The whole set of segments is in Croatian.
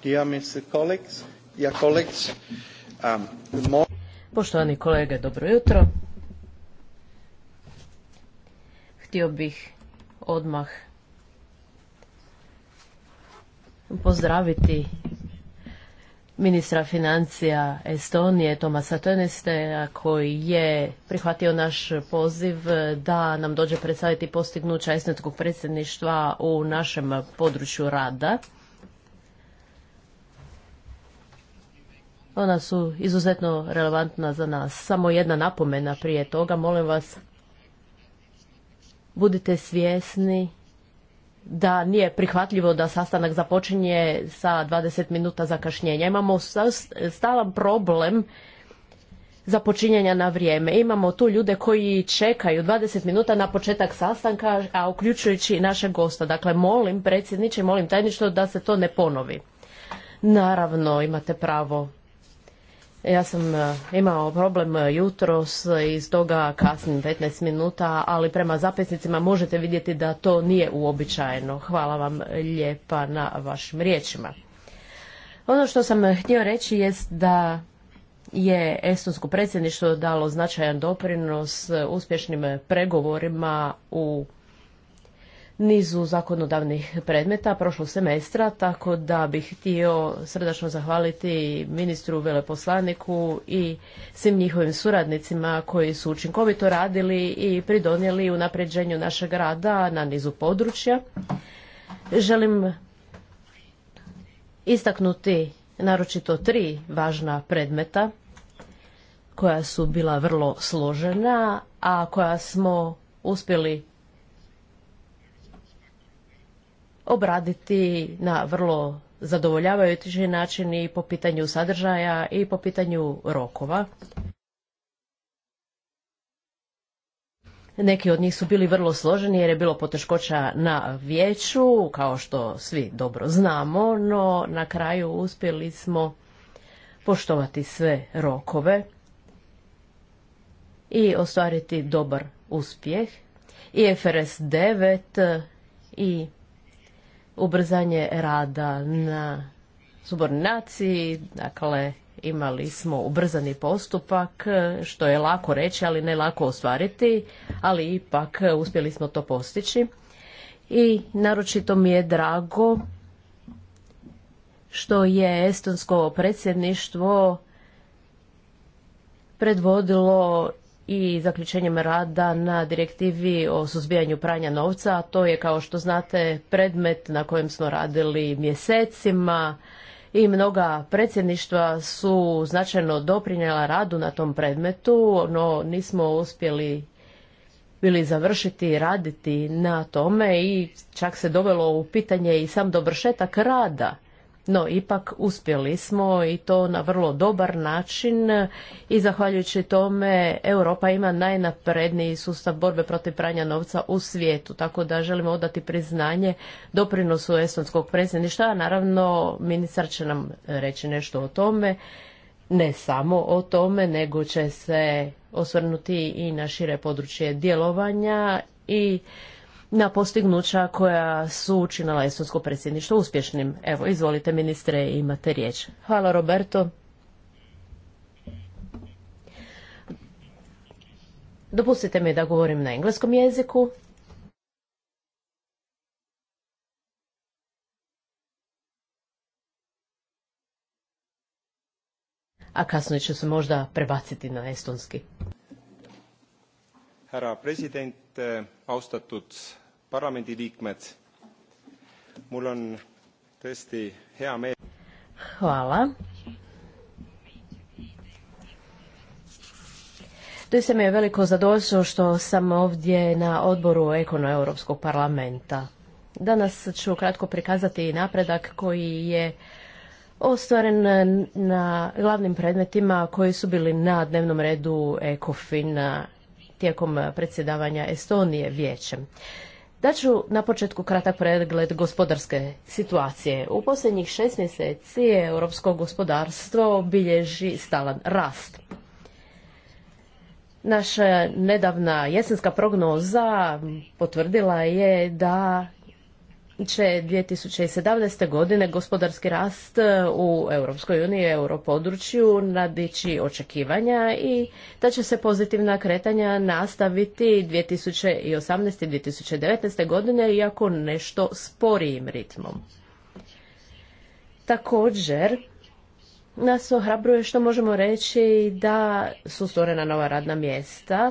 Um, Poštovani kolege, dobro jutro. Htio bih odmah pozdraviti ministra financija Estonije Tomasa Töneste koji je prihvatio naš poziv da nam dođe predstaviti postignuća estonskog predsjedništva u našem području rada. Ona su izuzetno relevantna za nas. Samo jedna napomena prije toga, molim vas, budite svjesni da nije prihvatljivo da sastanak započinje sa 20 minuta zakašnjenja. Imamo stalan problem započinjanja na vrijeme. Imamo tu ljude koji čekaju 20 minuta na početak sastanka, a uključujući i našeg gosta. Dakle, molim predsjedniče, molim tajništvo da se to ne ponovi. Naravno, imate pravo. Ja sam e, imao problem e, jutros e, i stoga kasnim 15 minuta, ali prema zapisnicima možete vidjeti da to nije uobičajeno. Hvala vam lijepa na vašim riječima. Ono što sam htio reći jest da je Estonsko predsjedništvo dalo značajan doprinos uspješnim pregovorima u nizu zakonodavnih predmeta prošlog semestra, tako da bih htio srdačno zahvaliti ministru, veleposlaniku i svim njihovim suradnicima koji su učinkovito radili i pridonijeli u napređenju našeg rada na nizu područja. Želim istaknuti naročito tri važna predmeta koja su bila vrlo složena, a koja smo uspjeli obraditi na vrlo zadovoljavajući način i po pitanju sadržaja i po pitanju rokova. Neki od njih su bili vrlo složeni jer je bilo poteškoća na vijeću, kao što svi dobro znamo, no na kraju uspjeli smo poštovati sve rokove i ostvariti dobar uspjeh. I FRS 9 i ubrzanje rada na subornaciji dakle imali smo ubrzani postupak, što je lako reći, ali ne lako ostvariti, ali ipak uspjeli smo to postići. I naročito mi je drago što je estonsko predsjedništvo predvodilo i zaključenjem rada na direktivi o suzbijanju pranja novca. to je, kao što znate, predmet na kojem smo radili mjesecima i mnoga predsjedništva su značajno doprinjela radu na tom predmetu, no nismo uspjeli bili završiti raditi na tome i čak se dovelo u pitanje i sam dobršetak rada. No, ipak uspjeli smo i to na vrlo dobar način i zahvaljujući tome Europa ima najnapredniji sustav borbe protiv pranja novca u svijetu, tako da želimo odati priznanje doprinosu estonskog predsjedništva, naravno ministar će nam reći nešto o tome, ne samo o tome, nego će se osvrnuti i na šire područje djelovanja i na postignuća koja su učinila estonsko predsjedništvo uspješnim. Evo, izvolite ministre, imate riječ. Hvala Roberto. Dopustite mi da govorim na engleskom jeziku. A kasnije ću se možda prebaciti na estonski. Herra president, austatud parlamendiliikmed mul on hea meel Hvala. Doista mi je veliko zadovoljstvo što sam ovdje na odboru Ekono Europskog parlamenta. Danas ću kratko prikazati napredak koji je ostvaren na glavnim predmetima koji su bili na dnevnom redu ECOFIN tijekom predsjedavanja Estonije vijećem ću na početku kratak pregled gospodarske situacije. U posljednjih šest mjeseci europsko gospodarstvo bilježi stalan rast. Naša nedavna jesenska prognoza potvrdila je da će 2017. godine gospodarski rast e, u Europskoj uniji i europodručju nadići očekivanja i da će se pozitivna kretanja nastaviti 2018. i 2019. godine iako nešto sporijim ritmom. Također, nas ohrabruje što možemo reći da su stvorena nova radna mjesta –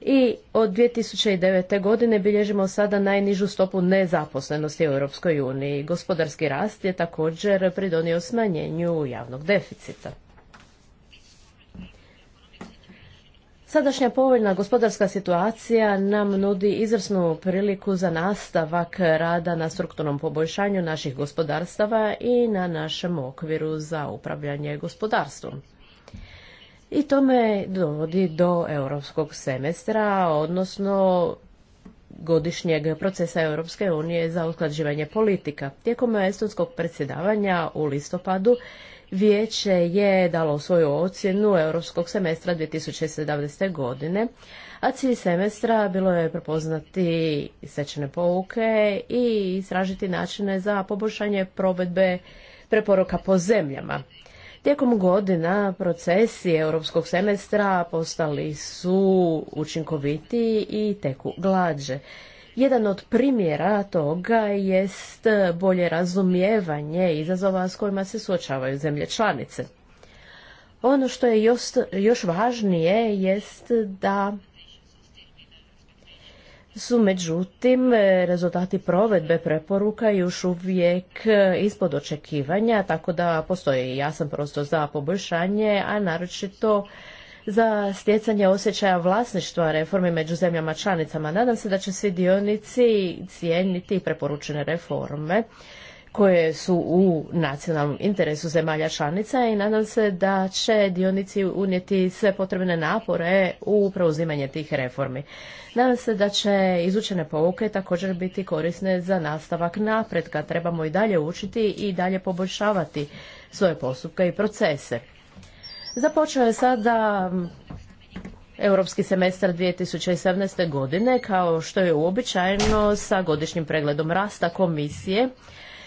i od 2009. godine bilježimo sada najnižu stopu nezaposlenosti u Europskoj uniji. Gospodarski rast je također pridonio smanjenju javnog deficita. Sadašnja povoljna gospodarska situacija nam nudi izvrsnu priliku za nastavak rada na strukturnom poboljšanju naših gospodarstava i na našem okviru za upravljanje gospodarstvom i to me dovodi do europskog semestra, odnosno godišnjeg procesa Europske unije za usklađivanje politika. Tijekom estonskog predsjedavanja u listopadu vijeće je dalo svoju ocjenu europskog semestra 2017. godine, a cilj semestra bilo je prepoznati sečene pouke i istražiti načine za poboljšanje provedbe preporuka po zemljama. Tijekom godina procesi europskog semestra postali su učinkovitiji i teku glađe. Jedan od primjera toga jest bolje razumijevanje izazova s kojima se suočavaju zemlje članice. Ono što je još, još važnije jest da su međutim e, rezultati provedbe preporuka još uvijek e, ispod očekivanja, tako da postoji jasan prostor za poboljšanje, a naročito za stjecanje osjećaja vlasništva reforme među zemljama članicama. Nadam se da će svi dionici cijeniti preporučene reforme koje su u nacionalnom interesu zemalja članica i nadam se da će dionici unijeti sve potrebne napore u preuzimanje tih reformi. Nadam se da će izučene pouke također biti korisne za nastavak napretka. Trebamo i dalje učiti i dalje poboljšavati svoje postupke i procese. Započeo je sada Europski semestar 2017. godine kao što je uobičajeno sa godišnjim pregledom rasta komisije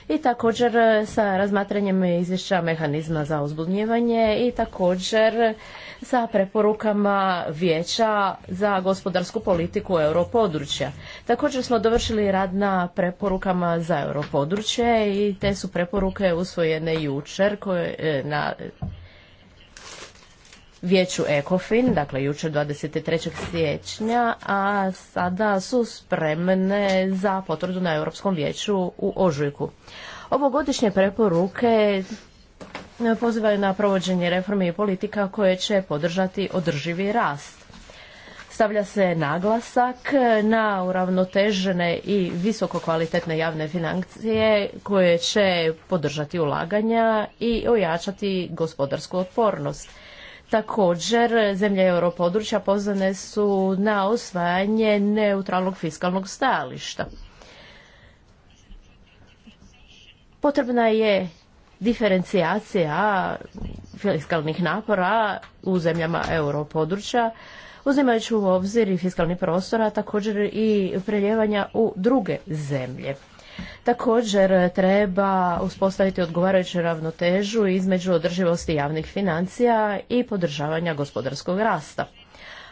i također e, sa razmatranjem izvješća mehanizma za uzbudnjivanje i također sa preporukama vijeća za gospodarsku politiku europodručja. Također smo dovršili rad na preporukama za europodručje i te su preporuke usvojene jučer koje, e, na vijeću ECOFIN, dakle jučer 23. siječnja, a sada su spremne za potvrdu na Europskom vijeću u ožujku. Ovogodišnje preporuke pozivaju na provođenje reformi i politika koje će podržati održivi rast. Stavlja se naglasak na uravnotežene i visoko kvalitetne javne financije koje će podržati ulaganja i ojačati gospodarsku otpornost. Također, zemlje europodručja pozvane su na osvajanje neutralnog fiskalnog stajališta. Potrebna je diferencijacija fiskalnih napora u zemljama europodručja, uzimajući u obzir i fiskalni prostor, a također i preljevanja u druge zemlje. Također e, treba uspostaviti odgovarajuću ravnotežu između održivosti javnih financija i podržavanja gospodarskog rasta.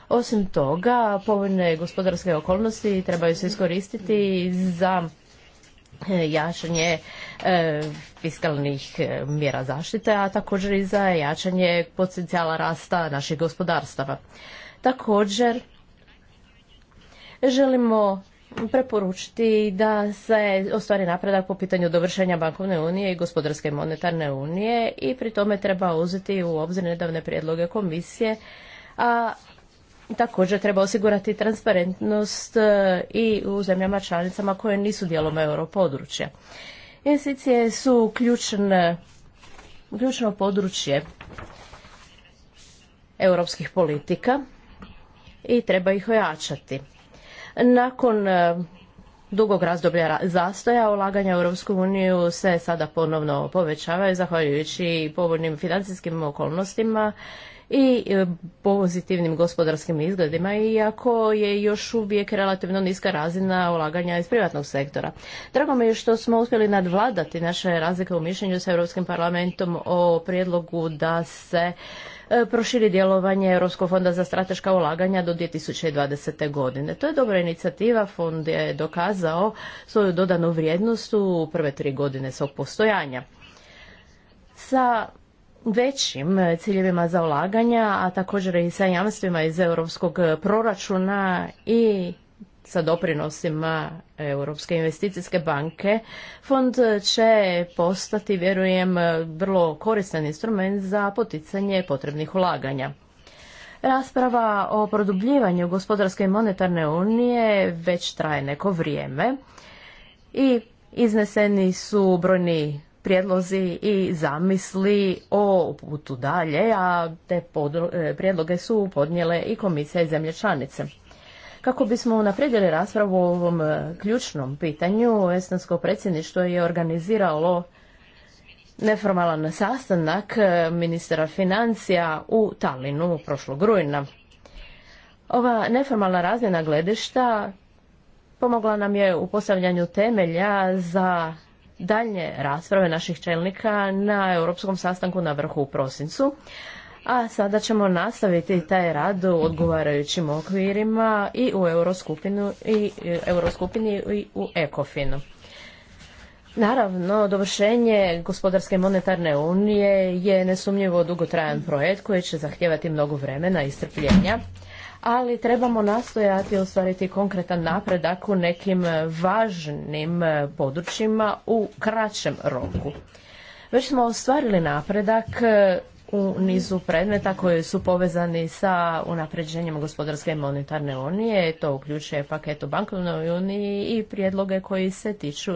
Osim toga, povoljne gospodarske okolnosti trebaju se iskoristiti za e, jačanje e, fiskalnih mjera zaštite, a također i za jačanje potencijala rasta naših gospodarstava. Također, želimo preporučiti da se ostvari napredak po pitanju dovršenja bankovne unije i gospodarske monetarne unije i pri tome treba uzeti u obzir nedavne prijedloge komisije, a također treba osigurati transparentnost e, i u zemljama članicama koje nisu dijelom europodručja. Investicije su ključne, ključno područje europskih politika i treba ih ojačati. Nakon e, dugog razdoblja zastoja ulaganja u Europsku uniju se sada ponovno povećavaju zahvaljujući povoljnim financijskim okolnostima i e, pozitivnim gospodarskim izgledima, iako je još uvijek relativno niska razina ulaganja iz privatnog sektora. Drago mi je što smo uspjeli nadvladati naše razlike u mišljenju sa Europskim parlamentom o prijedlogu da se e, proširi djelovanje Europskog fonda za strateška ulaganja do 2020. godine. To je dobra inicijativa, fond je dokazao svoju dodanu vrijednost u prve tri godine svog postojanja. Sa većim eh, ciljevima za ulaganja, a također i sa jamstvima iz europskog eh, proračuna i sa doprinosima eh, Europske investicijske banke, fond će postati, vjerujem, vrlo koristan instrument za poticanje potrebnih ulaganja. Rasprava o produbljivanju gospodarske i monetarne unije već traje neko vrijeme i izneseni su brojni prijedlozi i zamisli o putu dalje, a te e, prijedloge su podnijele i komisija i zemlje članice. Kako bismo unaprijedili raspravu o ovom e, ključnom pitanju, Estonsko predsjedništvo je organiziralo neformalan sastanak e, ministra financija u Talinu prošlog rujna. Ova neformalna razmjena gledišta pomogla nam je u postavljanju temelja za daljnje rasprave naših čelnika na europskom sastanku na vrhu u prosincu. A sada ćemo nastaviti taj rad u odgovarajućim okvirima i u Euroskupinu i e, Euroskupini i u Ekofinu. Naravno, dovršenje gospodarske monetarne unije je nesumnjivo dugotrajan projekt koji će zahtijevati mnogo vremena i strpljenja ali trebamo nastojati ostvariti konkretan napredak u nekim e, važnim e, područjima u kraćem roku. Već smo ostvarili napredak e, u nizu predmeta koji su povezani sa unapređenjem gospodarske i monetarne unije. To uključuje paket u bankovnoj uniji i prijedloge koji se tiču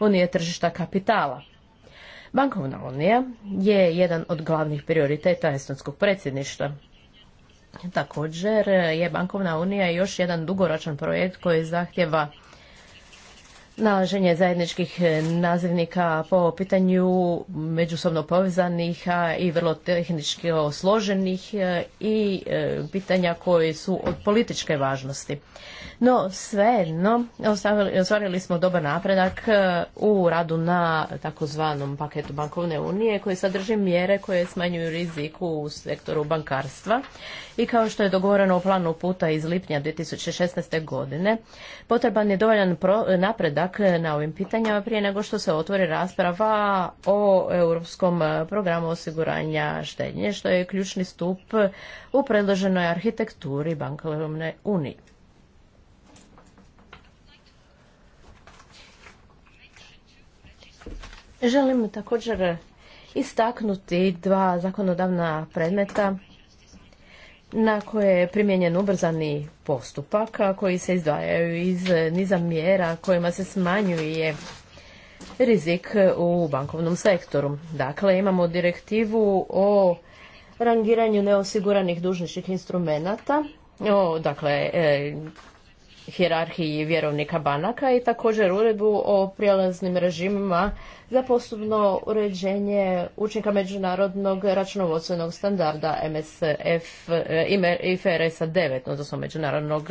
unije tržišta kapitala. Bankovna unija je jedan od glavnih prioriteta estonskog predsjedništva. Također je bankovna unija još jedan dugoročan projekt koji zahtjeva nalaženje zajedničkih nazivnika po pitanju međusobno povezanih i vrlo tehnički složenih e, i e, pitanja koje su od političke važnosti. No, svejedno, ostvarili smo dobar napredak e, u radu na takozvanom paketu bankovne unije koji sadrži mjere koje smanjuju riziku u sektoru bankarstva i kao što je dogovoreno u planu puta iz lipnja 2016. godine, potreban je dovoljan napredak na ovim pitanjama prije nego što se otvori rasprava o europskom programu osiguranja štednje, što je ključni stup u predloženoj arhitekturi bankovne unije. Želim također istaknuti dva zakonodavna predmeta na koje je primijenjen ubrzani postupak koji se izdvajaju iz niza mjera kojima se smanjuje rizik u bankovnom sektoru. Dakle, imamo direktivu o rangiranju neosiguranih dužničkih instrumenata, o, dakle, e, hjerarhiji vjerovnika banaka i također uredbu o prijelaznim režimima za postupno uređenje učinka međunarodnog računovodstvenog standarda MSF e, I a 9, odnosno međunarodnog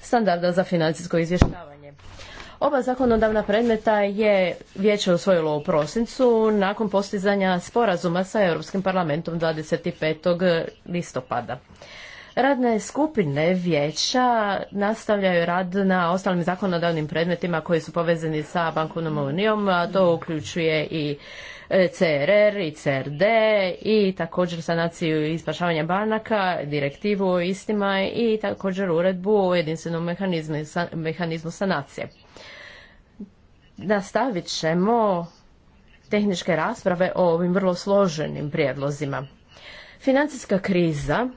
standarda za financijsko izvještavanje. Oba zakonodavna predmeta je vijeće usvojilo u prosincu nakon postizanja sporazuma sa Europskim parlamentom 25. listopada. Radne skupine vijeća nastavljaju rad na ostalim zakonodavnim predmetima koji su povezani sa bankovnom unijom, a to uključuje i e, CRR i CRD i također sanaciju i spašavanje banaka, direktivu o istima i također uredbu o jedinstvenom mehanizmu, mehanizmu sanacije. Nastavit ćemo tehničke rasprave o ovim vrlo složenim prijedlozima. Financijska kriza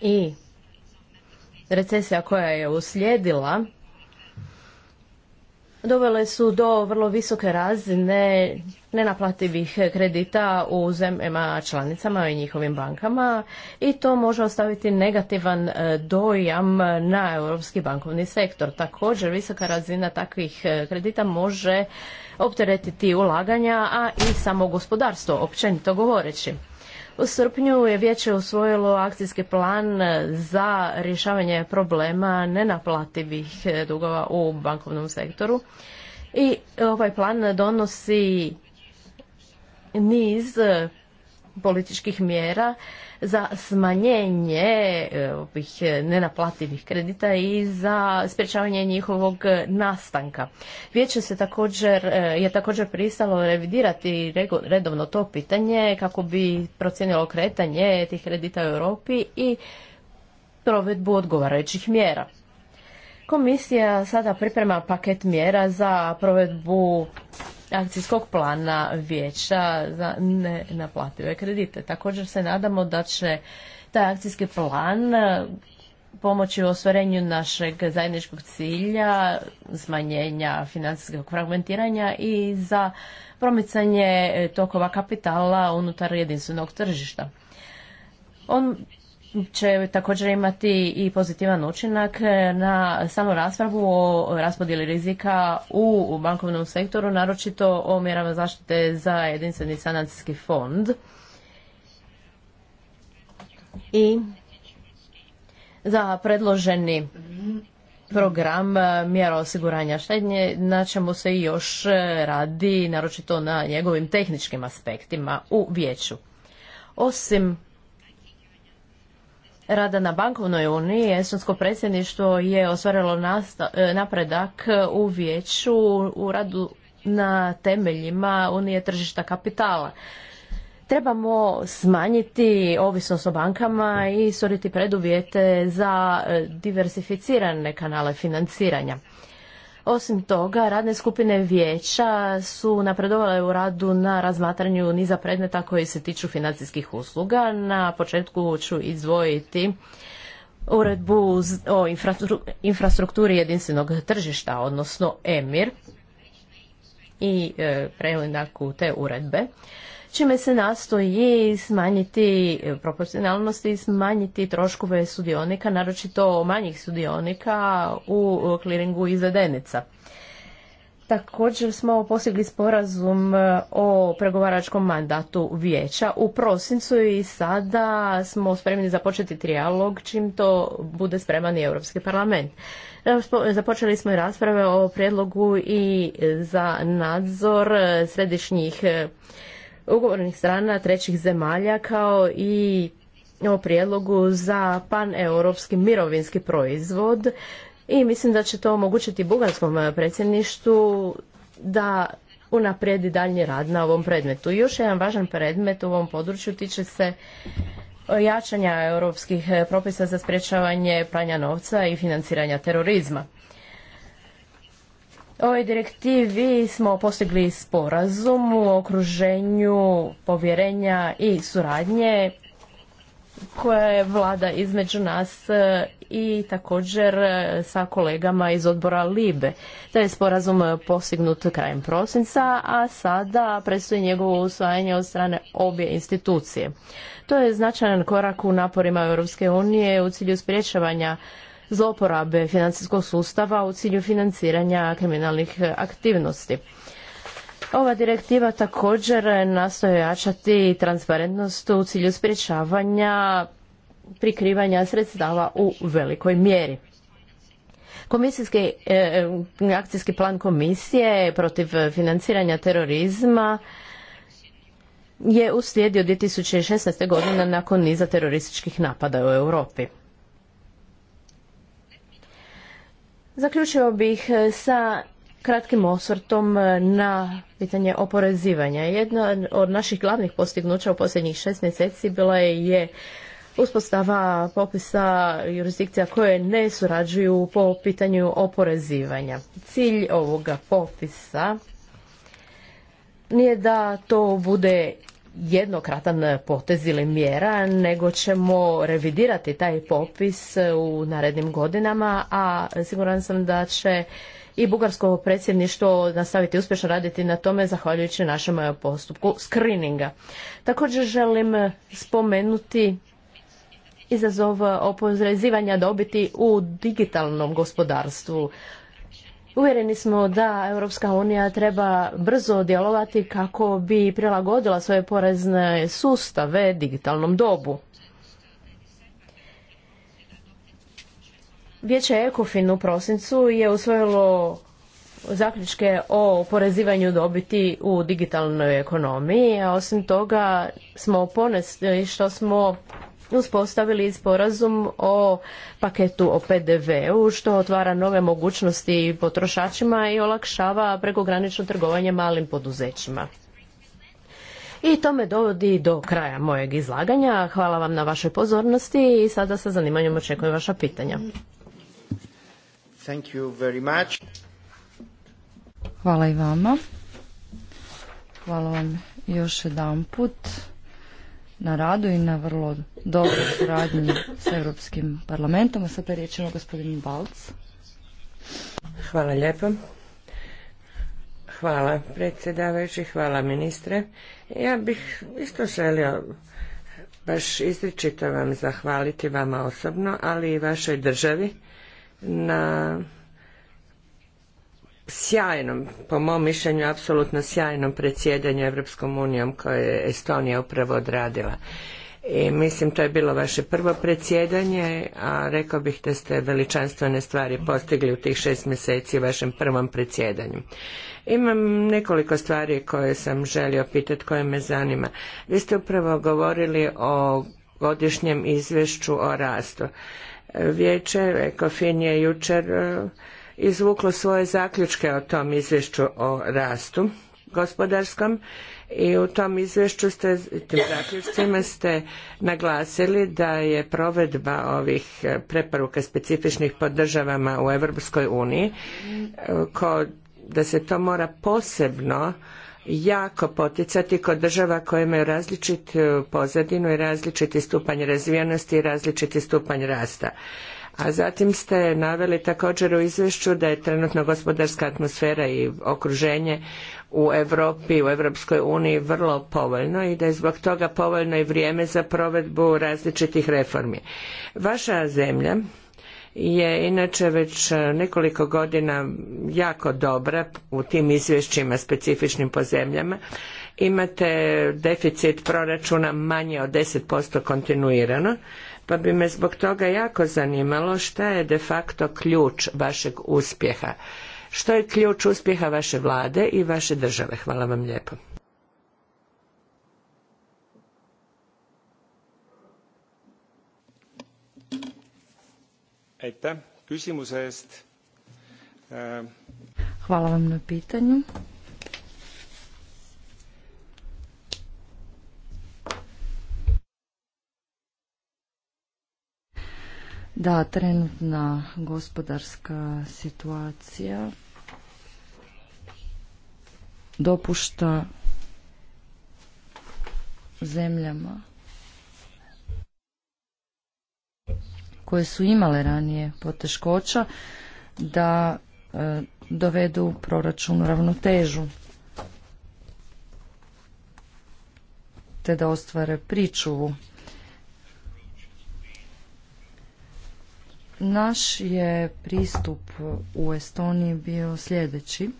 i recesija koja je uslijedila dovele su do vrlo visoke razine nenaplativih kredita u zemljama članicama i njihovim bankama i to može ostaviti negativan e, dojam na europski bankovni sektor. Također visoka razina takvih e, kredita može opteretiti ulaganja, a i samo gospodarstvo općenito govoreći. U srpnju je vijeće usvojilo akcijski plan za rješavanje problema nenaplativih dugova u bankovnom sektoru. I ovaj plan donosi niz političkih mjera za smanjenje e, ovih nenaplativih kredita i za sprječavanje njihovog nastanka. Vijeće se također, e, je također pristalo revidirati redovno to pitanje kako bi procijenilo kretanje tih kredita u Europi i provedbu odgovarajućih mjera. Komisija sada priprema paket mjera za provedbu akcijskog plana vijeća za nenaplative kredite. Također se nadamo da će taj akcijski plan e, pomoći u ostvarenju našeg zajedničkog cilja, smanjenja financijskog fragmentiranja i za promicanje tokova kapitala unutar jedinstvenog tržišta. On će također imati i pozitivan učinak e, na samu raspravu o raspodjeli rizika u bankovnom sektoru, naročito o mjerama zaštite za jedinstveni sanacijski fond. I za predloženi program e, mjera osiguranja štednje, na čemu se još e, radi, naročito na njegovim tehničkim aspektima u vijeću. Osim rada na bankovnoj uniji, Estonsko predsjedništvo je ostvarilo e, napredak u vijeću u radu na temeljima unije tržišta kapitala. Trebamo smanjiti ovisnost o bankama i stvoriti preduvjete za e, diversificirane kanale financiranja. Osim toga, radne skupine vijeća su napredovale u radu na razmatranju niza predmeta koji se tiču financijskih usluga. Na početku ću izdvojiti uredbu o infrastrukturi jedinstvenog tržišta, odnosno EMIR i e, preinaku te uredbe čime se nastoji smanjiti proporcionalnosti i smanjiti troškove sudionika, naročito manjih sudionika u kliringu izvedenica. Također smo postigli sporazum o pregovaračkom mandatu vijeća u prosincu i sada smo spremni započeti trijalog čim to bude spreman i Europski parlament. E, započeli smo i rasprave o prijedlogu i za nadzor središnjih ugovornih strana trećih zemalja kao i o prijedlogu za paneuropski mirovinski proizvod i mislim da će to omogućiti bugarskom predsjedništvu da unaprijedi daljnji rad na ovom predmetu. još jedan važan predmet u ovom području tiče se jačanja europskih propisa za sprječavanje pranja novca i financiranja terorizma ovoj direktivi smo postigli sporazum u okruženju povjerenja i suradnje koja je vlada između nas e, i također e, sa kolegama iz odbora Libe. Taj sporazum postignut krajem prosinca, a sada predstoji njegovo usvajanje od strane obje institucije. To je značajan korak u naporima Europske unije u cilju sprječavanja zloporabe financijskog sustava u cilju financiranja kriminalnih aktivnosti. Ova direktiva također nastoje jačati transparentnost u cilju sprječavanja prikrivanja sredstava u velikoj mjeri. Komisijski e, e, akcijski plan komisije protiv financiranja terorizma je uslijedio 2016. godine nakon niza terorističkih napada u Europi. Zaključio bih e, sa kratkim osvrtom e, na pitanje oporezivanja. Jedna od naših glavnih postignuća u posljednjih šest mjeseci bila je, je uspostava popisa jurisdikcija koje ne surađuju po pitanju oporezivanja. Cilj ovoga popisa nije da to bude jednokratan potez ili mjera, nego ćemo revidirati taj popis u narednim godinama, a siguran sam da će i bugarsko predsjedništvo nastaviti uspješno raditi na tome zahvaljujući našem postupku screeninga. Također želim spomenuti izazov opozrezivanja dobiti u digitalnom gospodarstvu. Uvjereni smo da Europska unija treba brzo djelovati kako bi prilagodila svoje porezne sustave digitalnom dobu. Vijeće ECOFIN u prosincu je usvojilo zaključke o porezivanju dobiti u digitalnoj ekonomiji, a osim toga smo ponesni što smo uspostavili sporazum o paketu o PDV-u što otvara nove mogućnosti potrošačima i olakšava prekogranično trgovanje malim poduzećima. I to me dovodi do kraja mojeg izlaganja. Hvala vam na vašoj pozornosti i sada sa zanimanjem očekujem vaša pitanja. Hvala i vama. Hvala vam još jedan put na radu i na vrlo dobro suradnji s Europskim parlamentom. A sada gospodin Balc. Hvala lijepo. Hvala predsjedavajući, hvala ministre. Ja bih isto želio baš izričito vam zahvaliti vama osobno, ali i vašoj državi na sjajnom, po mom mišljenju apsolutno sjajnom predsjedanju Europskom unijom koje je Estonija upravo odradila. I mislim to je bilo vaše prvo predsjedanje, a rekao bih da ste veličanstvene stvari postigli u tih šest mjeseci vašem prvom predsjedanju. Imam nekoliko stvari koje sam želio pitati, koje me zanima. Vi ste upravo govorili o godišnjem izvješću o rastu. Vijeće, Ekofin je jučer izvuklo svoje zaključke o tom izvješću o rastu gospodarskom i u tom izvješću ste, tim zaključcima ste naglasili da je provedba ovih e, preporuka specifičnih po državama u Europskoj uniji e, da se to mora posebno jako poticati kod država koje imaju različitu pozadinu i različiti stupanj razvijenosti i različiti stupanj rasta. A zatim ste naveli također u izvješću da je trenutno gospodarska atmosfera i okruženje u Europi, u Europskoj uniji vrlo povoljno i da je zbog toga povoljno i vrijeme za provedbu različitih reformi. Vaša zemlja je inače već e, nekoliko godina jako dobra u tim izvješćima specifičnim po zemljama. Imate deficit proračuna manje od 10% kontinuirano pa bi me zbog toga jako zanimalo šta je de facto ključ vašeg uspjeha. Što je ključ uspjeha vaše vlade i vaše države? Hvala vam lijepo. Äh, Hvala vam na pitanju. Da, trenutna gospodarska situacija dopušta zemljama koje su imale ranije poteškoća da e, dovedu proračun u ravnotežu te da ostvare pričuvu Naš je pristup u Estoniji bio sljedeći.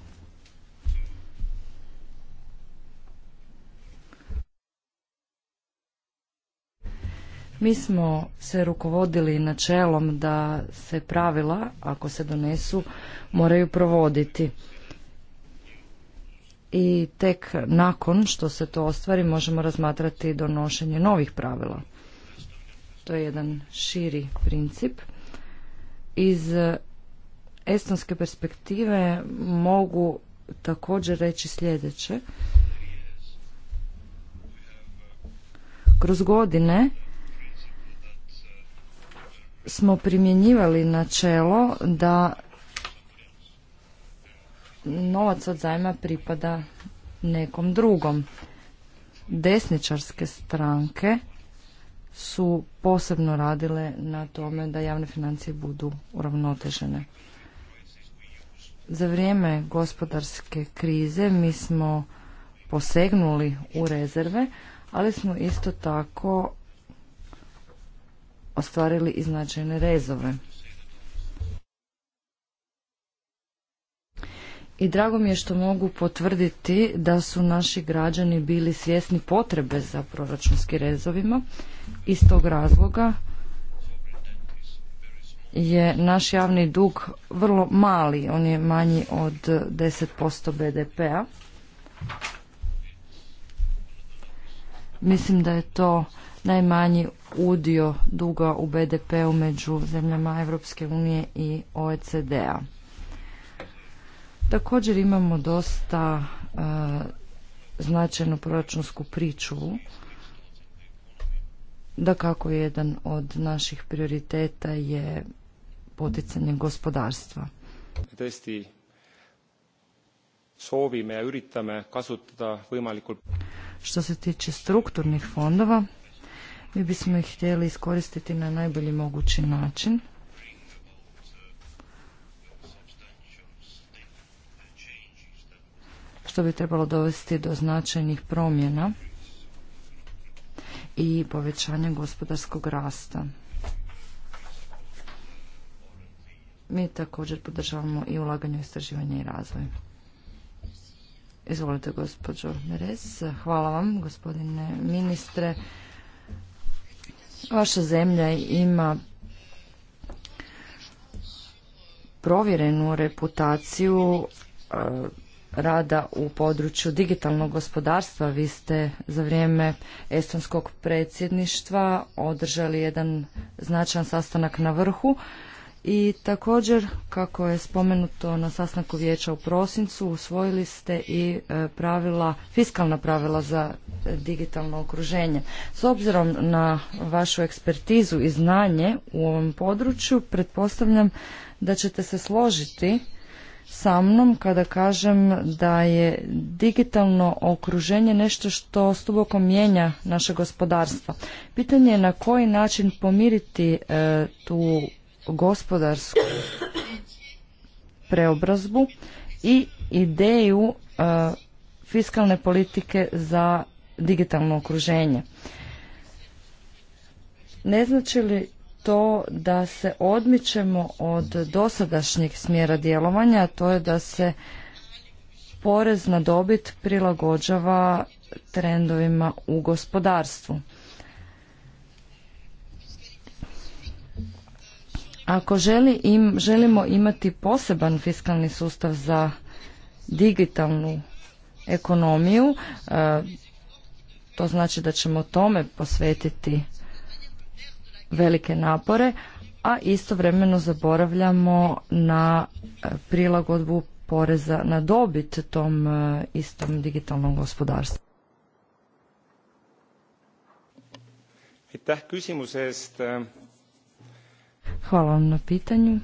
Mi smo se rukovodili načelom da se pravila, ako se donesu, moraju provoditi. I tek nakon što se to ostvari možemo razmatrati donošenje novih pravila. To je jedan širi princip iz e, estonske perspektive mogu također reći sljedeće. Kroz godine smo primjenjivali načelo da novac od zajma pripada nekom drugom. Desničarske stranke su posebno radile na tome da javne financije budu uravnotežene. Za vrijeme gospodarske krize mi smo posegnuli u rezerve, ali smo isto tako ostvarili i značajne rezove. i drago mi je što mogu potvrditi da su naši građani bili svjesni potrebe za proračunski rezovima. Iz tog razloga je naš javni dug vrlo mali, on je manji od 10% BDP-a. Mislim da je to najmanji udio duga u BDP-u među zemljama Europske unije i OECD-a. Također imamo dosta e, značajnu proračunsku priču Da kako jedan od naših prioriteta je poticanje gospodarstva. Tõesti soovime ja üritame kasutada võimalikult... Što se tiče strukturnih fondova, mi bismo ih htjeli iskoristiti na najbolji mogući način. što bi trebalo dovesti do značajnih promjena i povećanja gospodarskog rasta. Mi također podržavamo i ulaganje u istraživanje i razvoj. Izvolite, gospođo Merez. Hvala vam, gospodine ministre. Vaša zemlja ima provjerenu reputaciju e, rada u području digitalnog gospodarstva. Vi ste za vrijeme estonskog predsjedništva održali jedan značajan sastanak na vrhu i također, kako je spomenuto na sastanku vijeća u prosincu, usvojili ste i e, pravila, fiskalna pravila za e, digitalno okruženje. S obzirom na vašu ekspertizu i znanje u ovom području, pretpostavljam da ćete se složiti sa mnom kada kažem da je digitalno okruženje nešto što stuboko mijenja naše gospodarstvo Pitanje je na koji način pomiriti e, tu gospodarsku preobrazbu i ideju e, fiskalne politike za digitalno okruženje. Ne znači li to da se odmičemo od dosadašnjeg smjera djelovanja, a to je da se porez na dobit prilagođava trendovima u gospodarstvu. Ako želi im, želimo imati poseban fiskalni sustav za digitalnu ekonomiju, e, to znači da ćemo tome posvetiti velike napore, a istovremeno zaboravljamo na e, prilagodbu poreza na dobit tom e, istom digitalnom gospodarstvu. Hvala vam na pitanju.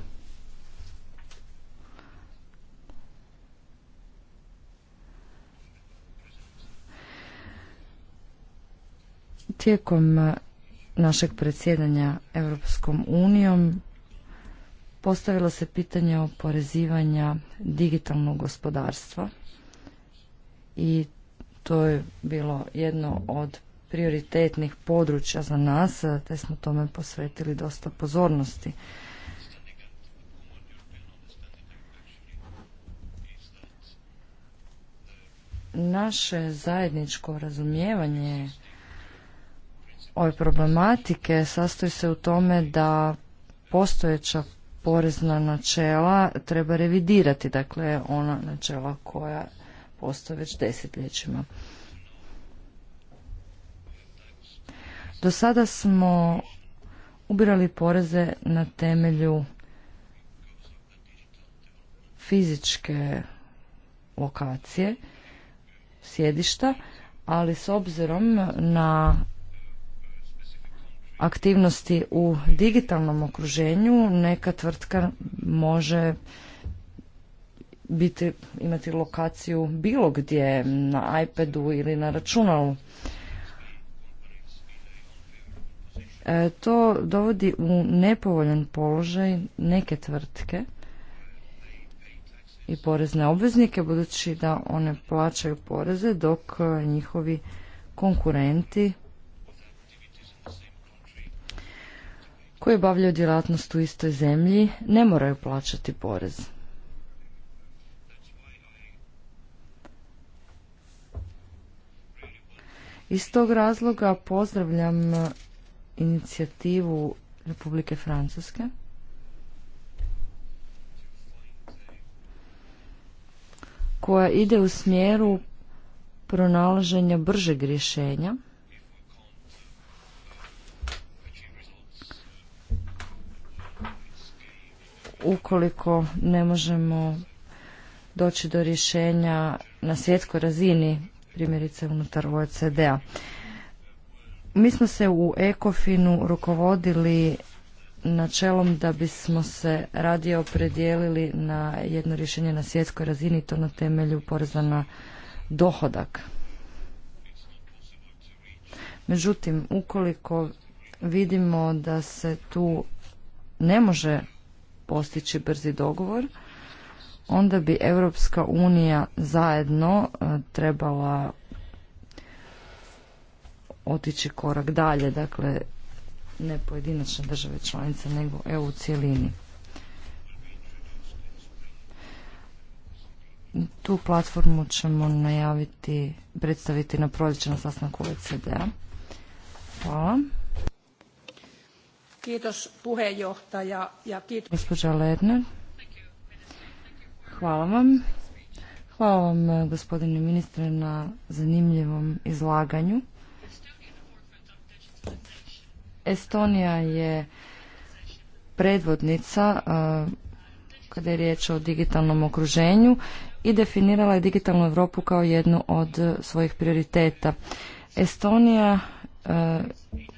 Tijekom našeg predsjedanja Europskom unijom postavilo se pitanje oporezivanja digitalnog gospodarstva i to je bilo jedno od prioritetnih područja za nas, te smo tome posvetili dosta pozornosti. Naše zajedničko razumijevanje ove problematike sastoji se u tome da postojeća porezna načela treba revidirati, dakle ona načela koja postoje već desetljećima. Do sada smo ubirali poreze na temelju fizičke lokacije, sjedišta, ali s obzirom na aktivnosti u digitalnom okruženju neka tvrtka može biti, imati lokaciju bilo gdje na iPadu ili na računalu. E, to dovodi u nepovoljan položaj neke tvrtke i porezne obveznike budući da one plaćaju poreze dok njihovi konkurenti koji obavljaju djelatnost u istoj zemlji ne moraju plaćati porez. Iz tog razloga pozdravljam inicijativu Republike Francuske koja ide u smjeru pronalaženja bržeg rješenja ukoliko ne možemo doći do rješenja na svjetskoj razini, primjerice unutar OECD-a. Mi smo se u Ekofinu rukovodili načelom da bismo se radije opredijelili na jedno rješenje na svjetskoj razini to na temelju poreza na dohodak. Međutim, ukoliko vidimo da se tu ne može postići brzi dogovor, onda bi Europska unija zajedno e, trebala otići korak dalje, dakle ne pojedinačne države članice, nego EU u cjelini. Tu platformu ćemo najaviti, predstaviti na proljeće na sastanku OECD-a. Hvala. Kiitos puheenjohtaja ja kiitos. Gospođa Lerner. Hvala vam. Hvala vam eh, gospodine ministre na zanimljivom izlaganju. Estonija je predvodnica eh, kada je riječ o digitalnom okruženju i definirala je digitalnu Europu kao jednu od eh, svojih prioriteta. Estonija E,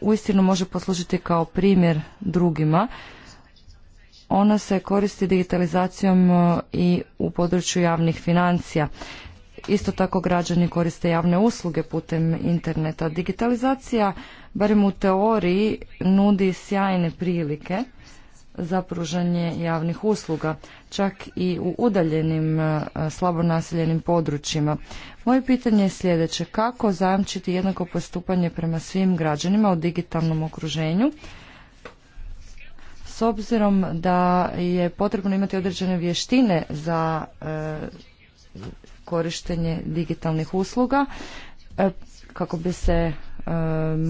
uistinu može poslužiti kao primjer drugima. Ona se koristi digitalizacijom e, i u području javnih financija. Isto tako građani koriste javne usluge putem interneta. Digitalizacija, barem u teoriji, nudi sjajne prilike za pružanje javnih usluga, čak i u udaljenim, e, slabo naseljenim područjima. Moje pitanje je sljedeće. Kako zajamčiti jednako postupanje prema svim građanima u digitalnom okruženju? S obzirom da je potrebno imati određene vještine za e, korištenje digitalnih usluga e, kako bi se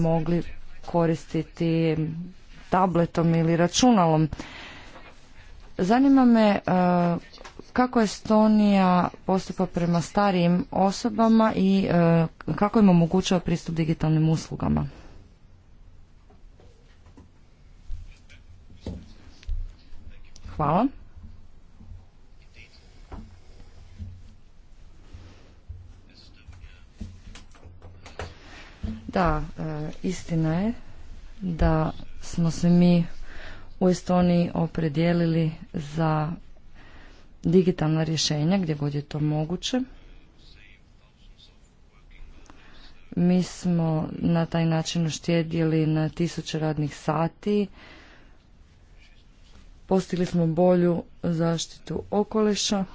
mogli koristiti tabletom ili računalom. Zanima me e, kako Estonija postupa prema starijim osobama i e, kako im omogućava pristup digitalnim uslugama? Hvala. Da, e, istina je da smo se mi u Estoniji opredijelili za digitalna rješenja gdje god je to moguće. Mi smo na taj način uštjedili na tisuće radnih sati. Postigli smo bolju zaštitu okoliša.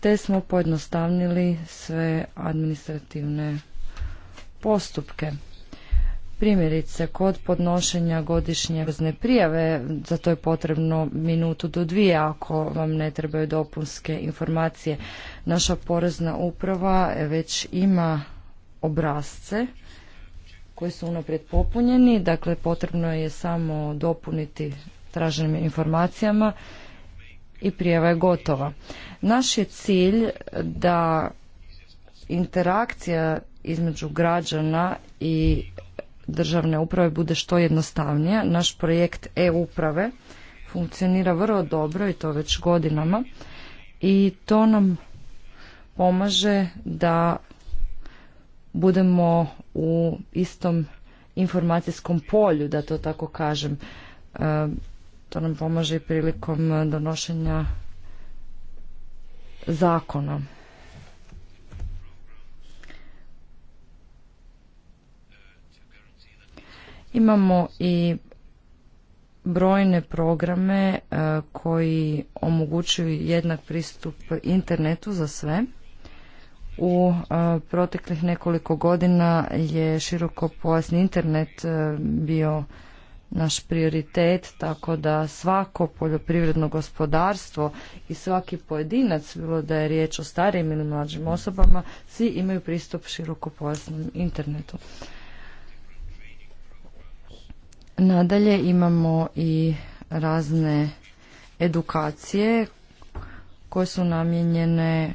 Te smo pojednostavnili sve administrativne postupke. Primjerice, kod podnošenja godišnje razne prijave, za to je potrebno minutu do dvije ako vam ne trebaju dopunske informacije. Naša porezna uprava već ima obrazce koji su unaprijed popunjeni, dakle potrebno je samo dopuniti traženim informacijama i prijava je gotova. Naš je cilj da interakcija između građana i državne uprave bude što jednostavnija. Naš projekt e-uprave funkcionira vrlo dobro i to već godinama i to nam pomaže da budemo u istom informacijskom polju, da to tako kažem. E, to nam pomaže i prilikom donošenja zakona. Imamo i brojne programe e, koji omogućuju jednak pristup internetu za sve. U e, proteklih nekoliko godina je široko pojasni internet e, bio naš prioritet, tako da svako poljoprivredno gospodarstvo i svaki pojedinac, bilo da je riječ o starijim ili mlađim osobama, svi imaju pristup širokopojasnom internetu. Nadalje imamo i razne edukacije koje su namijenjene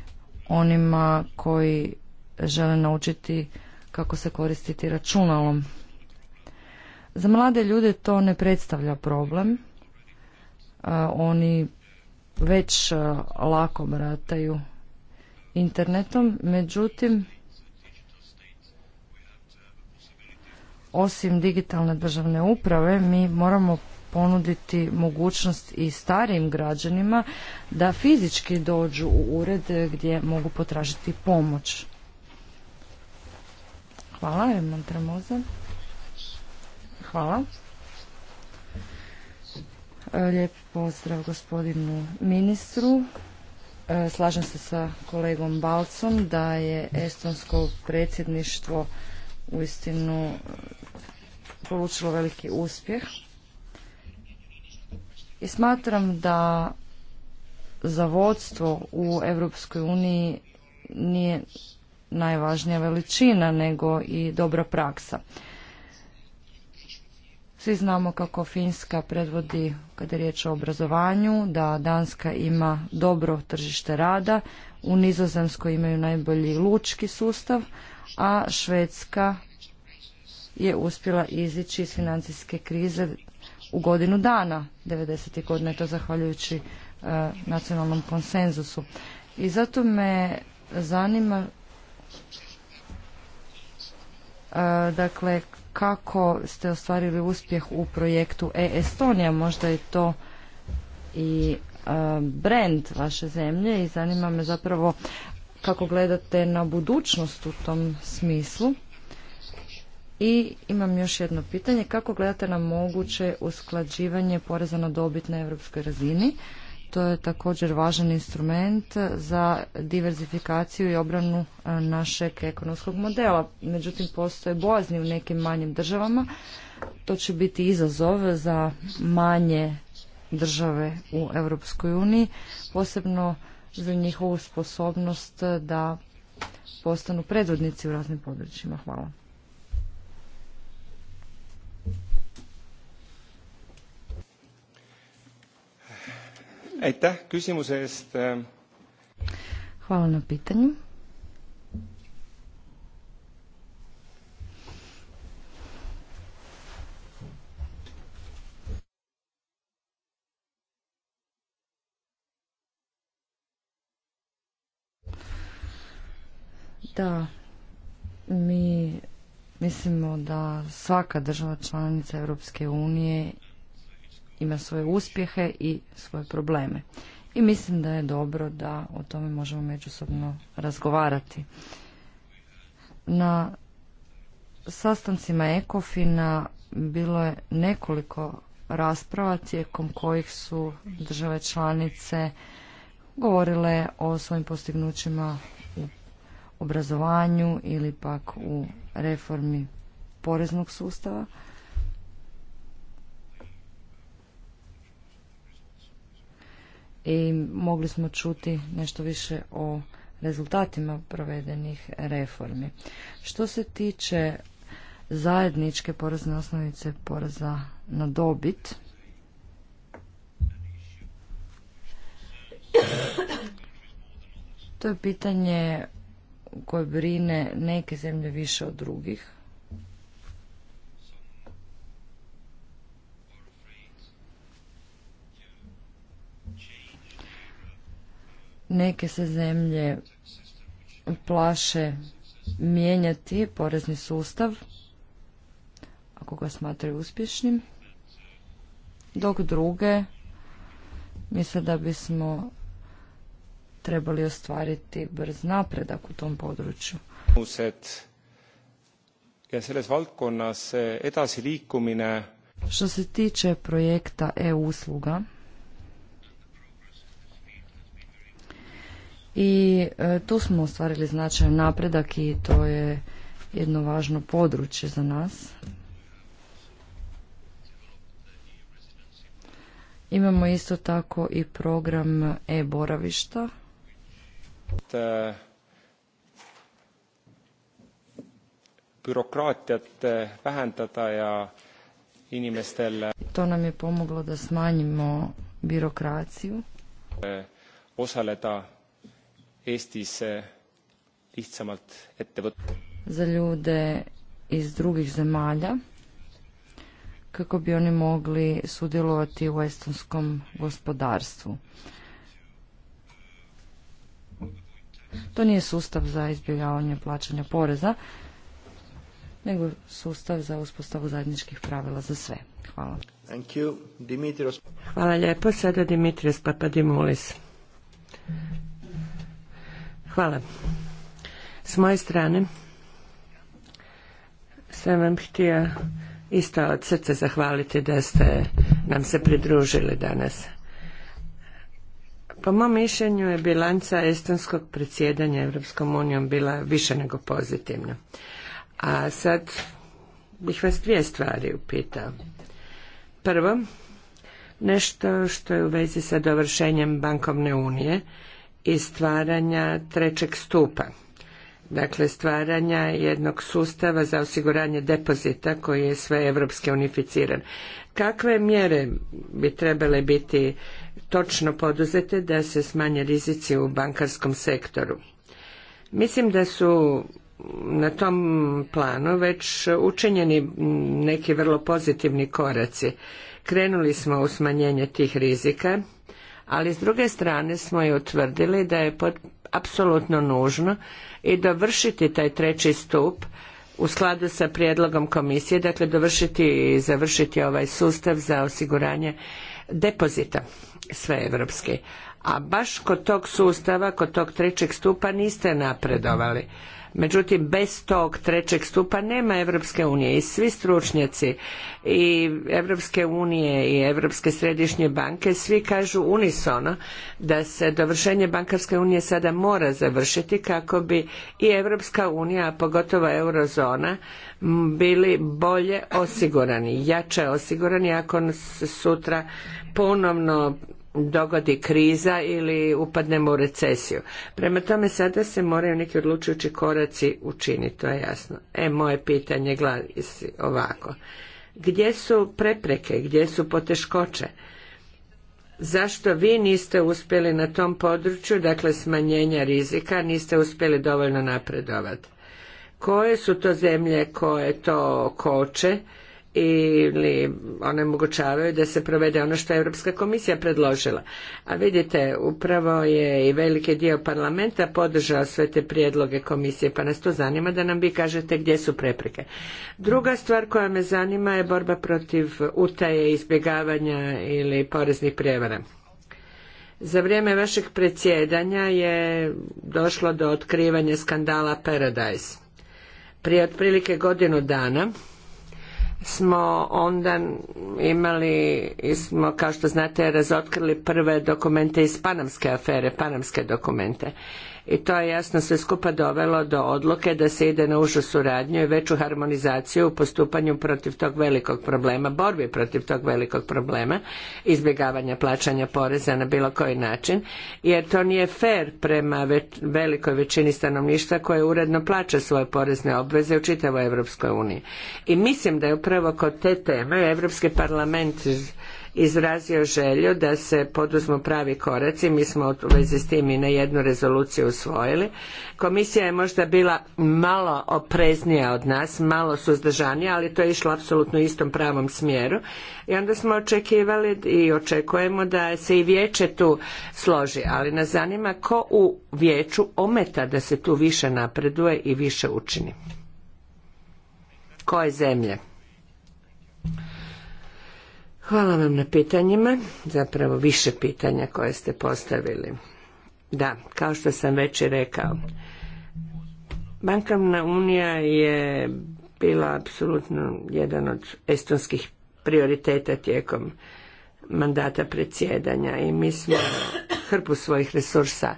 onima koji žele naučiti kako se koristiti računalom. Za mlade ljude to ne predstavlja problem. Oni već lako brataju internetom, međutim osim digitalne državne uprave mi moramo ponuditi mogućnost i starijim građanima da fizički dođu u ured gdje mogu potražiti pomoć. Hvala, Tramoza. Hvala. Lijep pozdrav gospodinu ministru. E, slažem se sa kolegom Balcom da je estonsko predsjedništvo uistinu e, polučilo veliki uspjeh. I smatram da za vodstvo u Europskoj uniji nije najvažnija veličina nego i dobra praksa. Svi znamo kako Finska predvodi kada je riječ o obrazovanju, da Danska ima dobro tržište rada, u Nizozemskoj imaju najbolji lučki sustav, a Švedska je uspjela izići iz financijske krize u godinu dana 90. godina to zahvaljujući e, nacionalnom konsenzusu. I zato me zanima e, dakle kako ste ostvarili uspjeh u projektu E-Estonija, možda je to i e, brend vaše zemlje i zanima me zapravo kako gledate na budućnost u tom smislu. I imam još jedno pitanje, kako gledate na moguće usklađivanje poreza na dobit na europskoj razini? To je također važan instrument za diverzifikaciju i obranu e, našeg ekonomskog modela. Međutim, postoje bojazni u nekim manjim državama. To će biti izazov za manje države u Europskoj uniji, posebno za njihovu sposobnost da postanu predvodnici u raznim područjima. Hvala. Hvala na pitanju. Da, mi mislimo da svaka država članica Europske unije ima svoje uspjehe i svoje probleme. I mislim da je dobro da o tome možemo međusobno razgovarati. Na sastancima Ekofina bilo je nekoliko rasprava tijekom kojih su države članice govorile o svojim postignućima obrazovanju ili pak u reformi poreznog sustava. I mogli smo čuti nešto više o rezultatima provedenih reformi. Što se tiče zajedničke porezne osnovice poreza na dobit, to je pitanje koje brine neke zemlje više od drugih. Neke se zemlje plaše mijenjati porezni sustav ako ga smatraju uspješnim, dok druge misle da bismo trebali ostvariti brz napredak u tom području. Što se tiče projekta e-usluga i e, tu smo ostvarili značajan napredak i to je jedno važno područje za nas. Imamo isto tako i program e-boravišta Eh, bürokraatiat eh, ja eh, to nam je pomoglo da smanjimo birokraciju lihtsamalt za ljude iz drugih zemalja kako bi oni mogli sudjelovati u estonskom gospodarstvu. To nije sustav za izbjegavanje plaćanja poreza, nego sustav za uspostavu zajedničkih pravila za sve. Hvala. Thank you. Dimitrios. Hvala lijepo. Sada Dimitrios Papadimulis. Hvala. S moje strane sam vam htio isto od srca zahvaliti da ste nam se pridružili danas. Po mom mišljenju je bilanca estonskog predsjedanja Europskom unijom bila više nego pozitivna. A sad bih vas dvije stvari upitao. Prvo, nešto što je u vezi sa dovršenjem bankovne unije i stvaranja trećeg stupa – dakle stvaranja jednog sustava za osiguranje depozita koji je sve europski unificiran. Kakve mjere bi trebale biti točno poduzete da se smanje rizici u bankarskom sektoru? Mislim da su na tom planu već učinjeni neki vrlo pozitivni koraci. Krenuli smo u smanjenje tih rizika, ali s druge strane smo i utvrdili da je pod apsolutno nužno i dovršiti taj treći stup u skladu sa prijedlogom komisije, dakle dovršiti i završiti ovaj sustav za osiguranje depozita sve evropske. A baš kod tog sustava, kod tog trećeg stupa niste napredovali. Međutim, bez tog trećeg stupa nema Evropske unije i svi stručnjaci i Evropske unije i Evropske središnje banke svi kažu unisono da se dovršenje bankarske unije sada mora završiti kako bi i Evropska unija, a pogotovo eurozona bili bolje osigurani, jače osigurani ako se sutra ponovno dogodi kriza ili upadnemo u recesiju. Prema tome sada se moraju neki odlučujući koraci učiniti, to je jasno. E, moje pitanje glasi ovako. Gdje su prepreke, gdje su poteškoće? Zašto vi niste uspjeli na tom području, dakle smanjenja rizika, niste uspjeli dovoljno napredovati? Koje su to zemlje koje to koče? ili onemogućavaju da se provede ono što je Europska komisija predložila. A vidite, upravo je i veliki dio parlamenta podržao sve te prijedloge komisije, pa nas to zanima da nam vi kažete gdje su prepreke. Druga stvar koja me zanima je borba protiv utaje, izbjegavanja ili poreznih prijevara. Za vrijeme vašeg predsjedanja je došlo do otkrivanja skandala Paradise. Prije otprilike godinu dana smo onda imali, smo kao što znate razotkrili prve dokumente iz panamske afere, panamske dokumente i to je jasno sve skupa dovelo do odluke da se ide na užu suradnju i veću harmonizaciju u postupanju protiv tog velikog problema, borbi protiv tog velikog problema, izbjegavanja plaćanja poreza na bilo koji način, jer to nije fer prema velikoj većini stanovništva koje uredno plaća svoje porezne obveze u čitavoj Europskoj uniji. I mislim da je upravo kod te teme Europski parlament izrazio želju da se poduzmu pravi koraci. Mi smo u vezi s tim i na jednu rezoluciju usvojili. Komisija je možda bila malo opreznija od nas, malo suzdržanija, ali to je išlo apsolutno istom pravom smjeru. I onda smo očekivali i očekujemo da se i vijeće tu složi, ali nas zanima ko u vijeću ometa da se tu više napreduje i više učini. Koje zemlje? Hvala vam na pitanjima, zapravo više pitanja koje ste postavili. Da, kao što sam već i rekao, Bankovna unija je bila apsolutno jedan od estonskih prioriteta tijekom mandata predsjedanja i mi smo hrpu svojih resursa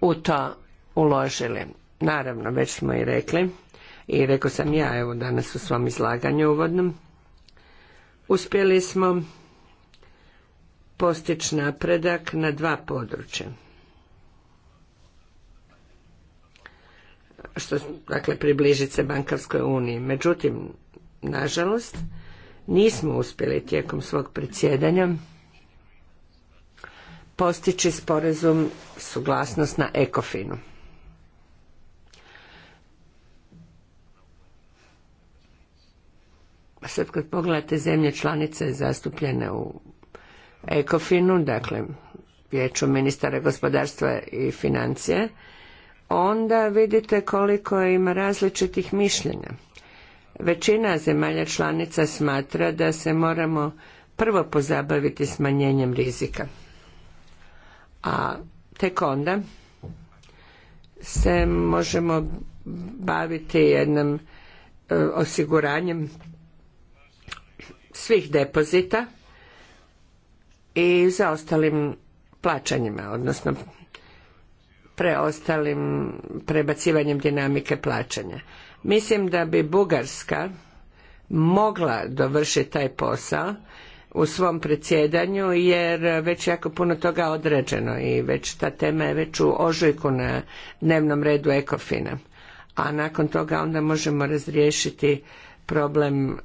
u to uložili. Naravno, već smo i rekli i rekao sam ja evo danas u svom izlaganju uvodnom uspjeli smo postići napredak na dva područja. Što, dakle, približiti se bankarskoj uniji. Međutim, nažalost, nismo uspjeli tijekom svog predsjedanja postići sporazum suglasnost na ekofinu. sad kad pogledate zemlje članice zastupljene u ECOFIN-u, dakle vijeću ministara gospodarstva i financije, onda vidite koliko ima različitih mišljenja. Većina zemalja članica smatra da se moramo prvo pozabaviti smanjenjem rizika. A tek onda se možemo baviti jednom e, osiguranjem svih depozita i za ostalim plaćanjima, odnosno preostalim prebacivanjem dinamike plaćanja. Mislim da bi Bugarska mogla dovršiti taj posao u svom predsjedanju jer već jako puno toga određeno i već ta tema je već u ožujku na dnevnom redu Ekofina. A nakon toga onda možemo razriješiti problem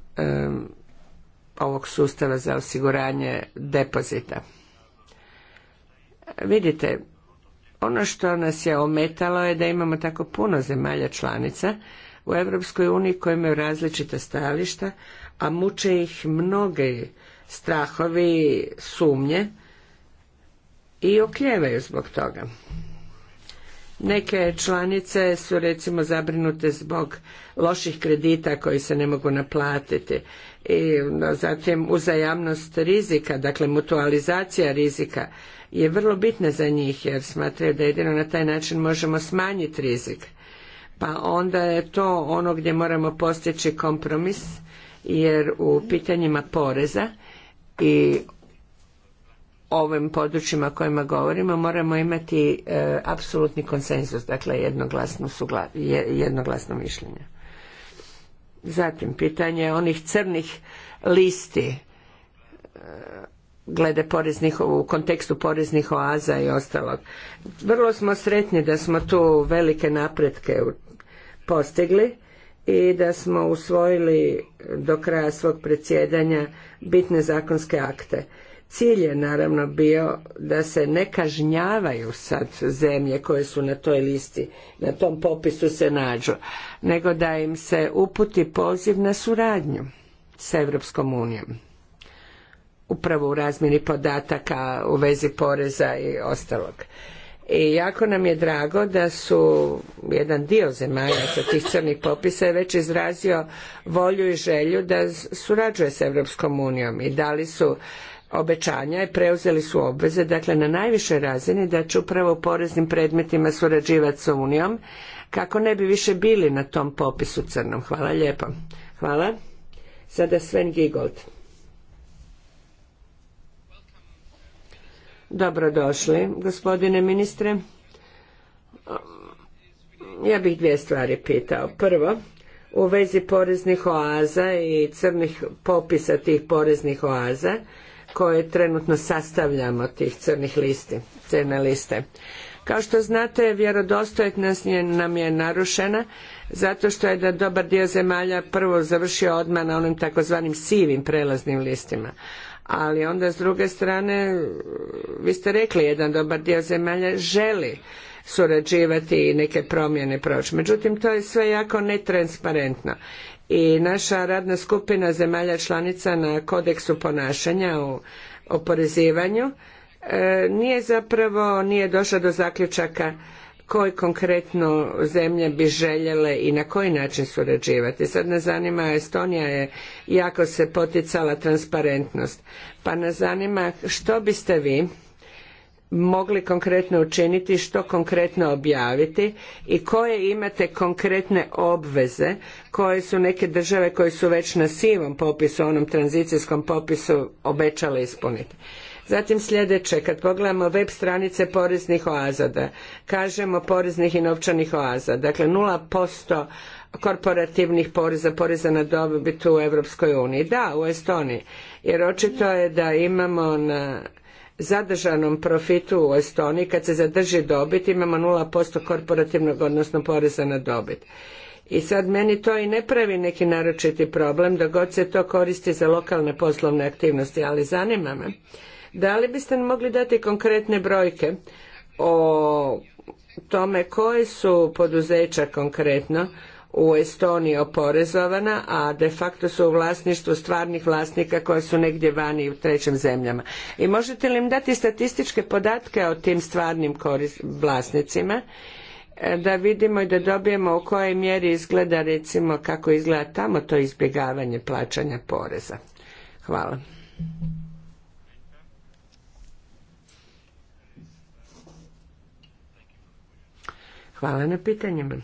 ovog sustava za osiguranje depozita. Vidite, ono što nas je ometalo je da imamo tako puno zemalja članica u Europskoj uniji koje imaju različita stajališta, a muče ih mnoge strahovi, sumnje i okljevaju zbog toga. Neke članice su recimo zabrinute zbog loših kredita koji se ne mogu naplatiti i zatim uzajamnost rizika, dakle mutualizacija rizika je vrlo bitna za njih jer smatraju da jedino na taj način možemo smanjiti rizik. Pa onda je to ono gdje moramo postići kompromis jer u pitanjima poreza i ovim područjima o kojima govorimo moramo imati e, apsolutni konsenzus, dakle jednoglasno, jednoglasno mišljenje. Zatim, pitanje onih crnih listi e, glede poreznih, u kontekstu poreznih oaza i ostalog. Vrlo smo sretni da smo tu velike napretke postigli i da smo usvojili do kraja svog predsjedanja bitne zakonske akte. Cilj je naravno bio da se ne kažnjavaju sad zemlje koje su na toj listi, na tom popisu se nađu, nego da im se uputi poziv na suradnju sa Europskom unijom. Upravo u razmjeni podataka u vezi poreza i ostalog. I jako nam je drago da su jedan dio zemalja sa tih crnih popisa je već izrazio volju i želju da surađuje s Europskom unijom i dali su obećanja i preuzeli su obveze, dakle na najvišoj razini da će upravo u poreznim predmetima surađivati sa Unijom kako ne bi više bili na tom popisu crnom. Hvala lijepo. Hvala. Sada Sven Gigold. Dobrodošli, gospodine ministre. Ja bih dvije stvari pitao. Prvo, u vezi poreznih oaza i crnih popisa tih poreznih oaza, koje trenutno sastavljamo tih crnih listi, crne liste. Kao što znate, vjerodostojnost nam je narušena zato što je da dobar dio zemalja prvo završio odmah na onim takozvanim sivim prelaznim listima. Ali onda s druge strane, vi ste rekli, jedan dobar dio zemalja želi surađivati i neke promjene proći. Međutim, to je sve jako netransparentno i naša radna skupina zemalja članica na kodeksu ponašanja o oporezivanju e, nije zapravo nije došla do zaključaka koje konkretno zemlje bi željele i na koji način surađivati. Sad nas zanima, Estonija je jako se poticala transparentnost, pa nas zanima što biste vi mogli konkretno učiniti, što konkretno objaviti i koje imate konkretne obveze koje su neke države koje su već na sivom popisu, onom tranzicijskom popisu obećale ispuniti. Zatim sljedeće, kad pogledamo web stranice poreznih oaza, kažemo poreznih i novčanih oaza, dakle 0% korporativnih poreza, poreza na dobit u Europskoj uniji. Da, u Estoniji, jer očito je da imamo na zadržanom profitu u Estoniji, kad se zadrži dobit, imamo 0% korporativnog, odnosno poreza na dobit. I sad meni to i ne pravi neki naročiti problem, da god se to koristi za lokalne poslovne aktivnosti, ali zanima me, da li biste mogli dati konkretne brojke o tome koje su poduzeća konkretno u Estoniji oporezovana, a de facto su u vlasništvu stvarnih vlasnika koji su negdje vani u trećim zemljama. I možete li im dati statističke podatke o tim stvarnim vlasnicima? E, da vidimo i da dobijemo u kojoj mjeri izgleda recimo kako izgleda tamo to izbjegavanje plaćanja poreza. Hvala. Hvala na pitanjima.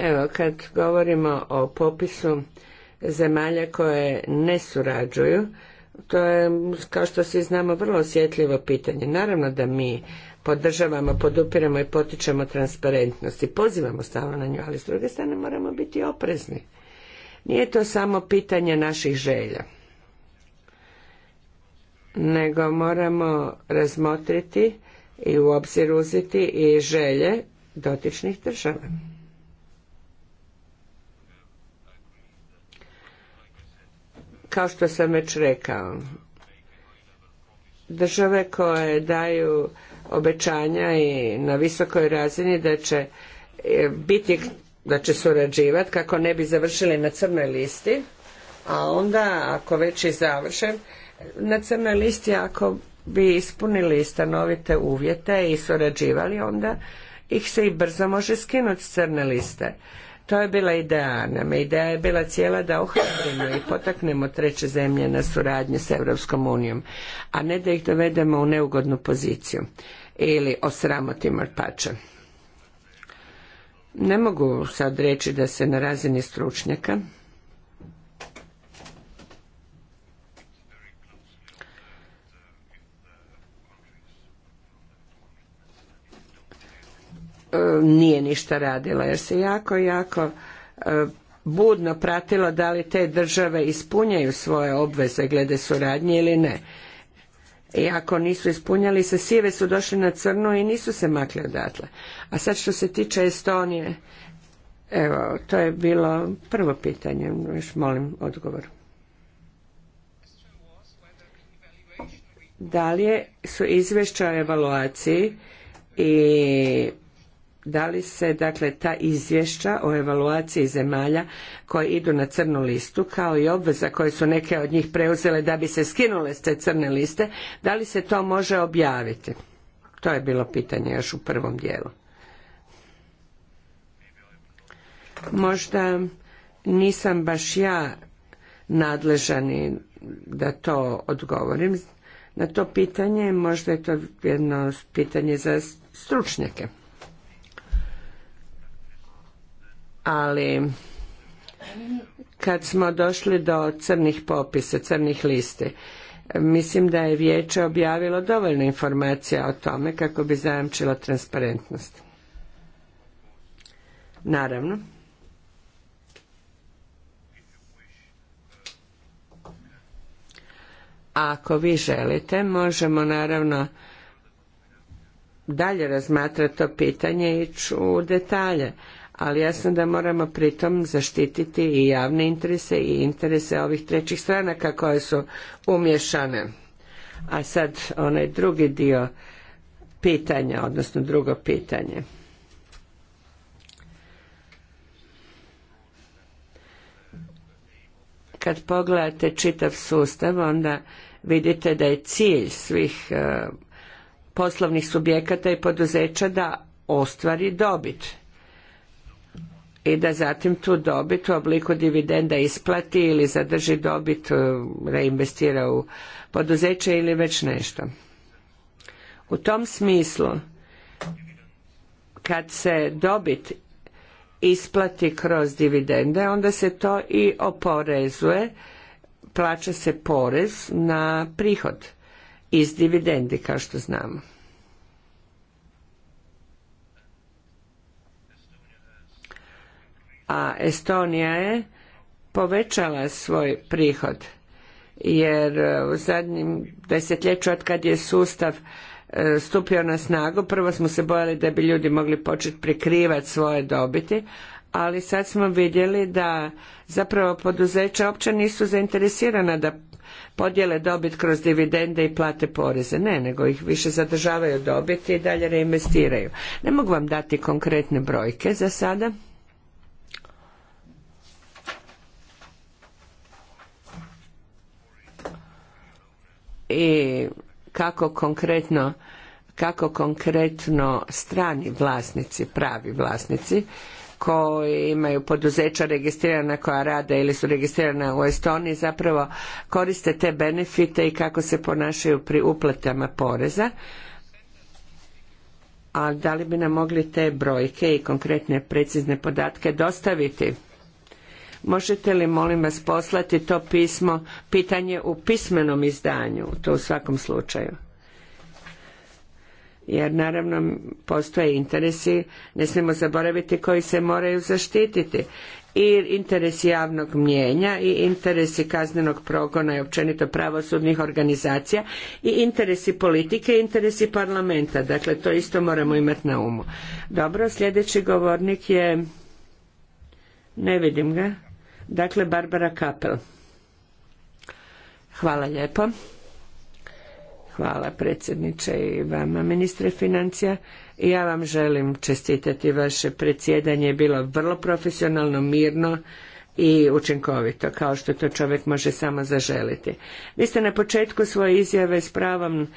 Evo, kad govorimo o popisu zemalja koje ne surađuju, to je, kao što svi znamo, vrlo osjetljivo pitanje. Naravno da mi podržavamo, podupiramo i potičemo transparentnost i pozivamo stalno na nju, ali s druge strane moramo biti oprezni. Nije to samo pitanje naših želja, nego moramo razmotriti i u obzir uzeti i želje dotičnih država. Kao što sam već rekao, države koje daju obećanja i na visokoj razini da će e, biti, da će surađivati kako ne bi završili na crnoj listi, a onda ako već i završen na crnoj listi ako bi ispunili stanovite uvjete i surađivali, onda ih se i brzo može skinuti s crne liste. To je bila ideja nam. Ideja je bila cijela da ohrabrimo i potaknemo treće zemlje na suradnje s Europskom unijom, a ne da ih dovedemo u neugodnu poziciju ili osramotimo pače. Ne mogu sad reći da se na razini stručnjaka E, nije ništa radila jer se jako, jako e, budno pratilo da li te države ispunjaju svoje obveze glede suradnje ili ne. I ako nisu ispunjali se, sive su došli na crnu i nisu se makli odatle. A sad što se tiče Estonije, evo, to je bilo prvo pitanje, još molim odgovor. Dalje su izvješća o evaluaciji i da li se dakle ta izvješća o evaluaciji zemalja koje idu na crnu listu kao i obveza koje su neke od njih preuzele da bi se skinule s te crne liste, da li se to može objaviti? To je bilo pitanje još u prvom dijelu. Možda nisam baš ja nadležan da to odgovorim na to pitanje, možda je to jedno pitanje za stručnjake. ali kad smo došli do crnih popisa, crnih listi, mislim da je vijeće objavilo dovoljno informacija o tome kako bi zajamčilo transparentnost. Naravno. A ako vi želite, možemo naravno dalje razmatrati to pitanje i ići u detalje ali jasno da moramo pritom zaštititi i javne interese i interese ovih trećih stranaka koje su umješane. A sad onaj drugi dio pitanja, odnosno drugo pitanje. Kad pogledate čitav sustav, onda vidite da je cilj svih eh, poslovnih subjekata i poduzeća da ostvari dobit i da zatim tu dobit u obliku dividenda isplati ili zadrži dobit, e, reinvestira u poduzeće ili već nešto. U tom smislu, kad se dobit isplati kroz dividende, onda se to i oporezuje, plaća se porez na prihod iz dividendi, kao što znamo. a Estonija je povećala svoj prihod jer e, u zadnjim desetljeću od kad je sustav e, stupio na snagu, prvo smo se bojali da bi ljudi mogli početi prikrivati svoje dobiti, ali sad smo vidjeli da zapravo poduzeća uopće nisu zainteresirana da podjele dobit kroz dividende i plate poreze. Ne, nego ih više zadržavaju dobiti i dalje reinvestiraju. Ne mogu vam dati konkretne brojke za sada. i kako konkretno kako konkretno strani vlasnici, pravi vlasnici koji imaju poduzeća registrirana koja rade ili su registrirana u Estoniji zapravo koriste te benefite i kako se ponašaju pri uplatama poreza. A da li bi nam mogli te brojke i konkretne precizne podatke dostaviti? Možete li molim vas poslati to pismo, pitanje u pismenom izdanju, to u svakom slučaju? Jer naravno postoje interesi, ne smijemo zaboraviti koji se moraju zaštititi i interesi javnog mjenja i interesi kaznenog progona i općenito pravosudnih organizacija i interesi politike i interesi parlamenta. Dakle, to isto moramo imati na umu. Dobro, sljedeći govornik je... Ne vidim ga. Dakle, Barbara Kapel. Hvala lijepo. Hvala predsjedniče i vama ministre financija. I ja vam želim čestitati vaše predsjedanje. Je bilo vrlo profesionalno, mirno i učinkovito, kao što to čovjek može samo zaželiti. Vi ste na početku svoje izjave s pravom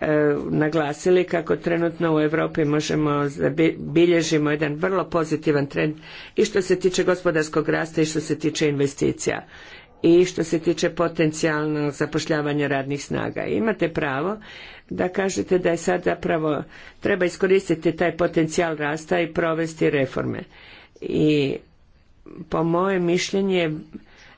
E, naglasili kako trenutno u Europi možemo bilježimo jedan vrlo pozitivan trend i što se tiče gospodarskog rasta i što se tiče investicija i što se tiče potencijalnog zapošljavanja radnih snaga. imate pravo da kažete da je sad zapravo treba iskoristiti taj potencijal rasta i provesti reforme. I po mojem mišljenju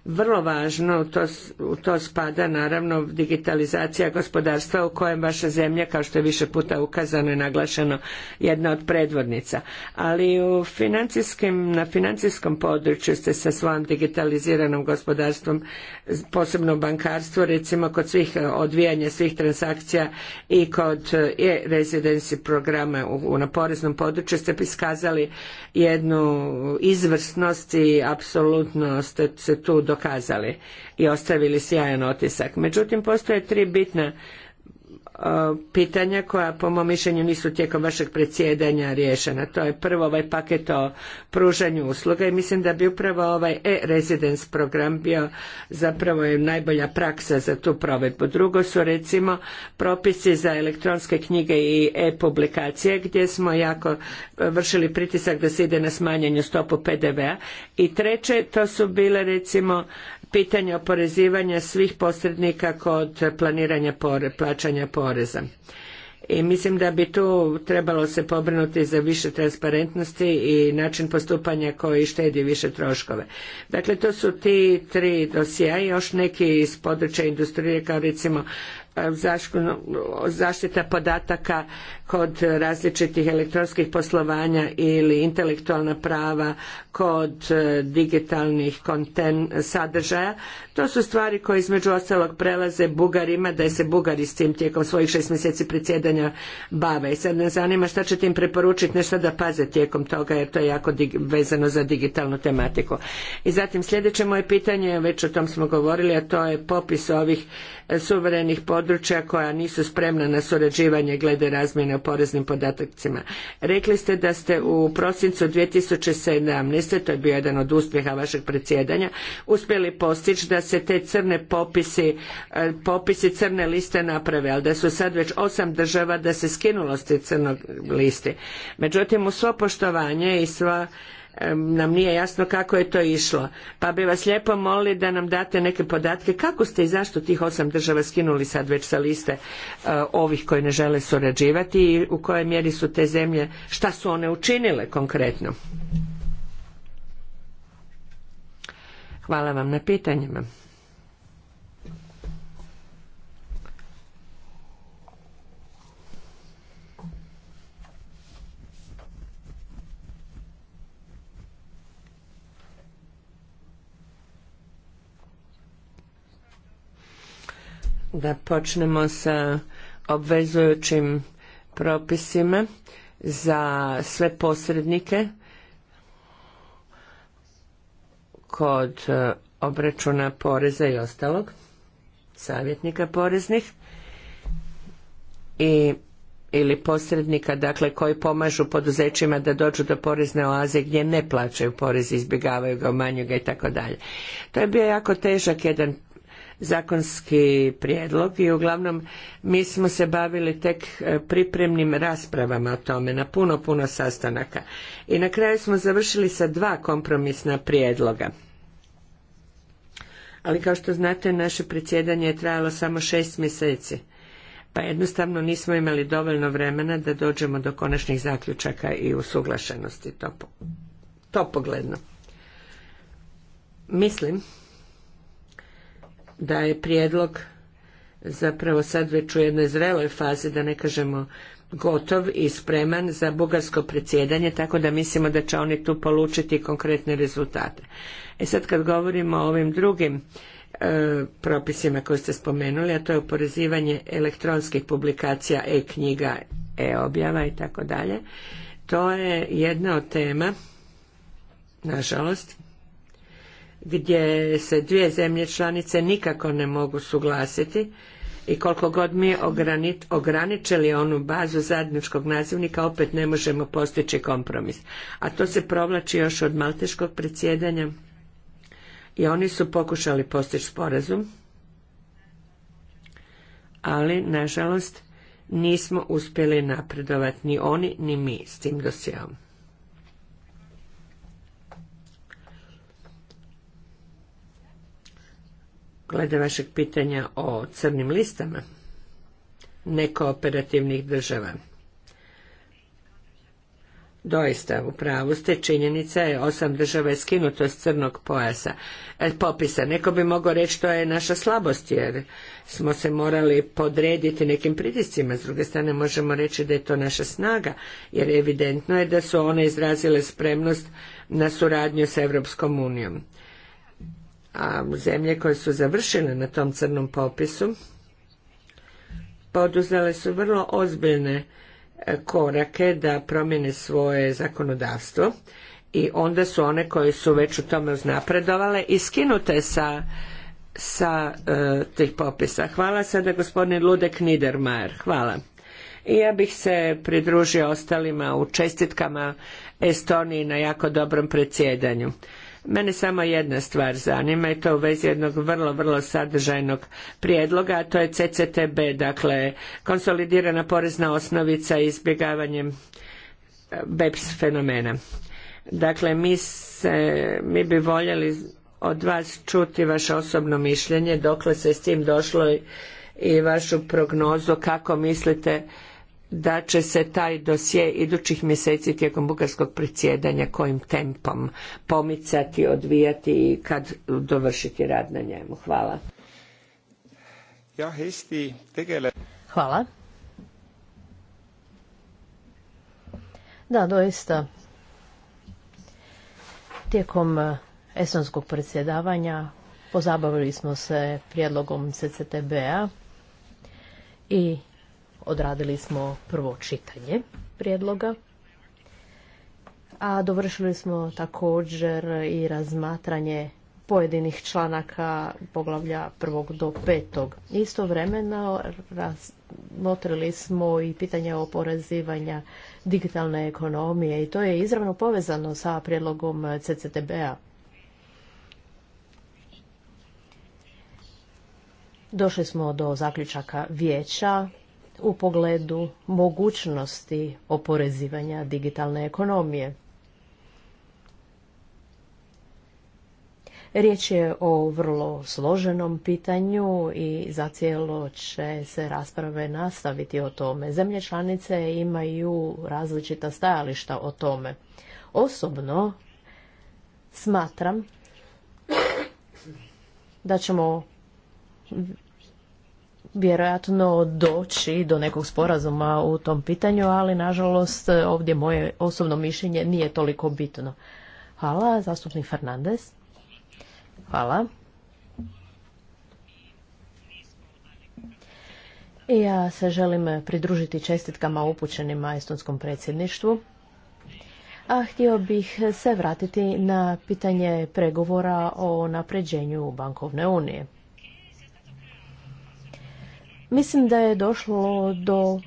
vrlo važno, to, u to spada naravno digitalizacija gospodarstva u kojem vaša zemlja, kao što je više puta ukazano i naglašeno, jedna od predvodnica. Ali u financijskim, na financijskom području ste sa svojom digitaliziranom gospodarstvom, posebno bankarstvo, recimo kod svih eh, odvijanja svih transakcija i kod eh, e-residency programa u, na poreznom području ste iskazali jednu izvrsnost i apsolutno ste se tu dokazali i ostavili sjajan otisak. Međutim, postoje tri bitna pitanja koja po mom mišljenju nisu tijekom vašeg predsjedanja riješena. To je prvo ovaj paket o pružanju usluga i mislim da bi upravo ovaj e-residence program bio zapravo je najbolja praksa za tu provedbu. Drugo su recimo propisi za elektronske knjige i e-publikacije gdje smo jako e, vršili pritisak da se ide na smanjenju stopu PDV-a i treće to su bile recimo pitanje oporezivanja svih posrednika kod planiranja plaćanja poreza. I mislim da bi tu trebalo se pobrinuti za više transparentnosti i način postupanja koji štedi više troškove. Dakle, to su ti tri dosija još neki iz područja industrije kao recimo e, zaštita podataka kod različitih elektronskih poslovanja ili intelektualna prava kod e, digitalnih konten sadržaja. To su stvari koje između ostalog prelaze Bugarima, da je se Bugari s tim tijekom svojih šest mjeseci predsjedanja bave. I sad ne zanima šta će tim preporučiti nešto da paze tijekom toga jer to je jako vezano za digitalnu tematiku. I zatim sljedeće moje pitanje, već o tom smo govorili, a to je popis ovih e, suverenih područja koja nisu spremna na surađivanje glede razmjene poreznim podatacima. Rekli ste da ste u prosincu 2017. to je bio jedan od uspjeha vašeg predsjedanja, uspjeli postići da se te crne popisi, e, popisi crne liste naprave, ali da su sad već osam država da se skinulo s te crne liste. Međutim, u svo poštovanje i sva nam nije jasno kako je to išlo. Pa bi vas lijepo molili da nam date neke podatke kako ste i zašto tih osam država skinuli sad već sa liste e, ovih koji ne žele surađivati i u kojoj mjeri su te zemlje, šta su one učinile konkretno. Hvala vam na pitanjima. da počnemo sa obvezujućim propisima za sve posrednike kod e, obračuna poreza i ostalog, savjetnika poreznih i ili posrednika dakle koji pomažu poduzećima da dođu do porezne oaze gdje ne plaćaju porez, izbjegavaju ga, umanjuju ga i tako dalje. To je bio jako težak jedan zakonski prijedlog i uglavnom mi smo se bavili tek e, pripremnim raspravama o tome na puno, puno sastanaka. I na kraju smo završili sa dva kompromisna prijedloga. Ali kao što znate, naše predsjedanje je trajalo samo šest mjeseci pa jednostavno nismo imali dovoljno vremena da dođemo do konačnih zaključaka i usuglašenosti to, to pogledno. Mislim da je prijedlog zapravo sad već u jednoj zreloj fazi, da ne kažemo gotov i spreman za bugarsko predsjedanje, tako da mislimo da će oni tu polučiti konkretne rezultate. E sad kad govorimo o ovim drugim e, propisima koje ste spomenuli, a to je oporezivanje elektronskih publikacija, e-knjiga, e-objava i tako dalje, to je jedna od tema, nažalost, gdje se dvije zemlje članice nikako ne mogu suglasiti i koliko god mi ograničili onu bazu zajedničkog nazivnika opet ne možemo postići kompromis. A to se provlači još od malteškog predsjedanja i oni su pokušali postići sporazum, ali nažalost nismo uspjeli napredovati ni oni ni mi s tim dosjeom. glede vašeg pitanja o crnim listama nekooperativnih država. Doista, u pravu ste, činjenica je osam država je skinuto s crnog pojasa, e, popisa. Neko bi mogao reći to je naša slabost jer smo se morali podrediti nekim pritiscima. S druge strane možemo reći da je to naša snaga jer evidentno je da su one izrazile spremnost na suradnju s Europskom unijom a zemlje koje su završile na tom crnom popisu poduzele su vrlo ozbiljne e, korake da promjene svoje zakonodavstvo i onda su one koje su već u tome uznapredovale i skinute sa, sa e, tih popisa. Hvala sada gospodin Ludek Niedermayer. Hvala. I ja bih se pridružio ostalima u čestitkama Estoniji na jako dobrom predsjedanju. Mene samo jedna stvar zanima i to u vezi jednog vrlo, vrlo sadržajnog prijedloga, a to je CCTB, dakle konsolidirana porezna osnovica i izbjegavanjem e, BEPS fenomena. Dakle, mi, se, mi bi voljeli od vas čuti vaše osobno mišljenje, dokle se s tim došlo i vašu prognozu kako mislite da će se taj dosje idućih mjeseci tijekom bugarskog predsjedanja kojim tempom pomicati, odvijati i kad dovršiti rad na njemu. Hvala. Hvala. Da, doista. Tijekom eh, esonskog predsjedavanja pozabavili smo se prijedlogom CCTB-a i Odradili smo prvo čitanje prijedloga, a dovršili smo također i razmatranje pojedinih članaka poglavlja prvog do petog. Istovremeno razmotrili smo i pitanje oporezivanja digitalne ekonomije i to je izravno povezano sa prijedlogom CCTB-a. Došli smo do zaključaka vijeća u pogledu mogućnosti oporezivanja digitalne ekonomije. Riječ je o vrlo složenom pitanju i za cijelo će se rasprave nastaviti o tome. Zemlje članice imaju različita stajališta o tome. Osobno smatram da ćemo vjerojatno doći do nekog sporazuma u tom pitanju, ali nažalost e, ovdje moje osobno mišljenje nije toliko bitno. Hvala, zastupnik Fernandez. Hvala. Ja se želim pridružiti čestitkama upućenima estonskom predsjedništvu. A htio bih se vratiti na pitanje pregovora o napređenju bankovne unije. Mislim da je došlo do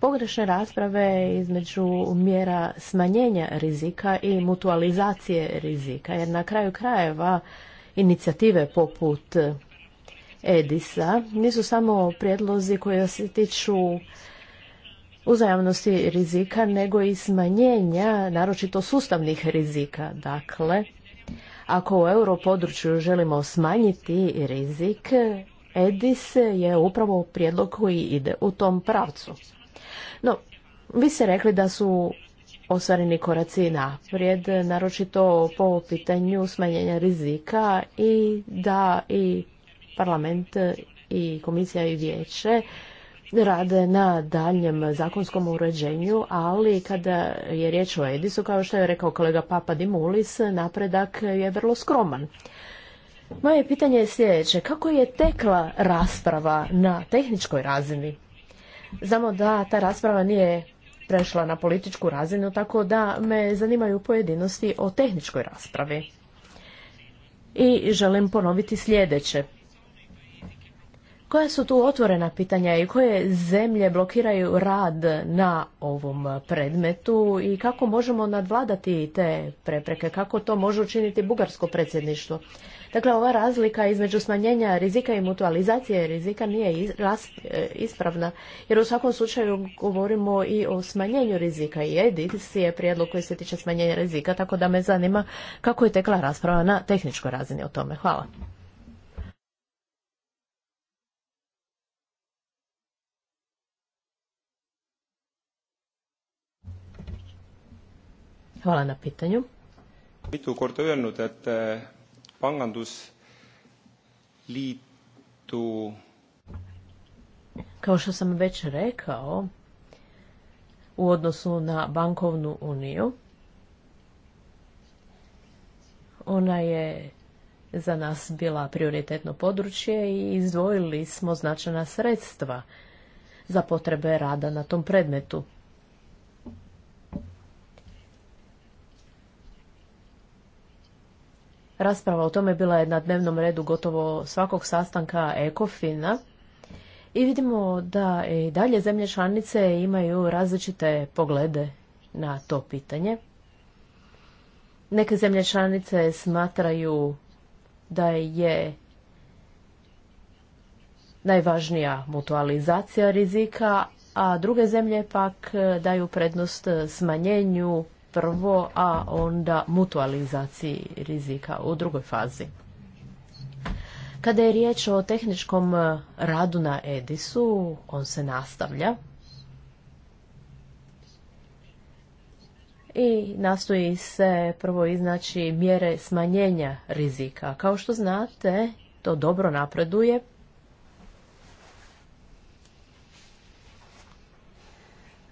pogrešne rasprave između mjera smanjenja rizika i mutualizacije rizika, jer na kraju krajeva inicijative poput Edisa nisu samo prijedlozi koji se tiču uzajamnosti rizika, nego i smanjenja naročito sustavnih rizika. Dakle, ako u europodručju želimo smanjiti rizik, EDIS je upravo prijedlog koji ide u tom pravcu. No, vi ste rekli da su ostvareni koraci naprijed, naročito po pitanju smanjenja rizika i da i parlament i komisija i vijeće rade na daljem zakonskom uređenju, ali kada je riječ o Edisu, kao što je rekao kolega Papa Dimulis, napredak je vrlo skroman. Moje pitanje je sljedeće. Kako je tekla rasprava na tehničkoj razini? Znamo da ta rasprava nije prešla na političku razinu, tako da me zanimaju pojedinosti o tehničkoj raspravi. I želim ponoviti sljedeće. Koja su tu otvorena pitanja i koje zemlje blokiraju rad na ovom predmetu i kako možemo nadvladati te prepreke, kako to može učiniti bugarsko predsjedništvo? Dakle, ova razlika između smanjenja rizika i mutualizacije rizika nije e, ispravna, jer u svakom slučaju govorimo i o smanjenju rizika i EDIS je prijedlog koji se tiče smanjenja rizika, tako da me zanima kako je tekla rasprava na tehničkoj razini o tome. Hvala. Hvala na pitanju pangandusliitu kao što sam već rekao, u odnosu na bankovnu uniju, ona je za nas bila prioritetno područje i izdvojili smo značajna sredstva za potrebe rada na tom predmetu. Rasprava o tome bila je na dnevnom redu gotovo svakog sastanka ecofin i vidimo da i dalje zemlje članice imaju različite poglede na to pitanje. Neke zemlje članice smatraju da je najvažnija mutualizacija rizika, a druge zemlje pak daju prednost smanjenju prvo, a onda mutualizaciji rizika u drugoj fazi. Kada je riječ o tehničkom e, radu na Edisu, on se nastavlja. I nastoji se prvo iznaći mjere smanjenja rizika. Kao što znate, to dobro napreduje.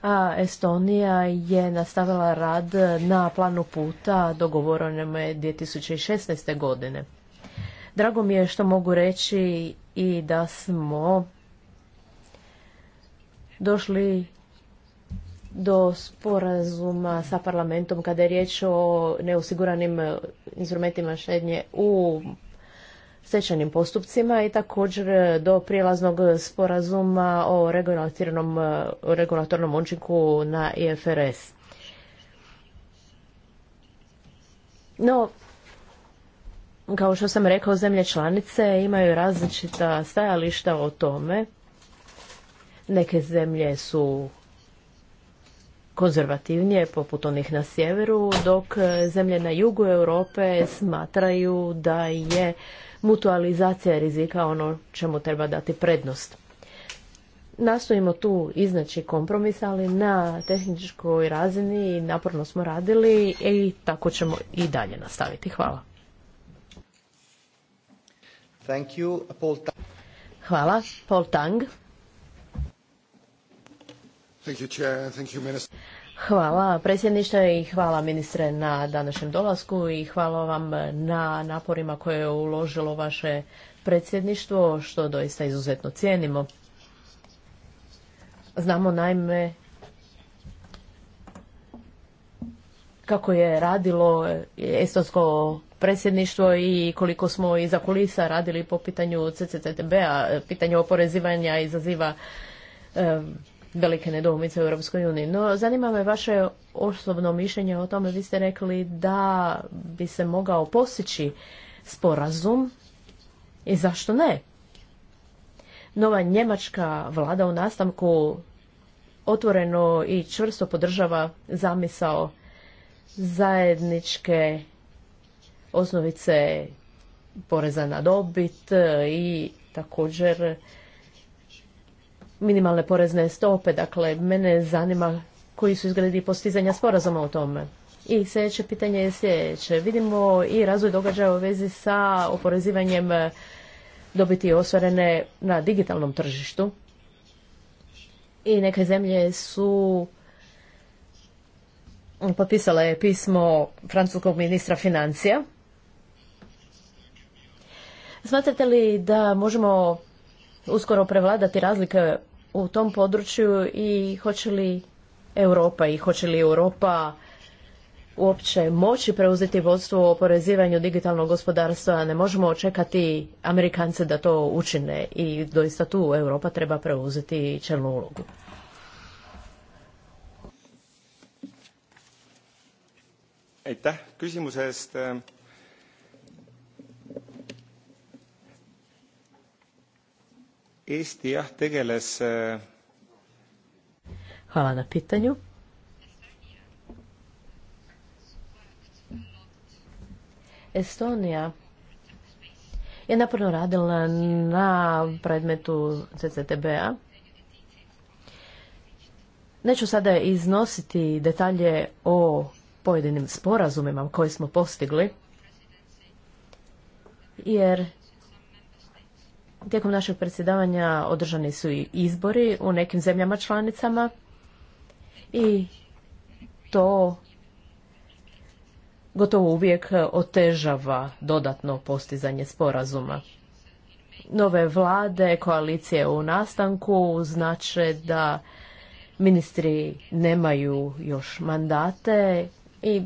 a Estonija je nastavila rad na planu puta dogovorenom je 2016. godine. Drago mi je što mogu reći i da smo došli do sporazuma sa parlamentom kada je riječ o neosiguranim instrumentima štednje u stečajnim postupcima i također e, do prijelaznog sporazuma o regulatornom e, učinku na IFRS. No, kao što sam rekao, zemlje članice imaju različita stajališta o tome. Neke zemlje su konzervativnije, poput onih na sjeveru, dok e, zemlje na jugu Europe smatraju da je mutualizacija rizika ono čemu treba dati prednost. Nastojimo tu iznaći kompromis, ali na tehničkoj razini naporno smo radili i tako ćemo i dalje nastaviti. Hvala. Thank you, Paul Hvala. Paul Tang. Thank you, Chair. Thank you, Minister. Hvala predsjedniče i hvala ministre na današnjem dolasku i hvala vam na naporima koje je uložilo vaše predsjedništvo, što doista izuzetno cijenimo. Znamo naime kako je radilo estonsko predsjedništvo i koliko smo iza kulisa radili po pitanju CCTB-a, pitanje oporezivanja izaziva velike nedoumice u Europskoj uniji. No, zanima me vaše osobno mišljenje o tome. Vi ste rekli da bi se mogao postići sporazum i zašto ne? Nova njemačka vlada u nastanku otvoreno i čvrsto podržava zamisao zajedničke osnovice poreza na dobit i također minimalne porezne stope. Dakle, mene zanima koji su izgledi postizanja sporazuma o tome. I sljedeće pitanje je sljedeće. Vidimo i razvoj događaja u vezi sa oporezivanjem eh, dobiti ostvarene na digitalnom tržištu. I neke zemlje su potpisale je pismo francuskog ministra financija. Smatrate li da možemo uskoro prevladati razlike u tom području i hoće li Europa i hoće li Europa uopće moći preuzeti vodstvo u oporezivanju digitalnog gospodarstva. Ne možemo očekati Amerikance da to učine i doista tu Europa treba preuzeti čelnu ulogu. Aitäh Eesti jah äh, Hvala na pitanju. Estonija je naporno radila na predmetu CCTB-a. Neću sada iznositi detalje o pojedinim sporazumima koje smo postigli, jer Tijekom našeg predsjedavanja održani su i izbori u nekim zemljama članicama i to gotovo uvijek otežava dodatno postizanje sporazuma. Nove vlade, koalicije u nastanku znače da ministri nemaju još mandate i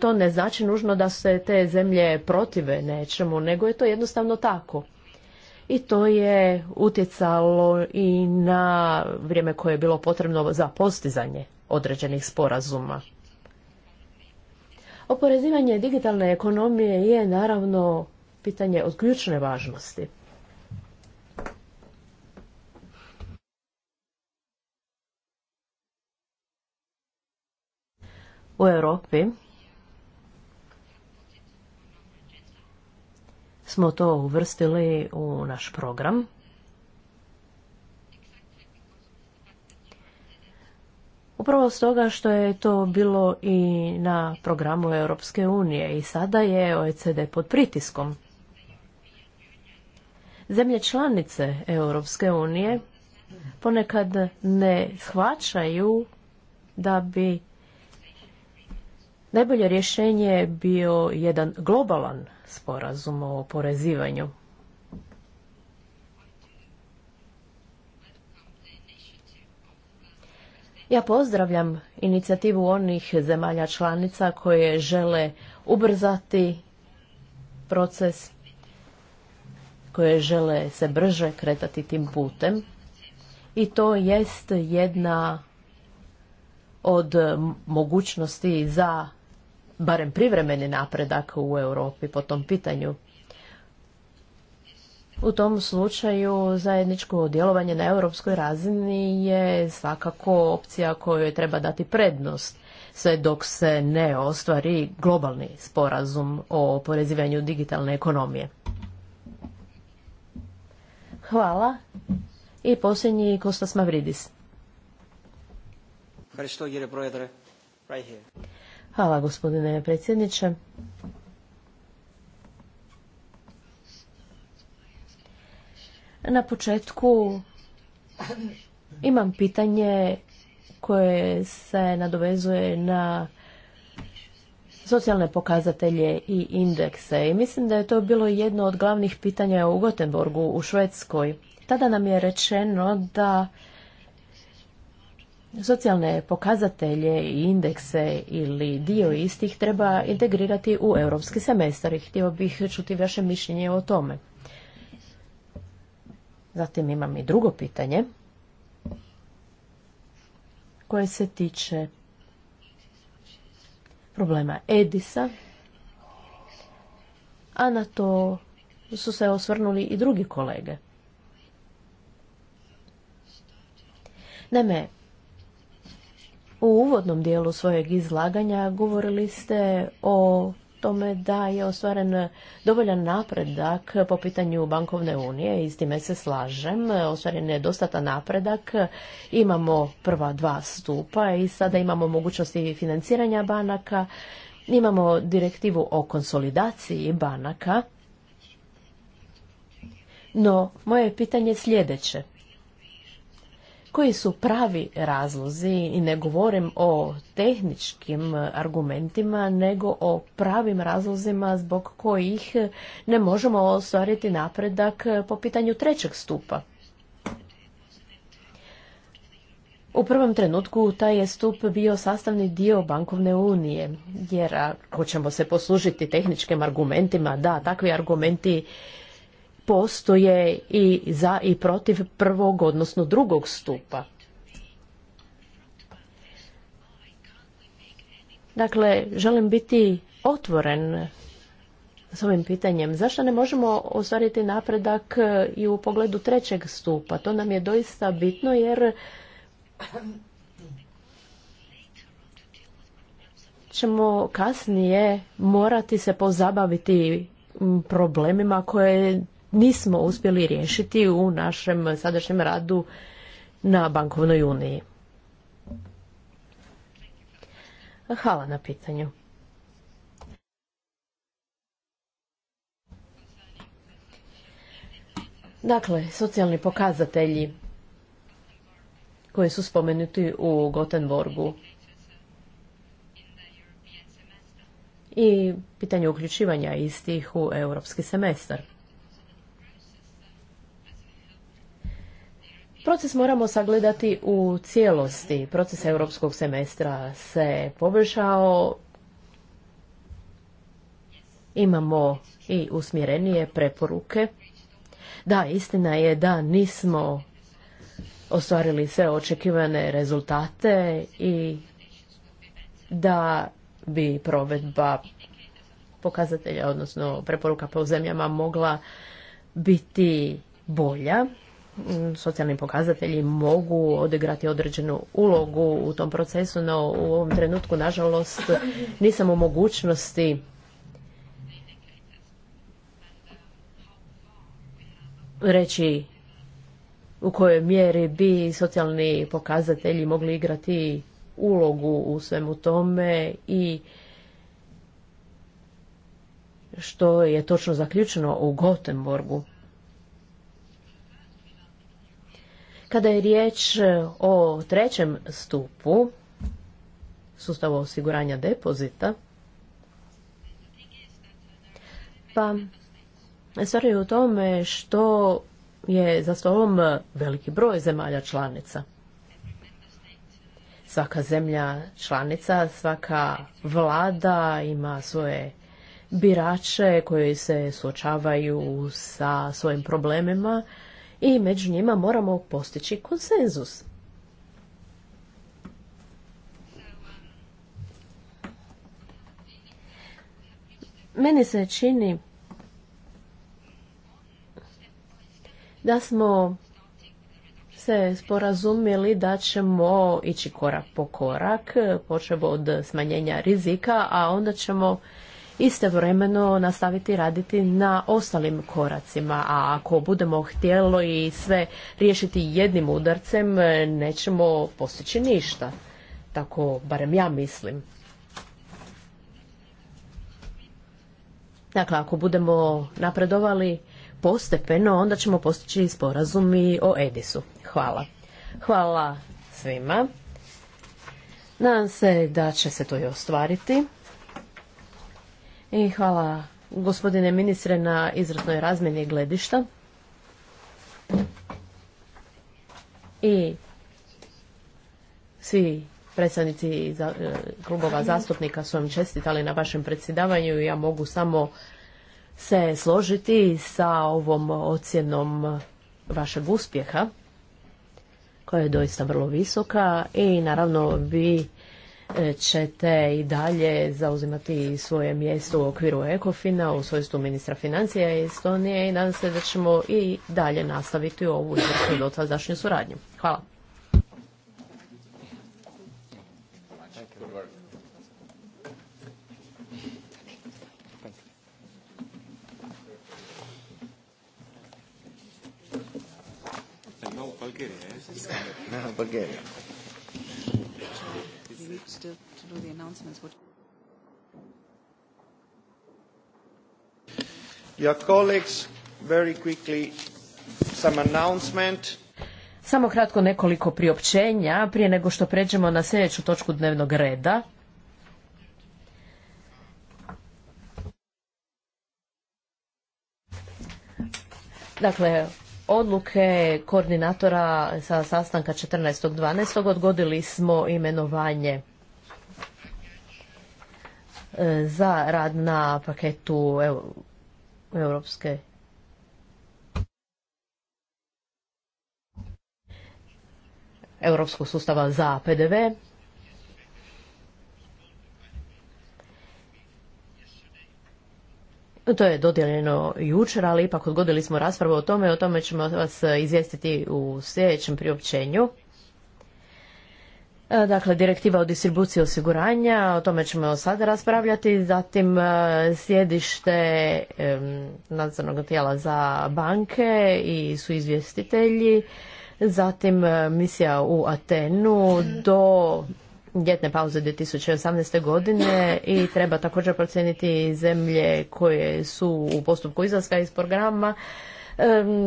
to ne znači nužno da se te zemlje protive nečemu, nego je to jednostavno tako i to je utjecalo i na vrijeme koje je bilo potrebno za postizanje određenih sporazuma. Oporezivanje digitalne ekonomije je naravno pitanje od ključne važnosti. U Europi smo to uvrstili u naš program. Upravo stoga što je to bilo i na programu Europske unije i sada je OECD pod pritiskom. Zemlje članice Europske unije ponekad ne shvaćaju da bi najbolje rješenje bio jedan globalan sporazum o porezivanju. Ja pozdravljam inicijativu onih zemalja članica koje žele ubrzati proces, koje žele se brže kretati tim putem. I to jest jedna od mogućnosti za barem privremeni napredak u Europi po tom pitanju. U tom slučaju zajedničko djelovanje na europskoj razini je svakako opcija kojoj treba dati prednost sve dok se ne ostvari globalni sporazum o oporezivanju digitalne ekonomije. Hvala. I posljednji Kostas Mavridis. here. Hvala gospodine predsjedniče. Na početku imam pitanje koje se nadovezuje na socijalne pokazatelje i indekse. I mislim da je to bilo jedno od glavnih pitanja u Gotenborgu u Švedskoj. Tada nam je rečeno da socijalne pokazatelje i indekse ili dio istih treba integrirati u europski semestar i htio bih čuti vaše mišljenje o tome. Zatim imam i drugo pitanje koje se tiče problema Edisa, a na to su se osvrnuli i drugi kolege. Naime, u uvodnom dijelu svojeg izlaganja govorili ste o tome da je ostvaren dovoljan napredak po pitanju bankovne unije i s time se slažem. Ostvaren je dostatan napredak. Imamo prva dva stupa i sada imamo mogućnosti financiranja banaka. Imamo direktivu o konsolidaciji banaka. No, moje pitanje je sljedeće koji su pravi razlozi i ne govorim o tehničkim argumentima nego o pravim razlozima zbog kojih ne možemo ostvariti napredak po pitanju trećeg stupa. U prvom trenutku taj je stup bio sastavni dio bankovne unije, jer ako ćemo se poslužiti tehničkim argumentima, da, takvi argumenti postoje i za i protiv prvog, odnosno drugog stupa. Dakle, želim biti otvoren s ovim pitanjem. Zašto ne možemo ostvariti napredak e, i u pogledu trećeg stupa? To nam je doista bitno jer ćemo kasnije morati se pozabaviti problemima koje nismo uspjeli riješiti u našem sadašnjem radu na bankovnoj uniji. Hvala na pitanju. Dakle, socijalni pokazatelji koji su spomenuti u Gotenborgu i pitanje uključivanja istih u europski semestar. Proces moramo sagledati u cijelosti. Proces europskog semestra se poboljšao. Imamo i usmjerenije preporuke. Da, istina je da nismo ostvarili sve očekivane rezultate i da bi provedba pokazatelja, odnosno preporuka po zemljama mogla biti bolja socijalni pokazatelji mogu odigrati određenu ulogu u tom procesu, no u ovom trenutku, nažalost, nisam u mogućnosti reći u kojoj mjeri bi socijalni pokazatelji mogli igrati ulogu u svemu tome i što je točno zaključeno u Gotenborgu. Kada je riječ e, o trećem stupu sustavu osiguranja depozita, pa stvar je u tome što je za stolom veliki broj zemalja članica. Svaka zemlja članica, svaka vlada ima svoje birače koji se suočavaju sa svojim problemima i među njima moramo postići konsenzus. Meni se čini da smo se sporazumili da ćemo ići korak po korak, počev od smanjenja rizika, a onda ćemo istovremeno nastaviti raditi na ostalim koracima, a ako budemo htjelo i sve riješiti jednim udarcem, nećemo postići ništa. Tako barem ja mislim. Dakle, ako budemo napredovali postepeno, onda ćemo postići sporazum i o Edisu. Hvala. Hvala svima. Nadam se da će se to i ostvariti. I hvala gospodine ministre na izvrsnoj razmjeni gledišta. I svi predstavnici e, klubova zastupnika su vam čestitali na vašem predsjedavanju i ja mogu samo se složiti sa ovom ocjenom vašeg uspjeha koja je doista vrlo visoka i naravno vi ćete i dalje zauzimati svoje mjesto u okviru Ekofina u svojstvu ministra financija Estonije i nadam se da ćemo i dalje nastaviti ovu i dotadašnju suradnju. Hvala you still to do the announcements. What... Your colleagues, very quickly, some announcement. Samo kratko nekoliko priopćenja prije nego što pređemo na sljedeću točku dnevnog reda. Dakle, odluke koordinatora sa sastanka 14.12. odgodili smo imenovanje e, za rad na paketu europske europskog sustava za PDV To je dodijeljeno jučer, ali ipak odgodili smo raspravu o tome. O tome ćemo vas izvijestiti u sljedećem priopćenju. E, dakle, direktiva o distribuciji osiguranja, o tome ćemo sada raspravljati, zatim e, sjedište e, nadzornog tijela za banke i su izvjestitelji, zatim misija u Atenu do ljetne pauze 2018. godine i treba također procijeniti zemlje koje su u postupku izlaska iz programa.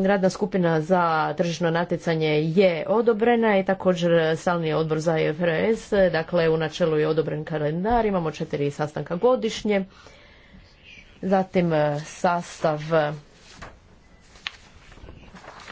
Radna skupina za tržišno natjecanje je odobrena i također stalni odbor za IFRS, e dakle u načelu je odobren kalendar, imamo četiri sastanka godišnje, zatim sastav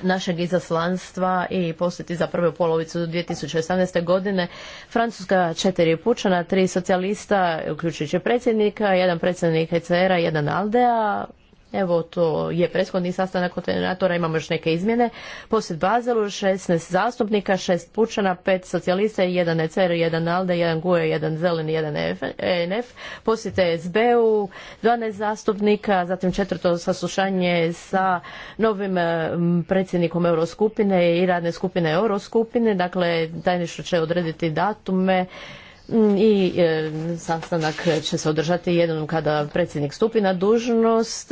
našeg izaslanstva i posjeti za prvu polovicu 2018. godine. Francuska četiri pučana, tri socijalista, uključujući predsjednika, jedan predsjednik ECR-a, jedan Aldea, Evo, to je prethodni sastanak koordinatora, imamo još neke izmjene. Posljed Bazelu, 16 zastupnika, 6 pučana, 5 socijalista, 1 ECR, 1 ALDE, 1 GUE, 1 Zeleni, 1 ENF. Posjet SB-u, 12 zastupnika, zatim četvrto saslušanje sa novim eh, predsjednikom Euroskupine i radne skupine Euroskupine. Dakle, tajništvo će odrediti datume Mm, i e, sastanak će se održati jednom kada predsjednik stupi na dužnost,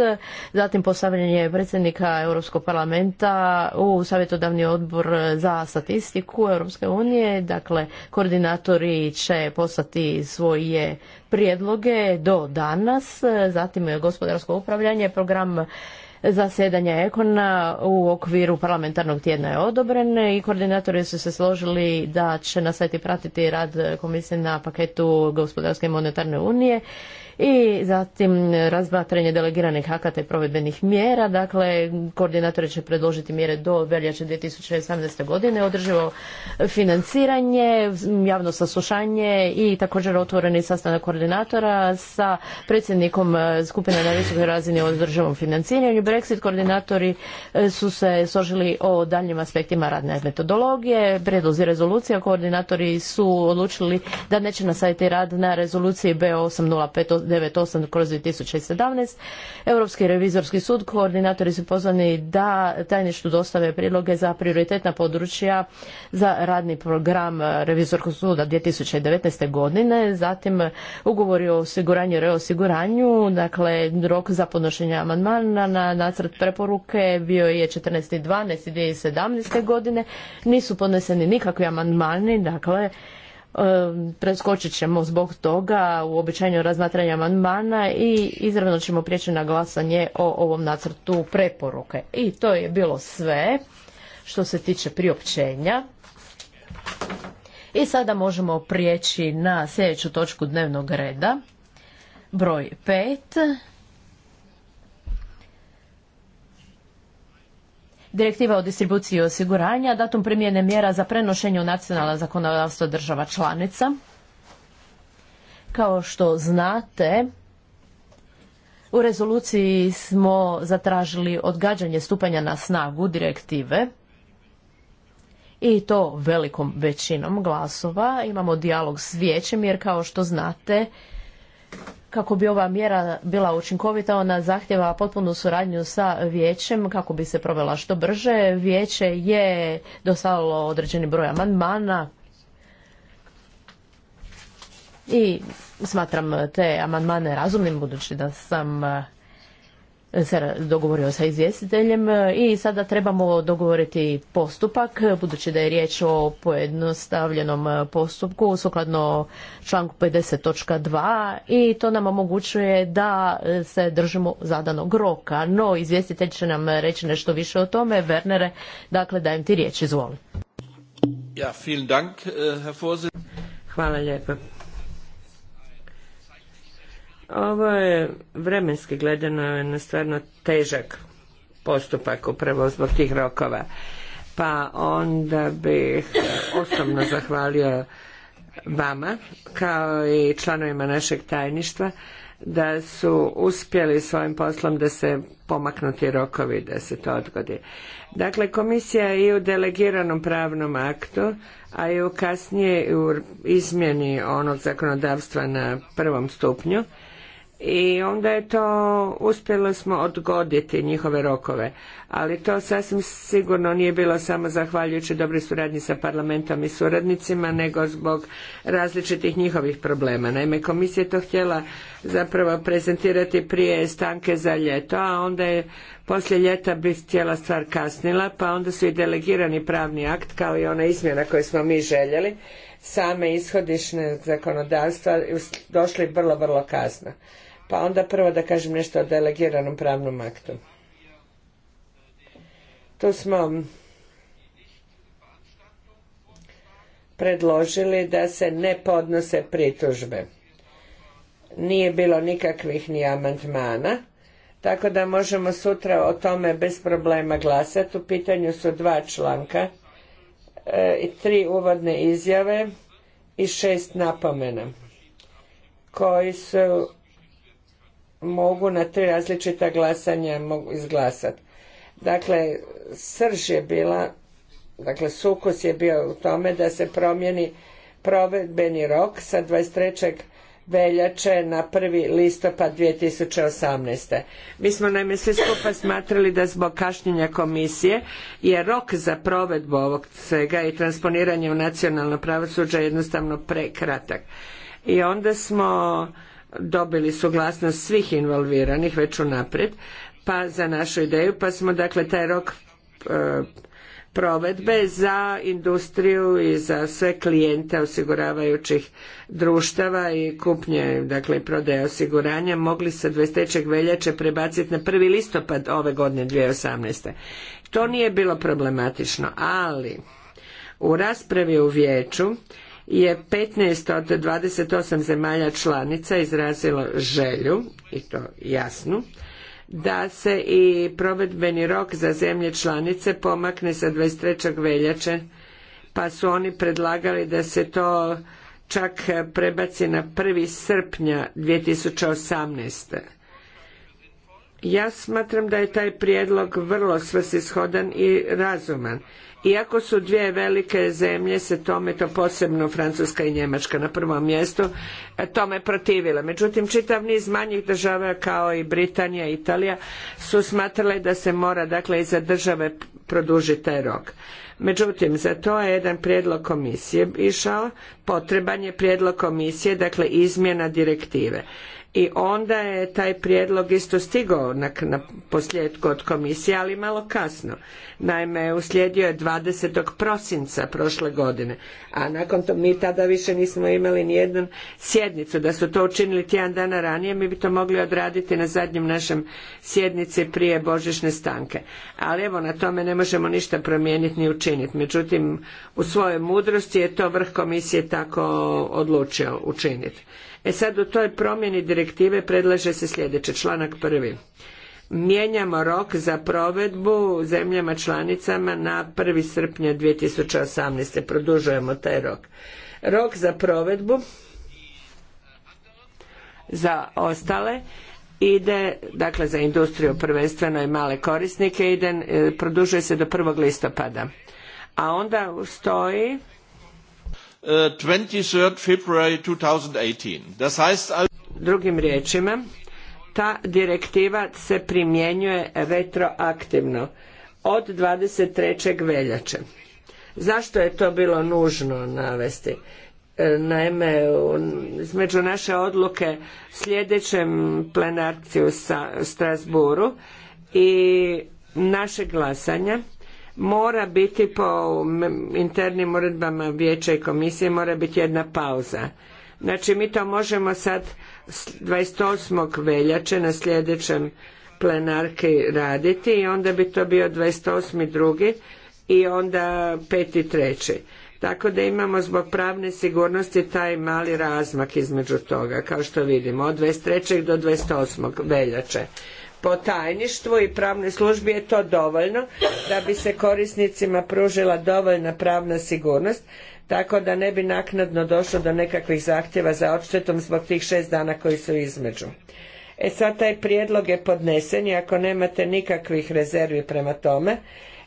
zatim postavljanje predsjednika Europskog parlamenta u savjetodavni odbor za statistiku Europske unije, dakle koordinatori će poslati svoje prijedloge do danas, zatim gospodarsko upravljanje, program zasjedanja Ekona u okviru parlamentarnog tjedna je odobrene i koordinatori su se složili da će nastaviti pratiti rad komisije na paketu gospodarske i monetarne unije i zatim razmatranje delegiranih akata i provedbenih mjera. Dakle, koordinatori će predložiti mjere do veljače 2018. godine, održivo financiranje, javno saslušanje i također otvoreni sastanak koordinatora sa predsjednikom e, skupine na visokoj razini o održivom financiranju. Brexit koordinatori e, su se složili o daljnjim aspektima radne metodologije, predlozi rezolucija, koordinatori su odlučili da neće nasaditi rad na rezoluciji B805 9.8. kroz 2017. Europski revizorski sud koordinatori su pozvani da tajništu dostave priloge za prioritetna područja za radni program revizorskog suda 2019. godine, zatim ugovori o osiguranju i reosiguranju, dakle rok za podnošenje amandmana na nacrt preporuke bio je 14.12.2017. godine, nisu podneseni nikakvi amandmani, dakle preskočit ćemo zbog toga u običajnju razmatranja amandmana i izravno ćemo prijeći na glasanje o ovom nacrtu preporuke. I to je bilo sve što se tiče priopćenja. I sada možemo prijeći na sljedeću točku dnevnog reda, broj Pet. Direktiva o distribuciji osiguranja, datum primjene mjera za prenošenje u nacionalna zakonodavstvo država članica. Kao što znate, u rezoluciji smo zatražili odgađanje stupanja na snagu direktive i to velikom većinom glasova. Imamo dijalog s vijećem jer kao što znate kako bi ova mjera bila učinkovita, ona zahtjeva potpunu suradnju sa vijećem kako bi se provela što brže. Vijeće je dostavilo određeni broj amandmana i smatram te amandmane razumnim budući da sam se dogovorio sa izvjestiteljem e, i sada trebamo dogovoriti postupak, budući da je riječ o pojednostavljenom e, postupku sukladno članku 50.2 i to nam omogućuje da e, se držimo zadanog roka. No, izvjestitelj će nam reći nešto više o tome. Vernere, dakle dajem ti riječ, izvoli. Ja, vielen Dank, Hvala lijepo. Ovo je vremenski gledano na stvarno težak postupak upravo zbog tih rokova. Pa onda bih osobno zahvalio vama kao i članovima našeg tajništva da su uspjeli svojim poslom da se pomaknuti rokovi, da se to odgodi. Dakle, komisija i u delegiranom pravnom aktu, a i u kasnije u izmjeni onog zakonodavstva na prvom stupnju, i onda je to uspjelo smo odgoditi njihove rokove ali to sasvim sigurno nije bilo samo zahvaljujući dobroj suradnji sa parlamentom i suradnicima nego zbog različitih njihovih problema naime komisija je to htjela zapravo prezentirati prije stanke za ljeto a onda je poslije ljeta bi cijela stvar kasnila pa onda su i delegirani pravni akt kao i ona izmjena koju smo mi željeli same ishodišne zakonodavstva došli vrlo vrlo kasno pa onda prvo da kažem nešto o delegiranom pravnom aktu. Tu smo predložili da se ne podnose pritužbe. Nije bilo nikakvih ni amandmana, tako da možemo sutra o tome bez problema glasati. U pitanju su dva članka, e, i tri uvodne izjave i šest napomena koji su mogu na tri različita glasanja mogu izglasati. Dakle, srž je bila, dakle sukus je bio u tome da se promijeni provedbeni rok sa 23 veljače na 1. listopad 2018. Mi smo naime svi skupa smatrali da zbog kašnjenja komisije je rok za provedbu ovog svega i transponiranje u nacionalno pravosuđe jednostavno prekratak. I onda smo dobili suglasnost svih involviranih već unaprijed pa za našu ideju pa smo dakle taj rok e, provedbe za industriju i za sve klijente osiguravajućih društava i kupnje, dakle i prodaje osiguranja mogli se 23. veljače prebaciti na 1. listopad ove godine 2018. To nije bilo problematično, ali u raspravi u vijeću je 15 od 28 zemalja članica izrazilo želju, i to jasnu, da se i provedbeni rok za zemlje članice pomakne sa 23. veljače, pa su oni predlagali da se to čak prebaci na 1. srpnja 2018. Ja smatram da je taj prijedlog vrlo svrsishodan i razuman iako su dvije velike zemlje se tome, to posebno Francuska i Njemačka na prvom mjestu, e, tome protivile. Međutim, čitav niz manjih država kao i Britanija i Italija su smatrale da se mora dakle i za države produžiti taj rok. Međutim, za to je jedan prijedlog komisije išao, potreban je prijedlog komisije, dakle izmjena direktive i onda je taj prijedlog isto stigao na, na posljedku od komisije, ali malo kasno. Naime, uslijedio je 20. prosinca prošle godine, a nakon to mi tada više nismo imali ni jednu sjednicu. Da su to učinili tjedan dana ranije, mi bi to mogli odraditi na zadnjem našem sjednici prije božićne stanke. Ali evo, na tome ne možemo ništa promijeniti ni učiniti. Međutim, u svojoj mudrosti je to vrh komisije tako odlučio učiniti. E sad u toj promjeni direktive predlaže se sljedeće, članak prvi. Mijenjamo rok za provedbu zemljama članicama na 1. srpnja 2018. Produžujemo taj rok. Rok za provedbu za ostale ide, dakle za industriju prvenstveno i male korisnike ide, e, produžuje se do 1. listopada. A onda stoji 23. Uh, 2018. Drugim riječima, ta direktiva se primjenjuje retroaktivno od 23. veljače. Zašto je to bilo nužno navesti? E, naime, između naše odluke sljedećem plenarci u Strasburu i naše glasanje mora biti po internim uredbama vijeća i komisije mora biti jedna pauza. Znači mi to možemo sad 28. veljače na sljedećem plenarki raditi i onda bi to bio 28. drugi i onda 5. treći. Tako da imamo zbog pravne sigurnosti taj mali razmak između toga, kao što vidimo, od 23. do 28. veljače po tajništvu i pravnoj službi je to dovoljno da bi se korisnicima pružila dovoljna pravna sigurnost tako da ne bi naknadno došlo do nekakvih zahtjeva za odštetom zbog tih šest dana koji su između. E sad taj prijedlog je podnesen i ako nemate nikakvih rezervi prema tome,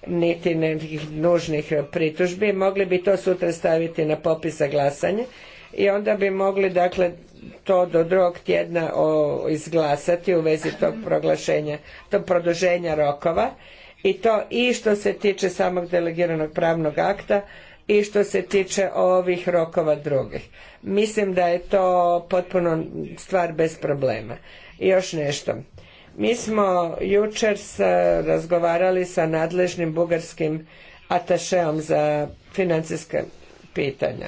niti nekih nužnih pritužbi, mogli bi to sutra staviti na popis za glasanje i onda bi mogli dakle to do drugog tjedna o, izglasati u vezi tog proglašenja, tog produženja rokova i to i što se tiče samog delegiranog pravnog akta i što se tiče ovih rokova drugih. Mislim da je to potpuno stvar bez problema. I još nešto. Mi smo jučer razgovarali sa nadležnim bugarskim atašeom za financijska pitanja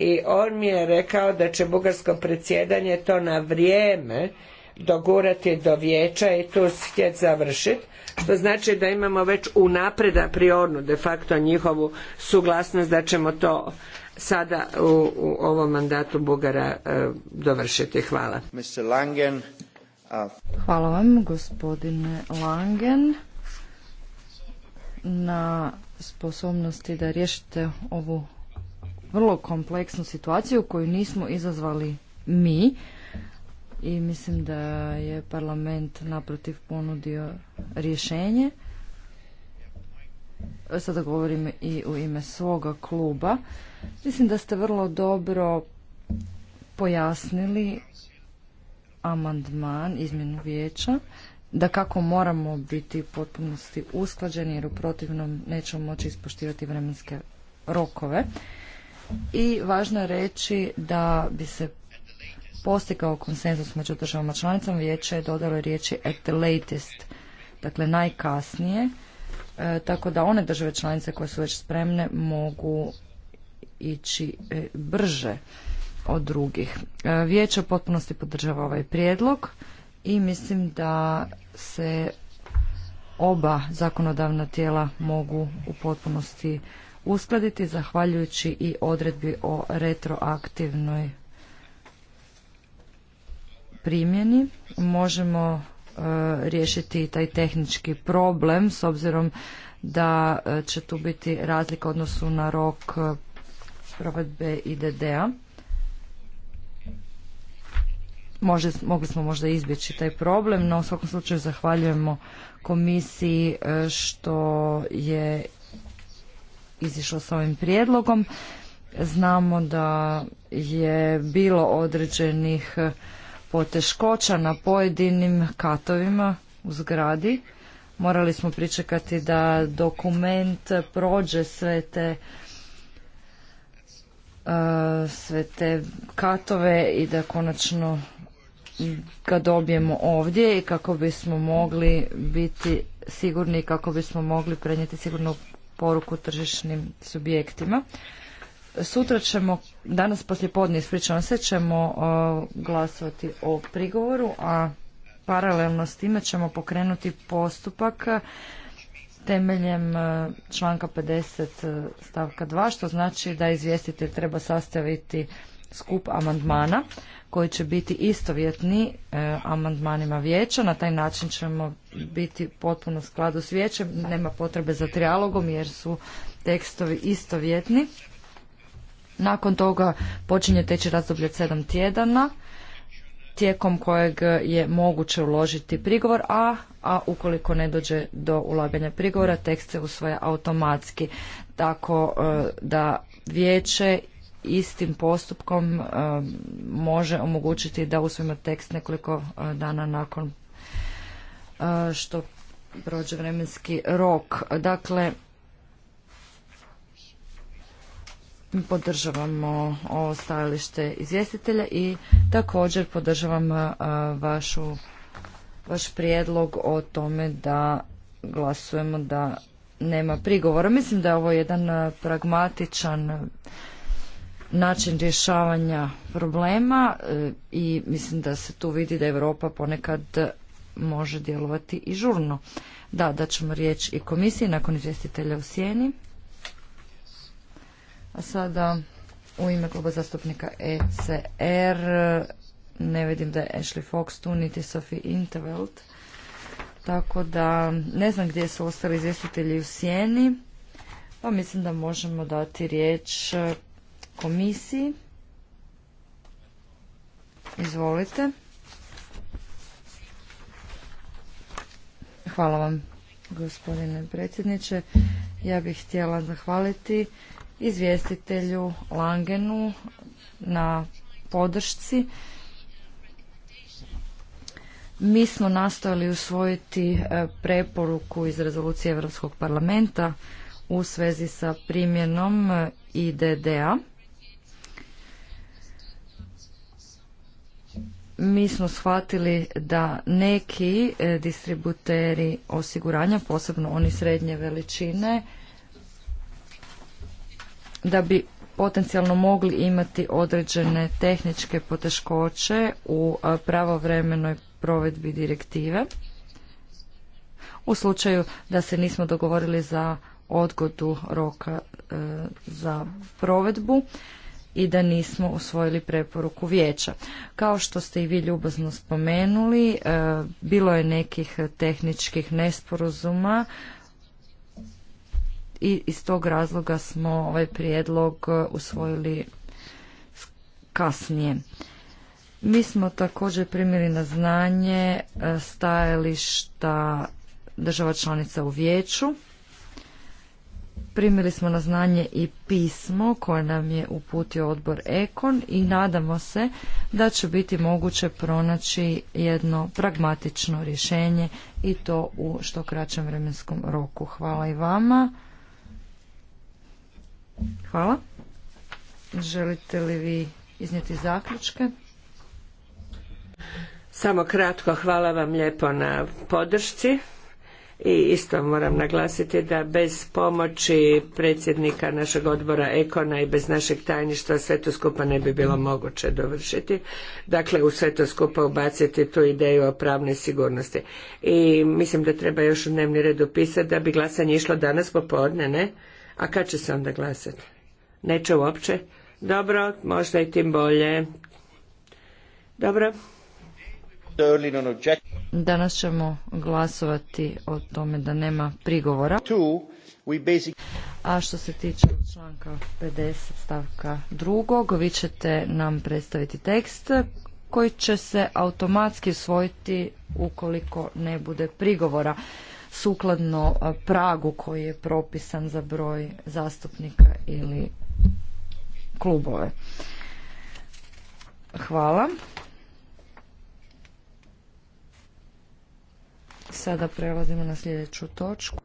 i on mi je rekao da će bugarsko predsjedanje to na vrijeme dogurati do vijeća i tu htjeti završiti što znači da imamo već unaprijed a priornu de facto njihovu suglasnost da ćemo to sada u, ovom mandatu Bugara e, dovršiti. Hvala. Hvala vam gospodine Langen na sposobnosti da riješite ovu vrlo kompleksnu situaciju koju nismo izazvali mi i mislim da je parlament naprotiv ponudio rješenje. Sada govorim i u ime svoga kluba. Mislim da ste vrlo dobro pojasnili amandman izmjenu vijeća da kako moramo biti potpunosti usklađeni jer u protivnom nećemo moći ispoštivati vremenske rokove i važno je reći da bi se postigao konsenzus među državama članicama, vijeće je dodalo riječi at the latest, dakle najkasnije, e, tako da one države članice koje su već spremne mogu ići e, brže od drugih. E, vijeće u potpunosti podržava ovaj prijedlog i mislim da se oba zakonodavna tijela mogu u potpunosti uskladiti zahvaljujući i odredbi o retroaktivnoj primjeni. Možemo e, riješiti taj tehnički problem s obzirom da e, će tu biti razlika u odnosu na rok e, provedbe IDD-a. Mogli smo možda izbjeći taj problem, no u svakom slučaju zahvaljujemo komisiji što je izišlo s ovim prijedlogom. Znamo da je bilo određenih poteškoća na pojedinim katovima u zgradi. Morali smo pričekati da dokument prođe sve te e, sve te katove i da konačno ga dobijemo ovdje i kako bismo mogli biti sigurni i kako bismo mogli prenijeti sigurno poruku tržišnim subjektima. Sutra ćemo, danas poslijepodne ispričavam se, ćemo glasovati o prigovoru, a paralelno s time ćemo pokrenuti postupak temeljem e, članka 50 e, stavka 2, što znači da izvjestitelj treba sastaviti skup amandmana koji će biti istovjetni e, amandmanima vijeća. Na taj način ćemo biti potpuno u skladu s vijećem. Nema potrebe za trialogom jer su tekstovi istovjetni. Nakon toga počinje teći razdoblje od sedam tjedana tijekom kojeg je moguće uložiti prigovor, a, a ukoliko ne dođe do ulaganja prigovora, tekst se usvaja automatski. Tako e, da vijeće istim postupkom e, može omogućiti da usvojimo tekst nekoliko e, dana nakon e, što prođe vremenski rok. Dakle, podržavamo ovo stajalište izvjestitelja i također podržavam vašu, vaš prijedlog o tome da glasujemo da nema prigovora. Mislim da je ovo jedan pragmatičan način rješavanja problema e, i mislim da se tu vidi da Europa ponekad može djelovati i žurno. Da, da ćemo riječ i komisiji nakon izvjestitelja u sjeni. A sada u ime kluba zastupnika ECR ne vidim da je Ashley Fox tu, niti Sophie Interveld. Tako da ne znam gdje su ostali izvjestitelji u sjeni. Pa mislim da možemo dati riječ komisiji. Izvolite. Hvala vam, gospodine predsjedniče. Ja bih htjela zahvaliti izvjestitelju Langenu na podršci. Mi smo nastojali usvojiti e, preporuku iz rezolucije Europskog parlamenta u svezi sa primjenom e, idda a mi smo shvatili da neki e, distributeri osiguranja, posebno oni srednje veličine, da bi potencijalno mogli imati određene tehničke poteškoće u e, pravovremenoj provedbi direktive. U slučaju da se nismo dogovorili za odgodu roka e, za provedbu, i da nismo usvojili preporuku vijeća. Kao što ste i vi ljubazno spomenuli, e, bilo je nekih tehničkih nesporazuma i iz tog razloga smo ovaj prijedlog e, usvojili kasnije. Mi smo također primili na znanje e, stajališta država članica u vijeću Primili smo na znanje i pismo koje nam je uputio odbor Ekon i nadamo se da će biti moguće pronaći jedno pragmatično rješenje i to u što kraćem vremenskom roku. Hvala i vama. Hvala. Želite li vi iznijeti zaključke? Samo kratko, hvala vam lijepo na podršci. I isto moram naglasiti da bez pomoći predsjednika našeg odbora Ekona i bez našeg tajništva sve to skupa ne bi bilo moguće dovršiti. Dakle, u sve to skupa ubaciti tu ideju o pravnoj sigurnosti. I mislim da treba još u dnevni red upisati da bi glasanje išlo danas popodne, ne? A kad će se onda glasati? Neće uopće? Dobro, možda i tim bolje. Dobro. Danas ćemo glasovati o tome da nema prigovora. A što se tiče članka 50 stavka drugog, vi ćete nam predstaviti tekst koji će se automatski usvojiti ukoliko ne bude prigovora sukladno pragu koji je propisan za broj zastupnika ili klubove. Hvala. Sada prelazimo na sljedeću točku.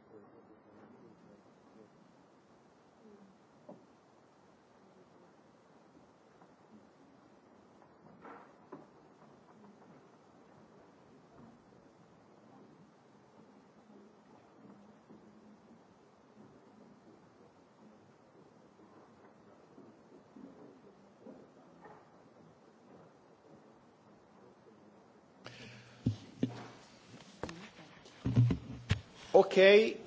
Okay.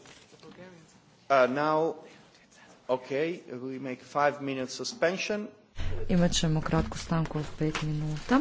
Uh, now, okay, we make five minutes suspension. Imat ćemo kratku stanku od pet minuta.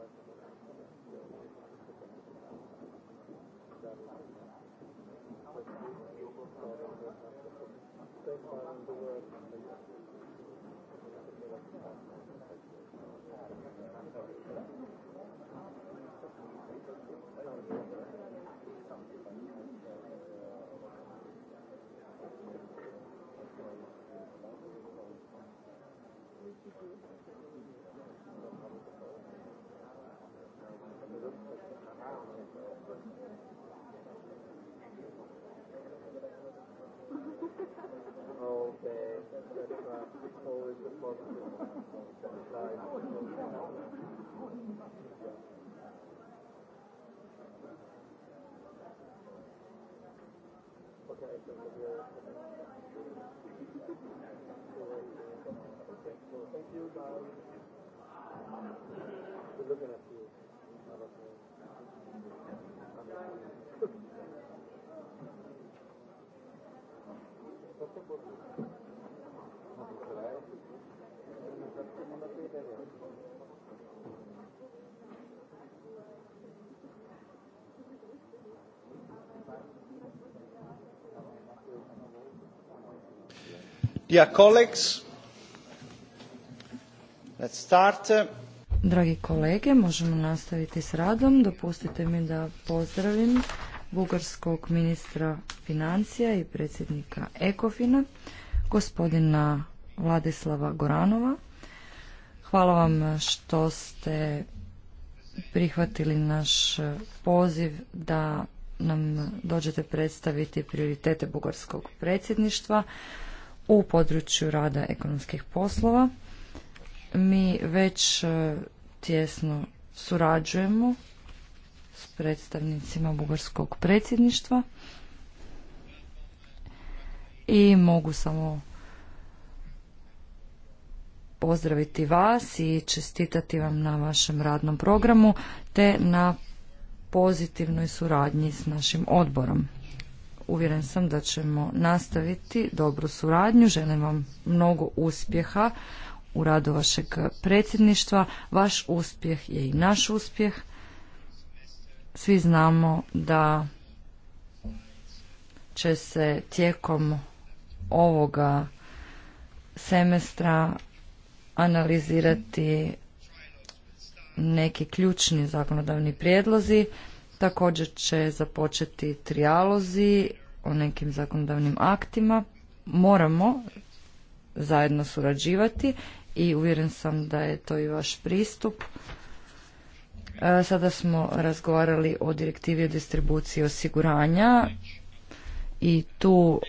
da is Dragi kolege, možemo nastaviti s radom. Dopustite mi da pozdravim bugarskog ministra financija i predsjednika Ekofina, gospodina Vladislava Goranova. Hvala vam što ste prihvatili naš poziv da nam dođete predstaviti prioritete bugarskog predsjedništva u području rada ekonomskih poslova. Mi već e, tjesno surađujemo s predstavnicima bugarskog predsjedništva i mogu samo pozdraviti vas i čestitati vam na vašem radnom programu te na pozitivnoj suradnji s našim odborom uvjeren sam da ćemo nastaviti dobru suradnju. Želim vam mnogo uspjeha u radu vašeg predsjedništva. Vaš uspjeh je i naš uspjeh. Svi znamo da će se tijekom ovoga semestra analizirati neki ključni zakonodavni prijedlozi. Također će započeti trijalozi o nekim zakonodavnim aktima moramo zajedno surađivati i uvjeren sam da je to i vaš pristup. E, sada smo razgovarali o direktivi o distribuciji osiguranja i tu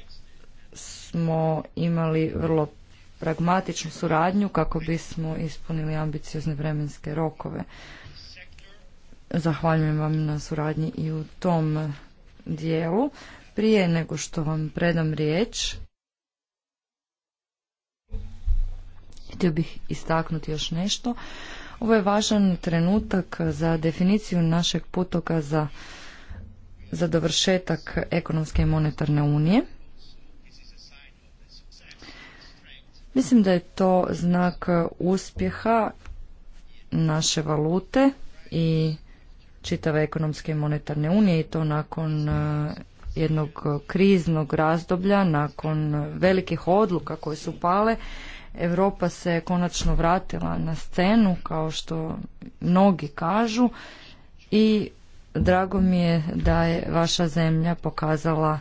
smo imali vrlo pragmatičnu suradnju kako bismo ispunili ambiciozne vremenske rokove. Zahvaljujem vam na suradnji i u tom dijelu. Prije nego što vam predam riječ, htio bih istaknuti još nešto. Ovo je važan trenutak za definiciju našeg putoka za, za dovršetak ekonomske i monetarne unije. Mislim da je to znak uspjeha naše valute i čitave ekonomske i monetarne unije i to nakon jednog e, kriznog razdoblja, nakon velikih odluka koje su pale, Europa se konačno vratila na scenu, kao što mnogi kažu, i drago mi je da je vaša zemlja pokazala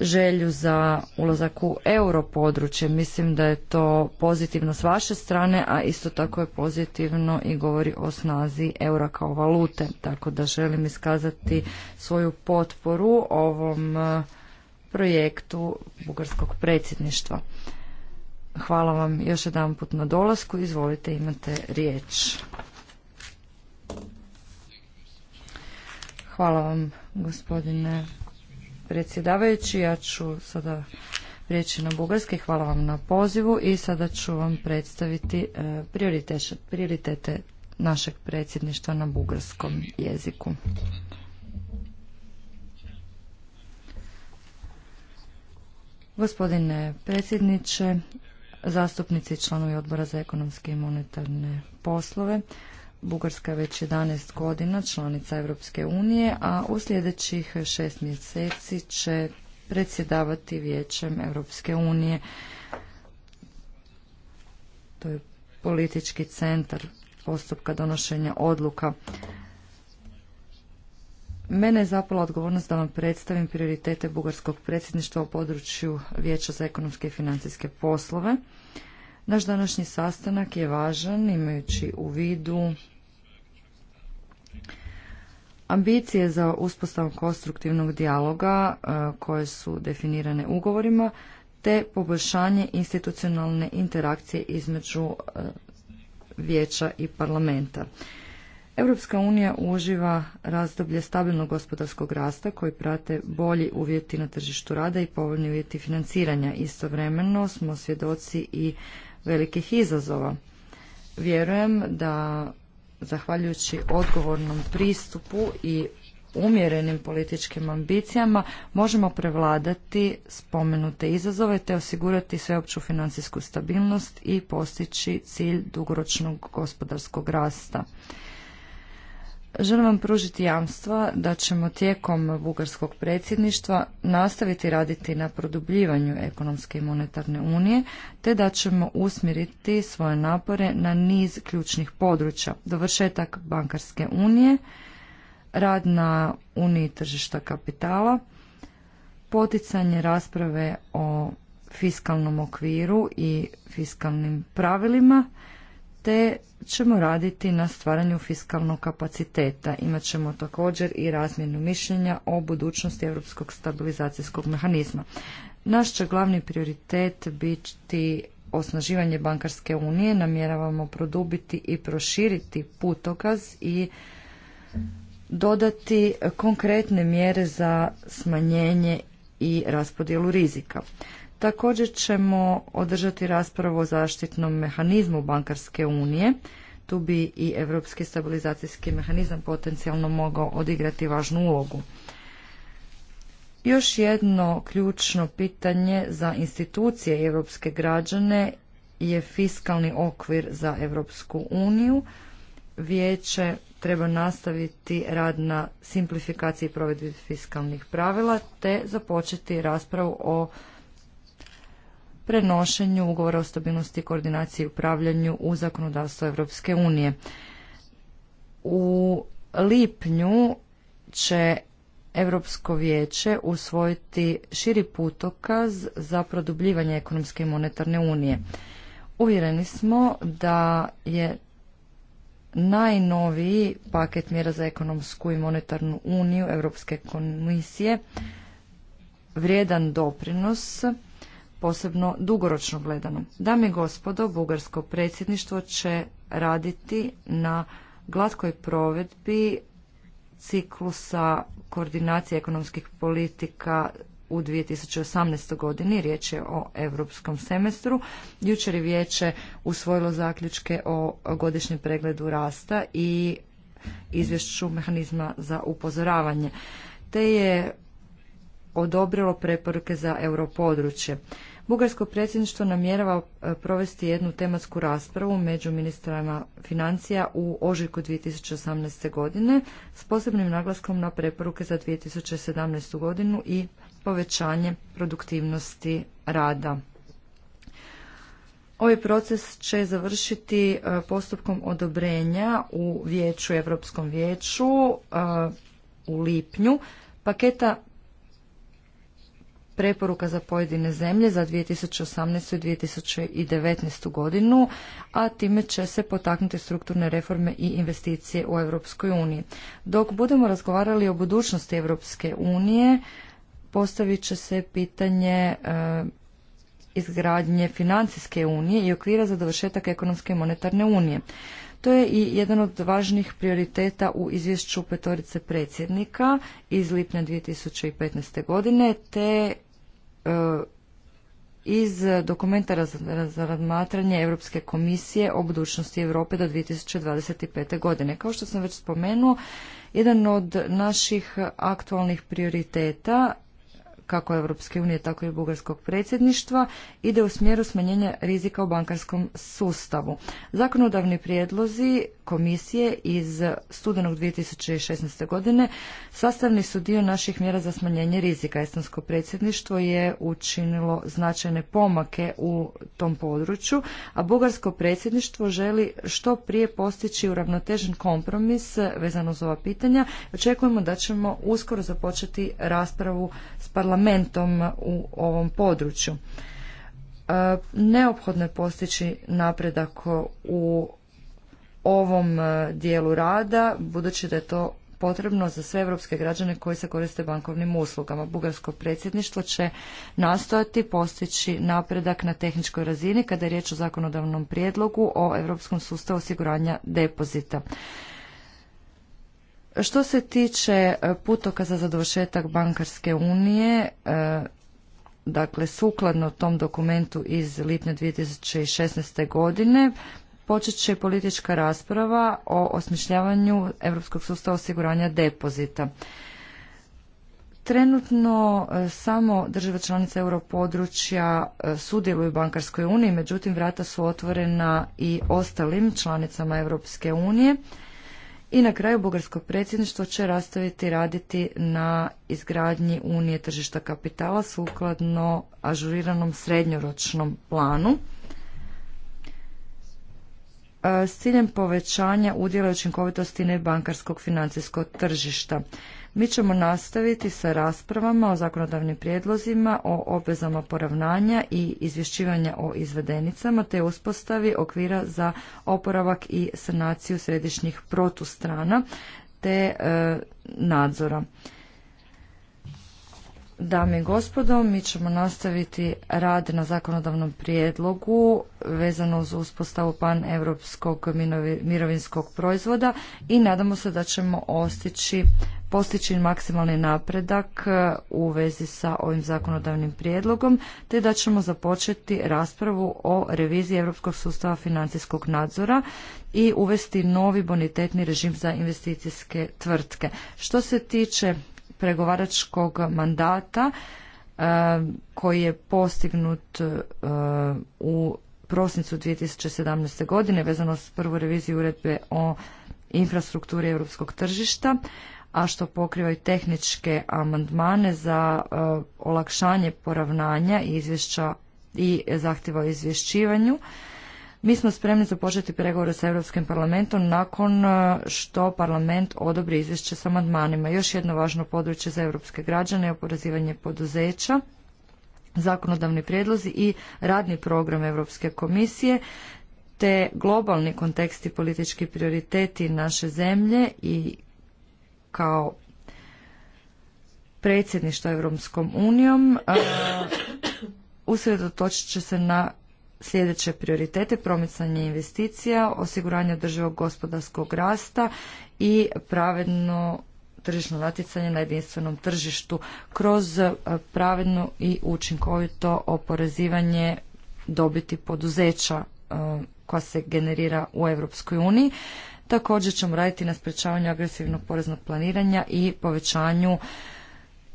želju za ulazak u europodručje. Mislim da je to pozitivno s vaše strane, a isto tako je pozitivno i govori o snazi eura kao valute. Tako da želim iskazati svoju potporu ovom e, projektu bugarskog predsjedništva. Hvala vam još jedan put na dolasku. Izvolite, imate riječ. Hvala vam, gospodine predsjedavajući. Ja ću sada prijeći na bugarski. Hvala vam na pozivu i sada ću vam predstaviti e, prioritete našeg predsjedništva na bugarskom jeziku. Gospodine predsjedniče, zastupnici i članovi odbora za ekonomske i monetarne poslove, Bugarska je već 11 godina članica Europske unije, a u sljedećih šest mjeseci će predsjedavati Vijećem Europske unije. To je politički centar postupka donošenja odluka. Mene je zapala odgovornost da vam predstavim prioritete bugarskog predsjedništva u području Vijeća za ekonomske i financijske poslove. Naš današnji sastanak je važan imajući u vidu ambicije za uspostavom konstruktivnog dijaloga e, koje su definirane ugovorima te poboljšanje institucionalne interakcije između e, vijeća i parlamenta. Europska unija uživa razdoblje stabilnog gospodarskog rasta koji prate bolji uvjeti na tržištu rada i povoljni uvjeti financiranja. Istovremeno smo svjedoci i velikih izazova. Vjerujem da zahvaljujući odgovornom pristupu i umjerenim političkim ambicijama možemo prevladati spomenute izazove te osigurati sveopću financijsku stabilnost i postići cilj dugoročnog gospodarskog rasta. Želim vam pružiti jamstva da ćemo tijekom bugarskog predsjedništva nastaviti raditi na produbljivanju ekonomske i monetarne unije, te da ćemo usmjeriti svoje napore na niz ključnih područja. Dovršetak bankarske unije, rad na uniji tržišta kapitala, poticanje rasprave o fiskalnom okviru i fiskalnim pravilima, te ćemo raditi na stvaranju fiskalnog kapaciteta. Imaćemo također i razmjenu mišljenja o budućnosti Europskog stabilizacijskog mehanizma. Naš će glavni prioritet biti osnaživanje bankarske unije. Namjeravamo produbiti i proširiti putokaz i dodati konkretne mjere za smanjenje i raspodjelu rizika. Također ćemo održati raspravu o zaštitnom mehanizmu bankarske unije. Tu bi i Europski stabilizacijski mehanizam potencijalno mogao odigrati važnu ulogu. Još jedno ključno pitanje za institucije i europske građane je fiskalni okvir za Evropsku uniju. Vijeće treba nastaviti rad na simplifikaciji provedbi fiskalnih pravila te započeti raspravu o prenošenju ugovora o stabilnosti i koordinaciji i upravljanju u zakonodavstvo Europske unije. U lipnju će Europsko vijeće usvojiti širi putokaz za produbljivanje ekonomske i monetarne unije. Uvjereni smo da je najnoviji paket mjera za ekonomsku i monetarnu uniju Europske komisije vrijedan doprinos posebno dugoročno gledano. Dame i gospodo, bugarsko predsjedništvo će raditi na glatkoj provedbi ciklusa koordinacije ekonomskih politika u 2018. godini, riječ je o europskom semestru. Jučer je vijeće usvojilo zaključke o godišnjem pregledu rasta i izvješću mehanizma za upozoravanje. Te je odobrilo preporuke za europodručje. Bugarsko predsjedništvo namjerava e, provesti jednu tematsku raspravu među ministrama financija u ožujku 2018. godine s posebnim naglaskom na preporuke za 2017. godinu i povećanje produktivnosti rada. Ovaj proces će završiti e, postupkom odobrenja u Vijeću, Europskom vijeću e, u lipnju paketa preporuka za pojedine zemlje za 2018. i 2019. godinu, a time će se potaknuti strukturne reforme i investicije u Europskoj uniji. Dok budemo razgovarali o budućnosti Europske unije, postavit će se pitanje e, izgradnje financijske unije i okvira za dovršetak ekonomske i monetarne unije. To je i jedan od važnih prioriteta u izvješću petorice predsjednika iz lipnja 2015. godine te E, iz dokumenta za razmatranje Europske komisije o budućnosti Europe do 2025. godine. Kao što sam već spomenuo, jedan od naših aktualnih prioriteta kako Europske unije, tako i bugarskog predsjedništva, ide u smjeru smanjenja rizika u bankarskom sustavu. Zakonodavni prijedlozi komisije iz studenog 2016. godine sastavni su dio naših mjera za smanjenje rizika. Estonsko predsjedništvo je učinilo značajne pomake u tom području, a bugarsko predsjedništvo želi što prije postići uravnotežen kompromis vezano za ova pitanja. Očekujemo da ćemo uskoro započeti raspravu s parlamentom u ovom području. E, neophodno je postići napredak u ovom e, dijelu rada, budući da je to potrebno za sve evropske građane koji se koriste bankovnim uslugama. Bugarsko predsjedništvo će nastojati postići napredak na tehničkoj razini kada je riječ o zakonodavnom prijedlogu o Europskom sustavu osiguranja depozita. Što se tiče e, putoka za zadovršetak bankarske unije, e, dakle sukladno tom dokumentu iz lipnja 2016. godine, počet će politička rasprava o osmišljavanju Europskog sustava osiguranja depozita. Trenutno e, samo države članice europodručja e, sudjeluju u bankarskoj uniji, međutim vrata su otvorena i ostalim članicama Europske unije. I na kraju bugarsko predsjedništvo će rastaviti raditi na izgradnji unije tržišta kapitala sukladno ažuriranom srednjoročnom planu. E, s ciljem povećanja udjela učinkovitosti nebankarskog financijskog tržišta. Mi ćemo nastaviti sa raspravama o zakonodavnim prijedlozima, o obvezama poravnanja i izvješćivanja o izvedenicama te uspostavi okvira za oporavak i sanaciju središnjih protustrana te e, nadzora. Dame i gospodo, mi ćemo nastaviti rad na zakonodavnom prijedlogu vezano uz uspostavu pan-europskog mirovinskog proizvoda i nadamo se da ćemo ostići, postići maksimalni napredak e, u vezi sa ovim zakonodavnim prijedlogom te da ćemo započeti raspravu o reviziji Europskog sustava financijskog nadzora i uvesti novi bonitetni režim za investicijske tvrtke. Što se tiče pregovaračkog mandata e, koji je postignut e, u prosincu 2017. godine vezano s prvu reviziju uredbe o infrastrukturi europskog tržišta, a što pokriva i tehničke amandmane za e, olakšanje poravnanja izvješća i zahtjeva o izvješćivanju mi smo spremni započeti pregovore sa Europskim parlamentom nakon e, što parlament odobri izvješće sa amandmanima. Još jedno važno područje za europske građane je oporezivanje poduzeća zakonodavni prijedlozi i radni program Europske komisije te globalni konteksti politički prioriteti naše zemlje i kao predsjedništvo Europskom unijom usredotočit će se na sljedeće prioritete, promicanje investicija, osiguranje održivog gospodarskog rasta i pravedno tržišno natjecanje na jedinstvenom tržištu kroz e, pravedno i učinkovito oporezivanje dobiti poduzeća e, koja se generira u Europskoj uniji. Također ćemo raditi na sprečavanju agresivnog poreznog planiranja i povećanju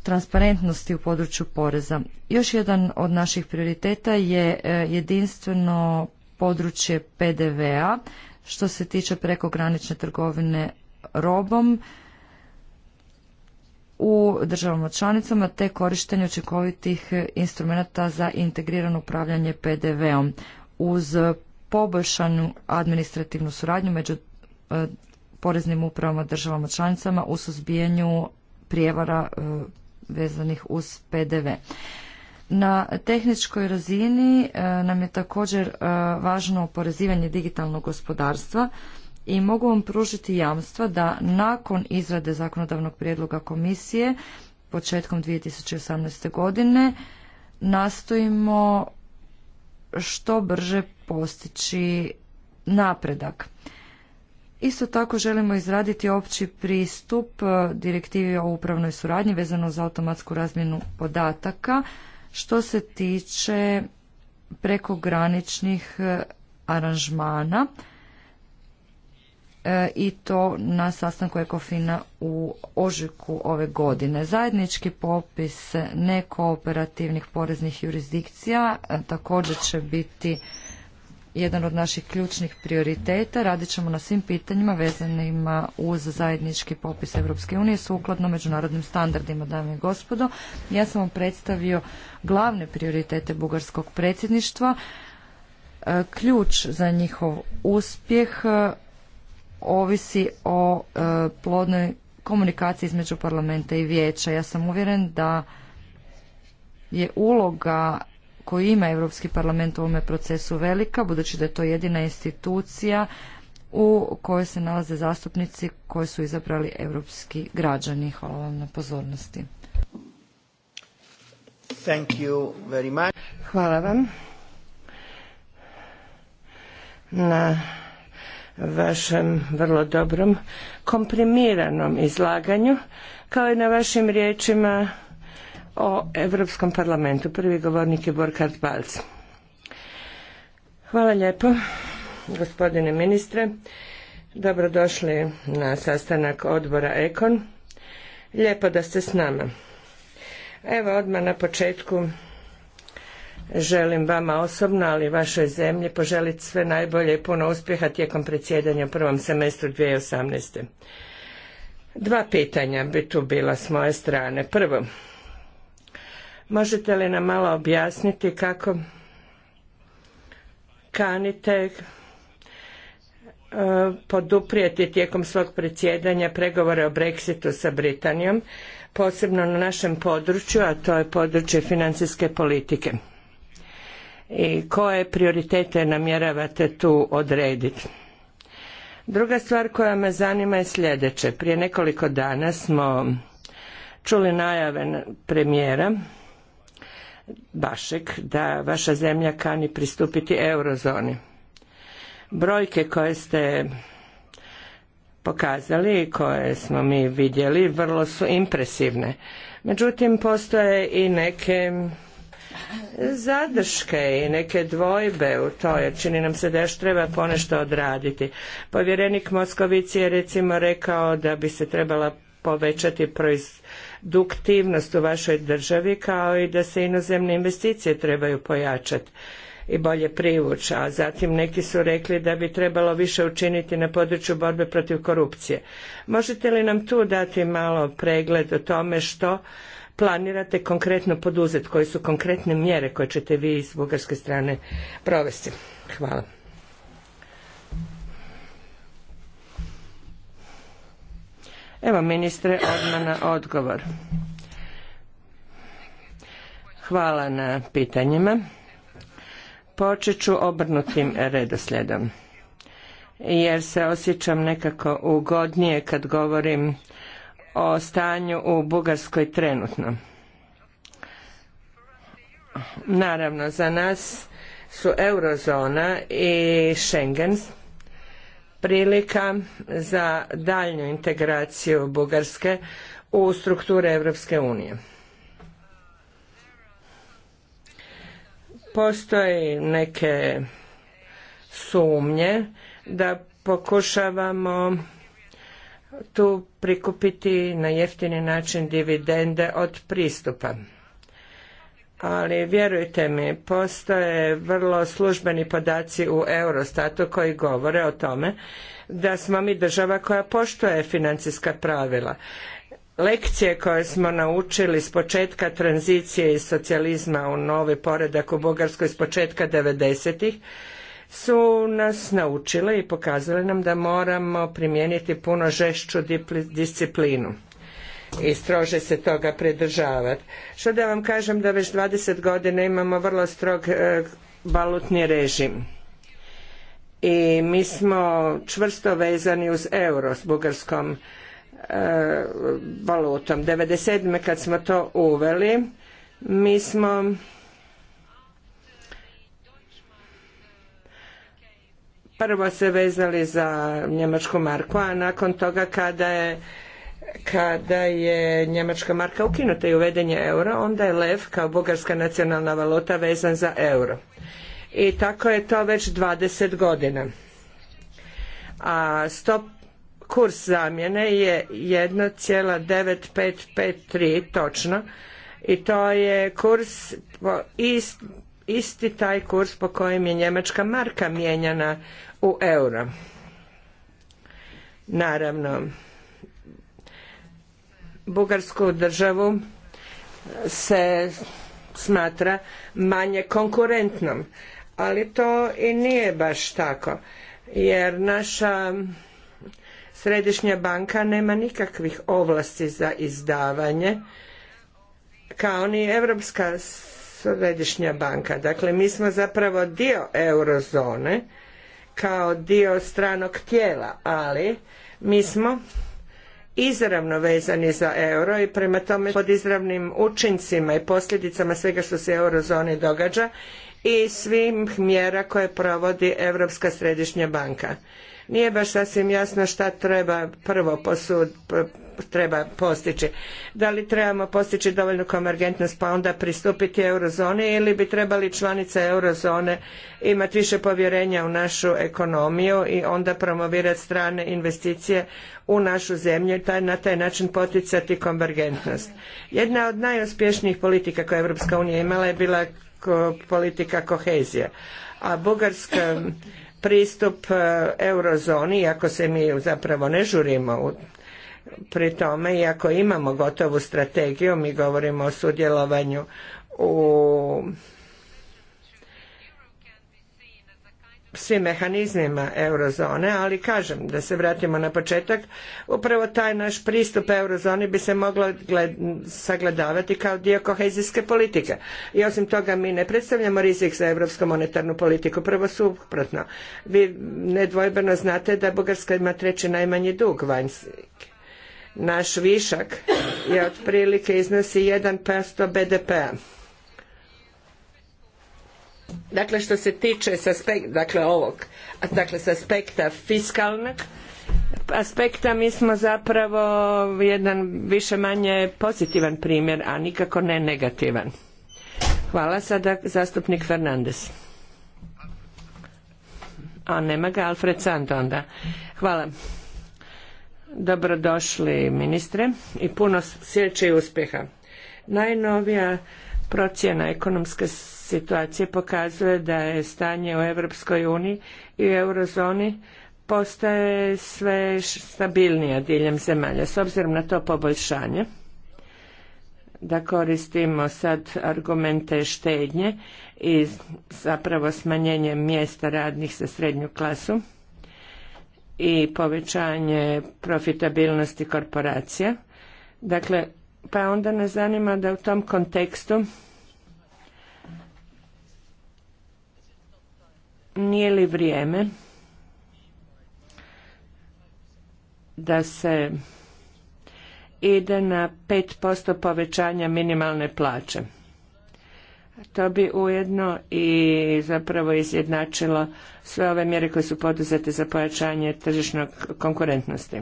transparentnosti u području poreza. Još jedan od naših prioriteta je e, jedinstveno područje PDV-a što se tiče prekogranične trgovine robom u državama članicama te korištenje učinkovitih instrumenata za integrirano upravljanje PDV-om uz poboljšanu administrativnu suradnju među e, poreznim upravama državama članicama u suzbijanju prijevara e, vezanih uz PDV. Na tehničkoj razini e, nam je također e, važno oporezivanje digitalnog gospodarstva i mogu vam pružiti jamstva da nakon izrade zakonodavnog prijedloga komisije početkom 2018. godine nastojimo što brže postići napredak. Isto tako želimo izraditi opći pristup e, direktivi o upravnoj suradnji vezano za automatsku razmjenu podataka što se tiče prekograničnih e, aranžmana e, i to na sastanku Ekofina u ožujku ove godine. Zajednički popis nekooperativnih poreznih jurisdikcija također će biti jedan od naših ključnih prioriteta. Radit ćemo na svim pitanjima vezanima uz zajednički popis Europske unije sukladno međunarodnim standardima, dame i gospodo. Ja sam vam predstavio glavne prioritete bugarskog predsjedništva. E, ključ za njihov uspjeh e, ovisi o e, plodnoj komunikaciji između parlamenta i vijeća. Ja sam uvjeren da je uloga koju ima Europski parlament u ovome procesu velika, budući da je to jedina institucija u kojoj se nalaze zastupnici koji su izabrali europski građani. Hvala vam na pozornosti. Hvala vam na vašem vrlo dobrom komprimiranom izlaganju kao i na vašim riječima o Europskom parlamentu. Prvi govornik je Burkhard Balc. Hvala lijepo, gospodine ministre. Dobrodošli na sastanak odbora Ekon. Lijepo da ste s nama. Evo odmah na početku želim vama osobno, ali i vašoj zemlji poželiti sve najbolje i puno uspjeha tijekom predsjedanja u prvom semestru 2018. Dva pitanja bi tu bila s moje strane. Prvo, Možete li nam malo objasniti kako kanite e, poduprijeti tijekom svog predsjedanja pregovore o Brexitu sa Britanijom, posebno na našem području, a to je područje financijske politike. I koje prioritete namjeravate tu odrediti? Druga stvar koja me zanima je sljedeće. Prije nekoliko dana smo čuli najave premijera Bašek, da vaša zemlja kani pristupiti eurozoni. Brojke koje ste pokazali i koje smo mi vidjeli vrlo su impresivne. Međutim, postoje i neke zadrške i neke dvojbe u to, jer čini nam se da još treba ponešto odraditi. Povjerenik Moskovici je recimo rekao da bi se trebala povećati produktivnost u vašoj državi kao i da se inozemne investicije trebaju pojačati i bolje privući, a zatim neki su rekli da bi trebalo više učiniti na području borbe protiv korupcije. Možete li nam tu dati malo pregled o tome što planirate konkretno poduzeti, koje su konkretne mjere koje ćete vi iz bugarske strane provesti? Hvala. Evo ministre, odmah na odgovor. Hvala na pitanjima. Počet ću obrnutim redoslijedom. Jer se osjećam nekako ugodnije kad govorim o stanju u Bugarskoj trenutno. Naravno, za nas su eurozona i Schengen prilika za daljnju integraciju Bugarske u strukture Europske unije. Postoje neke sumnje da pokušavamo tu prikupiti na jeftini način dividende od pristupa ali vjerujte mi, postoje vrlo službeni podaci u Eurostatu koji govore o tome da smo mi država koja poštuje financijska pravila. Lekcije koje smo naučili s početka tranzicije iz socijalizma u novi poredak u Bugarskoj s početka 90 su nas naučile i pokazale nam da moramo primijeniti puno žešću disciplinu i strože se toga pridržavati. Što da vam kažem da već 20 godina imamo vrlo strog e, valutni režim i mi smo čvrsto vezani uz euro s bugarskom e, valutom. 97. kad smo to uveli, mi smo prvo se vezali za njemačku marku, a nakon toga kada je kada je njemačka marka ukinuta i uveden je euro, onda je lev kao bugarska nacionalna valuta vezan za euro. I tako je to već 20 godina. A stop kurs zamjene je 1,9553 točno i to je kurs isti taj kurs po kojem je njemačka marka mijenjana u euro. Naravno, bugarsku državu se smatra manje konkurentnom. Ali to i nije baš tako, jer naša središnja banka nema nikakvih ovlasti za izdavanje, kao ni Europska središnja banka. Dakle, mi smo zapravo dio eurozone, kao dio stranog tijela, ali mi smo izravno vezani za euro i prema tome pod izravnim učincima i posljedicama svega što se u eurozoni događa i svih mjera koje provodi Europska središnja banka. Nije baš sasvim jasno šta treba prvo posud, treba postići. Da li trebamo postići dovoljnu konvergentnost pa onda pristupiti eurozoni ili bi trebali članice eurozone imati više povjerenja u našu ekonomiju i onda promovirati strane investicije u našu zemlju i na taj način poticati konvergentnost. Jedna od najuspješnijih politika koje Europska unija imala je bila politika kohezije. A Bugarska pristup e, eurozoni, iako se mi zapravo ne žurimo u Pri tome, iako imamo gotovu strategiju, mi govorimo o sudjelovanju u svim mehanizmima eurozone, ali kažem, da se vratimo na početak, upravo taj naš pristup eurozoni bi se moglo sagledavati kao dio kohezijske politike. I osim toga mi ne predstavljamo rizik za europsku monetarnu politiku, prvo suprotno. Vi nedvojbeno znate da Bugarska ima treći najmanji dug vanjski naš višak je otprilike iznosi 1% BDP-a. Dakle, što se tiče s dakle ovog, dakle s aspekta fiskalnog aspekta mi smo zapravo jedan više manje pozitivan primjer, a nikako ne negativan. Hvala sada zastupnik Fernandez. A nema ga Alfred Sand onda. Hvala. Dobrodošli ministre i puno sreće i uspjeha. Najnovija procjena ekonomske situacije pokazuje da je stanje u Europskoj uniji i eurozoni postaje sve stabilnija diljem zemalja. S obzirom na to poboljšanje, da koristimo sad argumente štednje i zapravo smanjenje mjesta radnih sa srednju klasu, i povećanje profitabilnosti korporacija. Dakle, pa onda nas zanima da u tom kontekstu nije li vrijeme da se ide na 5% povećanja minimalne plaće. To bi ujedno i zapravo izjednačilo sve ove mjere koje su poduzete za pojačanje tržišnog konkurentnosti.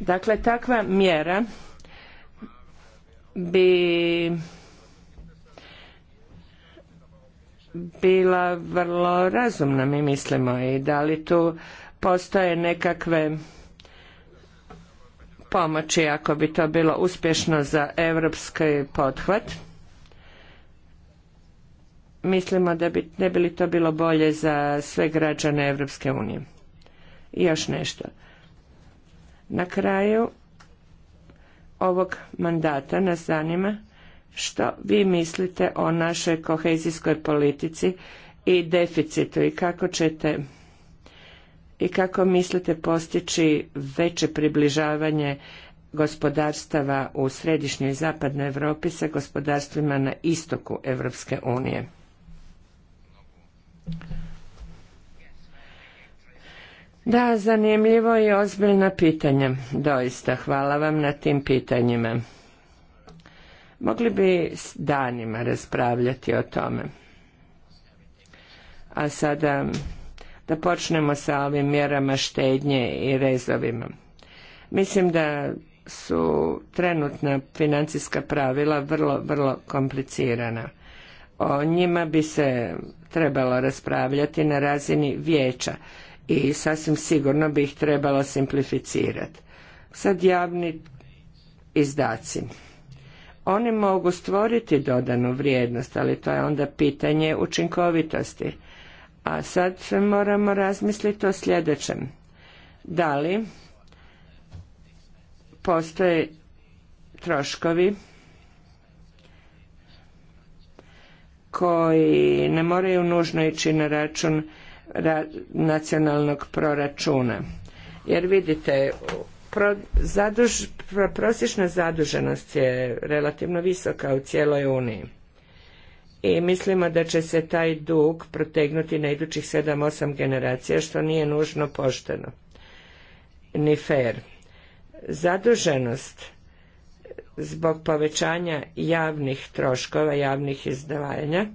Dakle, takva mjera bi bila vrlo razumna, mi mislimo, i da li tu postoje nekakve pomoći ako bi to bilo uspješno za europski pothvat mislimo da bi, ne bi li to bilo bolje za sve građane Europske unije. I još nešto. Na kraju ovog mandata nas zanima što vi mislite o našoj kohezijskoj politici i deficitu i kako ćete i kako mislite postići veće približavanje gospodarstava u središnjoj i zapadnoj Europi sa gospodarstvima na istoku Europske unije. Da, zanimljivo i ozbiljna pitanja. Doista, hvala vam na tim pitanjima. Mogli bi s danima raspravljati o tome. A sada da počnemo sa ovim mjerama štednje i rezovima. Mislim da su trenutna financijska pravila vrlo, vrlo komplicirana. O njima bi se trebalo raspravljati na razini vijeća i sasvim sigurno bi ih trebalo simplificirati. Sad javni izdaci. Oni mogu stvoriti dodanu vrijednost, ali to je onda pitanje učinkovitosti. A sad moramo razmisliti o sljedećem. Da li postoje troškovi koji ne moraju nužno ići na račun nacionalnog proračuna. Jer vidite, prosječna zaduženost je relativno visoka u cijeloj Uniji. I mislimo da će se taj dug protegnuti na idućih 7-8 generacija, što nije nužno pošteno. Ni fair. Zaduženost zbog povećanja javnih troškova, javnih izdavanja,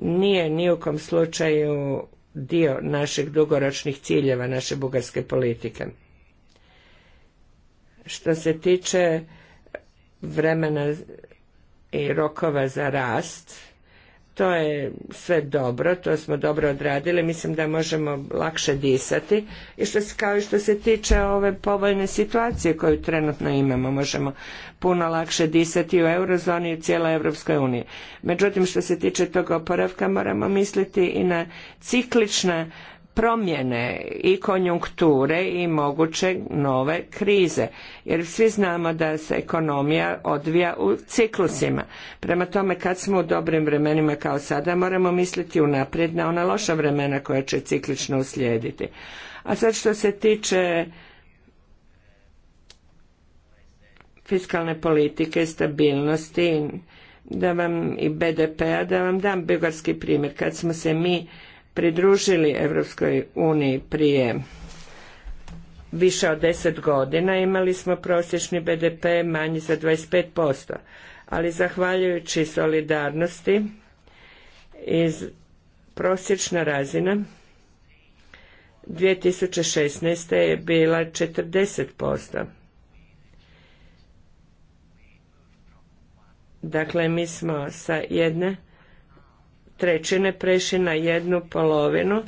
nije ni u kom slučaju dio naših dugoročnih ciljeva naše bugarske politike. Što se tiče vremena i rokova za rast, to je sve dobro, to smo dobro odradili, mislim da možemo lakše disati. I što se, kao i što se tiče ove povoljne situacije koju trenutno imamo, možemo puno lakše disati u eurozoni i cijeloj Europskoj uniji. Međutim, što se tiče tog oporavka moramo misliti i na ciklična promjene i konjunkture i moguće nove krize jer svi znamo da se ekonomija odvija u ciklusima. Prema tome kad smo u dobrim vremenima kao sada moramo misliti unaprijed na ona loša vremena koja će ciklično uslijediti. A sad što se tiče fiskalne politike, stabilnosti da vam i BDP-a, da vam dam bugarski primjer. Kad smo se mi pridružili Europskoj uniji prije više od deset godina imali smo prosječni BDP manji za 25%, ali zahvaljujući solidarnosti iz prosječna razina 2016. je bila 40%. Dakle, mi smo sa jedne trećine preši na jednu polovinu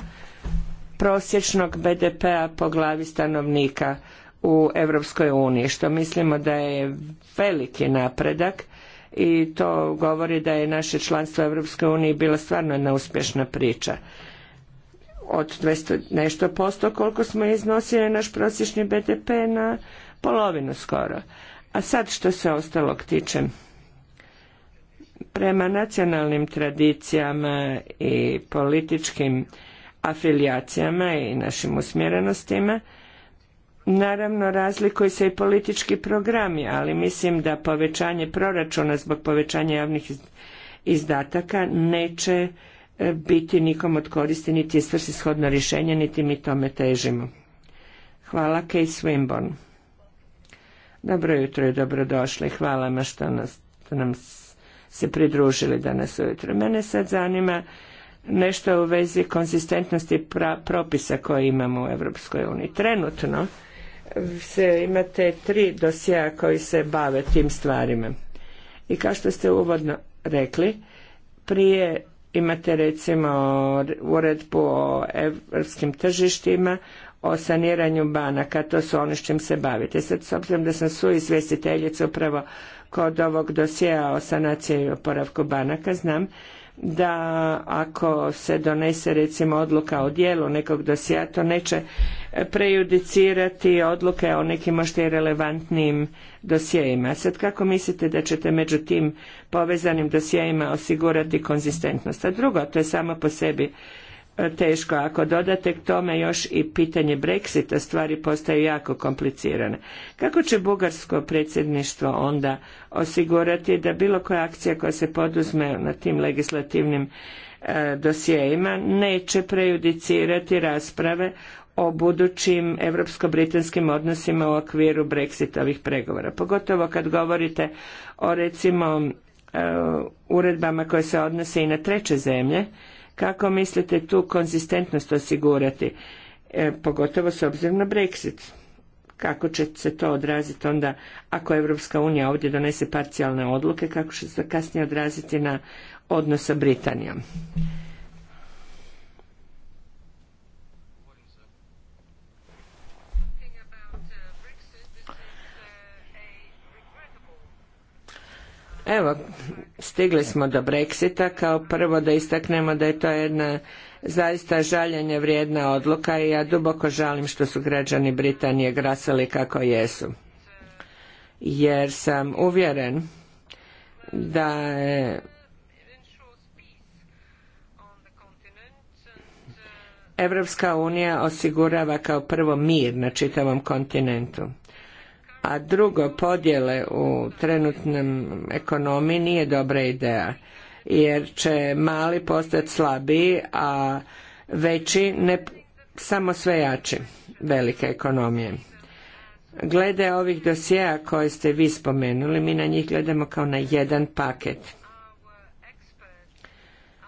prosječnog BDP-a po glavi stanovnika u Europskoj uniji, što mislimo da je veliki napredak i to govori da je naše članstvo u Europskoj uniji bila stvarno jedna uspješna priča. Od 200 nešto posto koliko smo iznosili naš prosječni BDP na polovinu skoro. A sad što se ostalog tiče, Prema nacionalnim tradicijama i političkim afilijacijama i našim usmjerenostima, Naravno, razlikuju se i politički programi, ali mislim da povećanje proračuna zbog povećanja javnih izdataka neće e, biti nikom od koristi, niti je svrsishodno rješenje, niti mi tome težimo. Hvala, Kate Swinburne. Dobro jutro i dobrodošli. Hvala vam što nam se se pridružili danas ujutro. Mene sad zanima nešto u vezi konzistentnosti propisa koje imamo u Europskoj uniji. Trenutno se imate tri dosija koji se bave tim stvarima. I kao što ste uvodno rekli, prije imate recimo uredbu o europskim tržištima, o saniranju banaka, to su ono s čim se bavite. Sad, s obzirom da sam suizvjestiteljica upravo kod ovog dosjea o sanaciji i oporavku banaka, znam da ako se donese recimo odluka o dijelu nekog dosjea, to neće prejudicirati odluke o nekim možda i relevantnim dosjejima. Sad kako mislite da ćete među tim povezanim dosjejima osigurati konzistentnost? A drugo, to je samo po sebi teško. Ako dodate k tome još i pitanje Brexita, stvari postaju jako komplicirane. Kako će bugarsko predsjedništvo onda osigurati da bilo koja akcija koja se poduzme na tim legislativnim e, neće prejudicirati rasprave o budućim evropsko-britanskim odnosima u okviru Brexitovih pregovora. Pogotovo kad govorite o recimo e, uredbama koje se odnose i na treće zemlje, kako mislite tu konzistentnost osigurati, e, pogotovo s obzirom na Brexit? Kako će se to odraziti onda ako Evropska unija ovdje donese parcijalne odluke, kako će se kasnije odraziti na odnos sa Britanijom? Evo, stigli smo do Brexita. Kao prvo da istaknemo da je to jedna zaista žaljenje vrijedna odluka i ja duboko žalim što su građani Britanije grasali kako jesu. Jer sam uvjeren da je Evropska unija osigurava kao prvo mir na čitavom kontinentu a drugo podjele u trenutnom ekonomiji nije dobra ideja jer će mali postati slabiji a veći ne samo sve jači velike ekonomije glede ovih dosjea koje ste vi spomenuli mi na njih gledamo kao na jedan paket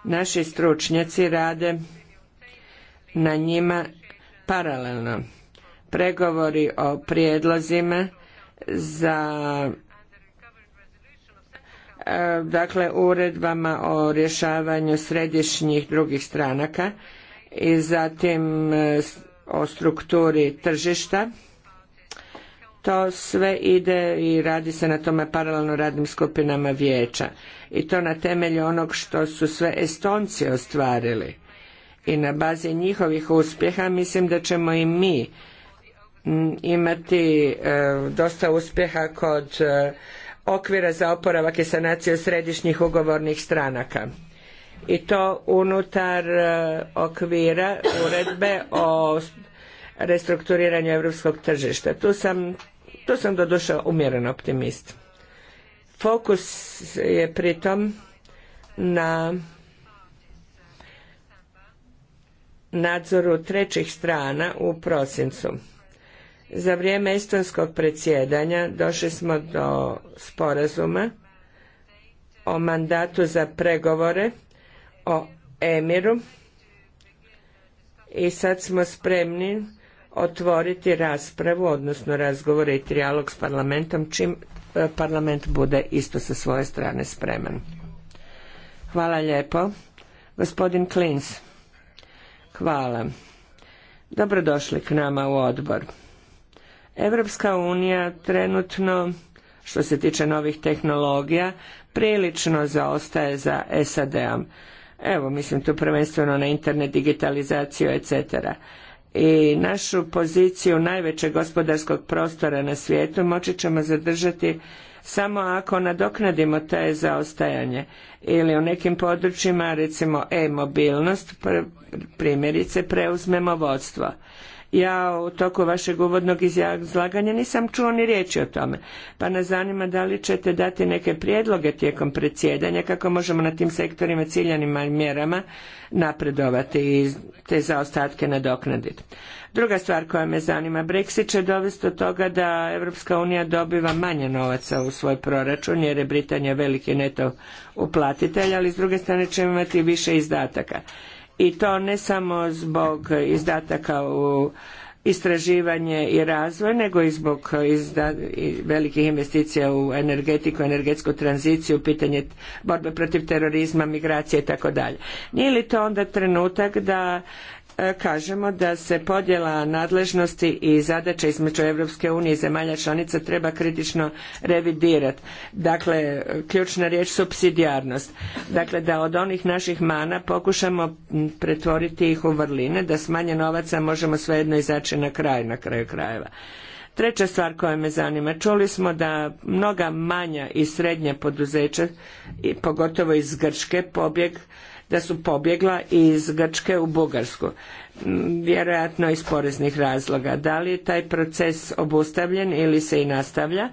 naši stručnjaci rade na njima paralelno pregovori o prijedlozima za e, dakle uredbama o rješavanju središnjih drugih stranaka i zatim e, o strukturi tržišta. To sve ide i radi se na tome paralelno radnim skupinama vijeća i to na temelju onog što su sve Estonci ostvarili i na bazi njihovih uspjeha mislim da ćemo i mi imati e, dosta uspjeha kod e, okvira za oporavak i sanaciju središnjih ugovornih stranaka i to unutar e, okvira uredbe o restrukturiranju europskog tržišta. Tu sam, tu sam umjeren optimist. Fokus je pritom na nadzoru trećih strana u prosincu. Za vrijeme estonskog predsjedanja došli smo do sporazuma o mandatu za pregovore o Emiru i sad smo spremni otvoriti raspravu, odnosno razgovore i trijalog s parlamentom čim e, parlament bude isto sa svoje strane spreman. Hvala lijepo. Gospodin Klins. Hvala. Dobrodošli k nama u odbor. Europska unija trenutno što se tiče novih tehnologija prilično zaostaje za SAD-om. Evo, mislim tu prvenstveno na internet, digitalizaciju, etc. I našu poziciju najvećeg gospodarskog prostora na svijetu moći ćemo zadržati samo ako nadoknadimo te zaostajanje ili u nekim područjima recimo e-mobilnost primjerice preuzmemo vodstvo. Ja u toku vašeg uvodnog izlaganja nisam čuo ni riječi o tome, pa nas zanima da li ćete dati neke prijedloge tijekom predsjedanja kako možemo na tim sektorima i mjerama napredovati i te zaostatke nadoknaditi. Druga stvar koja me zanima, Brexit će dovesti do toga da Europska unija dobiva manje novaca u svoj proračun jer je Britanija veliki neto uplatitelj, ali s druge strane će imati više izdataka i to ne samo zbog izdataka u istraživanje i razvoj nego i zbog izda, i velikih investicija u energetiku, energetsku tranziciju, pitanje borbe protiv terorizma, migracije i tako dalje. Nije li to onda trenutak da E, kažemo da se podjela nadležnosti i zadaća između Europske unije i zemalja članica treba kritično revidirati. Dakle, ključna riječ supsidijarnost. Dakle, da od onih naših mana pokušamo pretvoriti ih u vrline, da s manje novaca možemo svejedno izaći na kraj, na kraju krajeva. Treća stvar koja me zanima, čuli smo da mnoga manja i srednja poduzeća, pogotovo iz Grčke, pobjeg da su pobjegla iz Grčke u Bugarsku, mm, vjerojatno iz poreznih razloga. Da li je taj proces obustavljen ili se i nastavlja?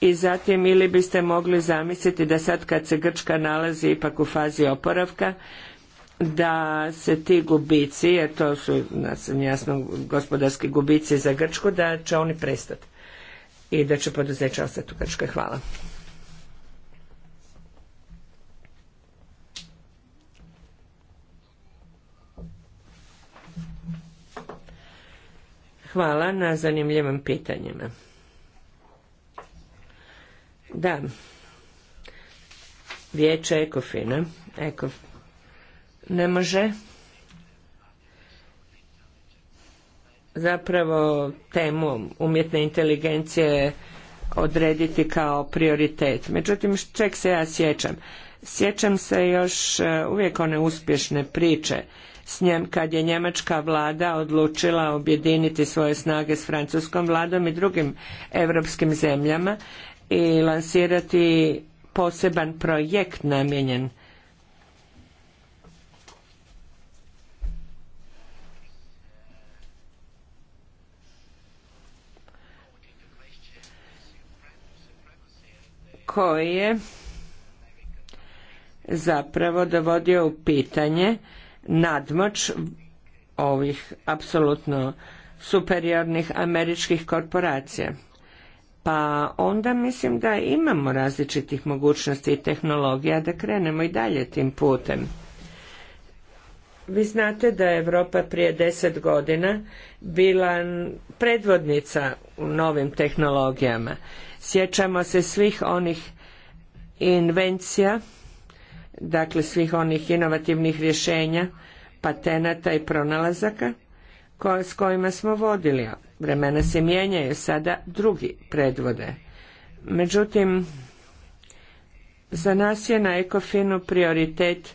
I zatim ili biste mogli zamisliti da sad kad se Grčka nalazi ipak u fazi oporavka, da se ti gubici, jer to su jasno gospodarski gubici za Grčku, da će oni prestati i da će poduzeća ostati u Grčkoj. Hvala. Hvala na zanimljivim pitanjima. Da, vijeće Ekofina, Eko ne može zapravo temu umjetne inteligencije odrediti kao prioritet. Međutim, čeg se ja sjećam? Sjećam se još e, uvijek one uspješne priče s njem kad je njemačka vlada odlučila objediniti svoje snage s francuskom vladom i drugim europskim zemljama i lansirati poseban projekt namijenjen koji je zapravo dovodio u pitanje nadmoć ovih apsolutno superiornih američkih korporacija. Pa onda mislim da imamo različitih mogućnosti i tehnologija da krenemo i dalje tim putem. Vi znate da je Europa prije deset godina bila predvodnica u novim tehnologijama. Sjećamo se svih onih invencija dakle svih onih inovativnih rješenja, patenata i pronalazaka s kojima smo vodili. Vremena se mijenjaju, sada drugi predvode. Međutim, za nas je na Ekofinu prioritet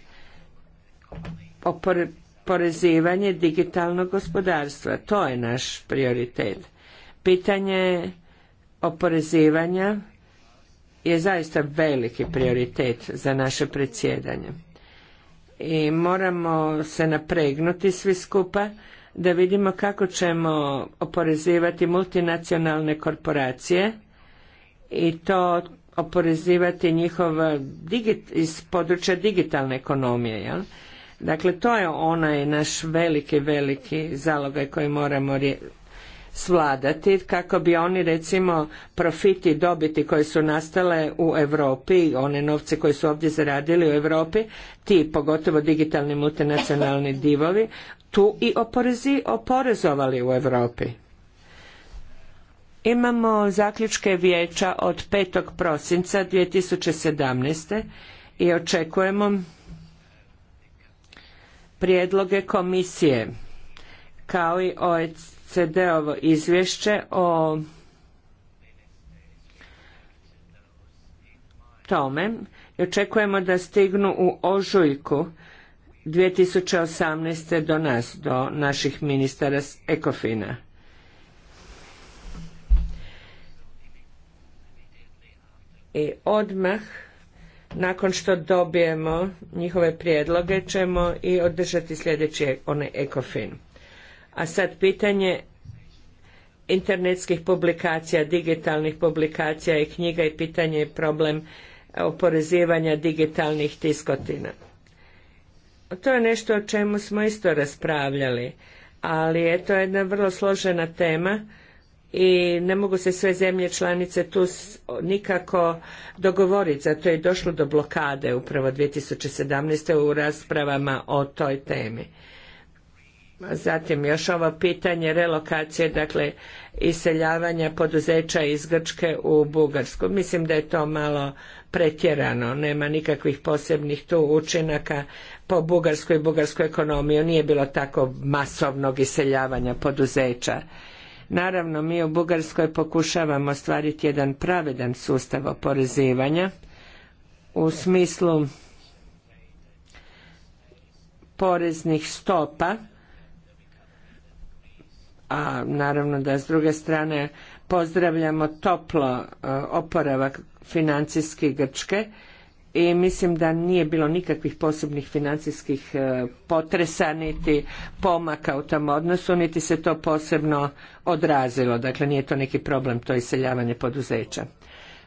oporezivanje digitalnog gospodarstva. To je naš prioritet. Pitanje oporezivanja je zaista veliki prioritet za naše predsjedanje. I moramo se napregnuti svi skupa da vidimo kako ćemo oporezivati multinacionalne korporacije i to oporezivati njihova iz područja digitalne ekonomije. Jel? Dakle, to je onaj naš veliki, veliki zalogaj koji moramo svladati kako bi oni recimo profiti dobiti koji su nastale u Europi, one novce koji su ovdje zaradili u Europi, ti pogotovo digitalni multinacionalni divovi, tu i oporezi, oporezovali u Europi. Imamo zaključke vijeća od 5. prosinca 2017. i očekujemo prijedloge komisije kao i OECD-ovo izvješće o tome i očekujemo da stignu u ožujku 2018. do nas, do naših ministara Ekofina. I odmah, nakon što dobijemo njihove prijedloge, ćemo i održati sljedeći e- onaj ekofinu. A sad pitanje internetskih publikacija, digitalnih publikacija i knjiga i pitanje je problem oporezivanja digitalnih tiskotina. To je nešto o čemu smo isto raspravljali, ali je to jedna vrlo složena tema i ne mogu se sve zemlje članice tu nikako dogovoriti, zato je došlo do blokade upravo 2017. u raspravama o toj temi. Zatim još ovo pitanje relokacije, dakle iseljavanja poduzeća iz Grčke u Bugarsku. Mislim da je to malo pretjerano, nema nikakvih posebnih tu učinaka po Bugarskoj i bugarsku ekonomiju, nije bilo tako masovnog iseljavanja poduzeća. Naravno, mi u Bugarskoj pokušavamo stvariti jedan pravedan sustav oporezivanja u smislu poreznih stopa a naravno da s druge strane pozdravljamo toplo e, oporavak financijski Grčke i mislim da nije bilo nikakvih posebnih financijskih e, potresa niti pomaka u tom odnosu niti se to posebno odrazilo dakle nije to neki problem to iseljavanje poduzeća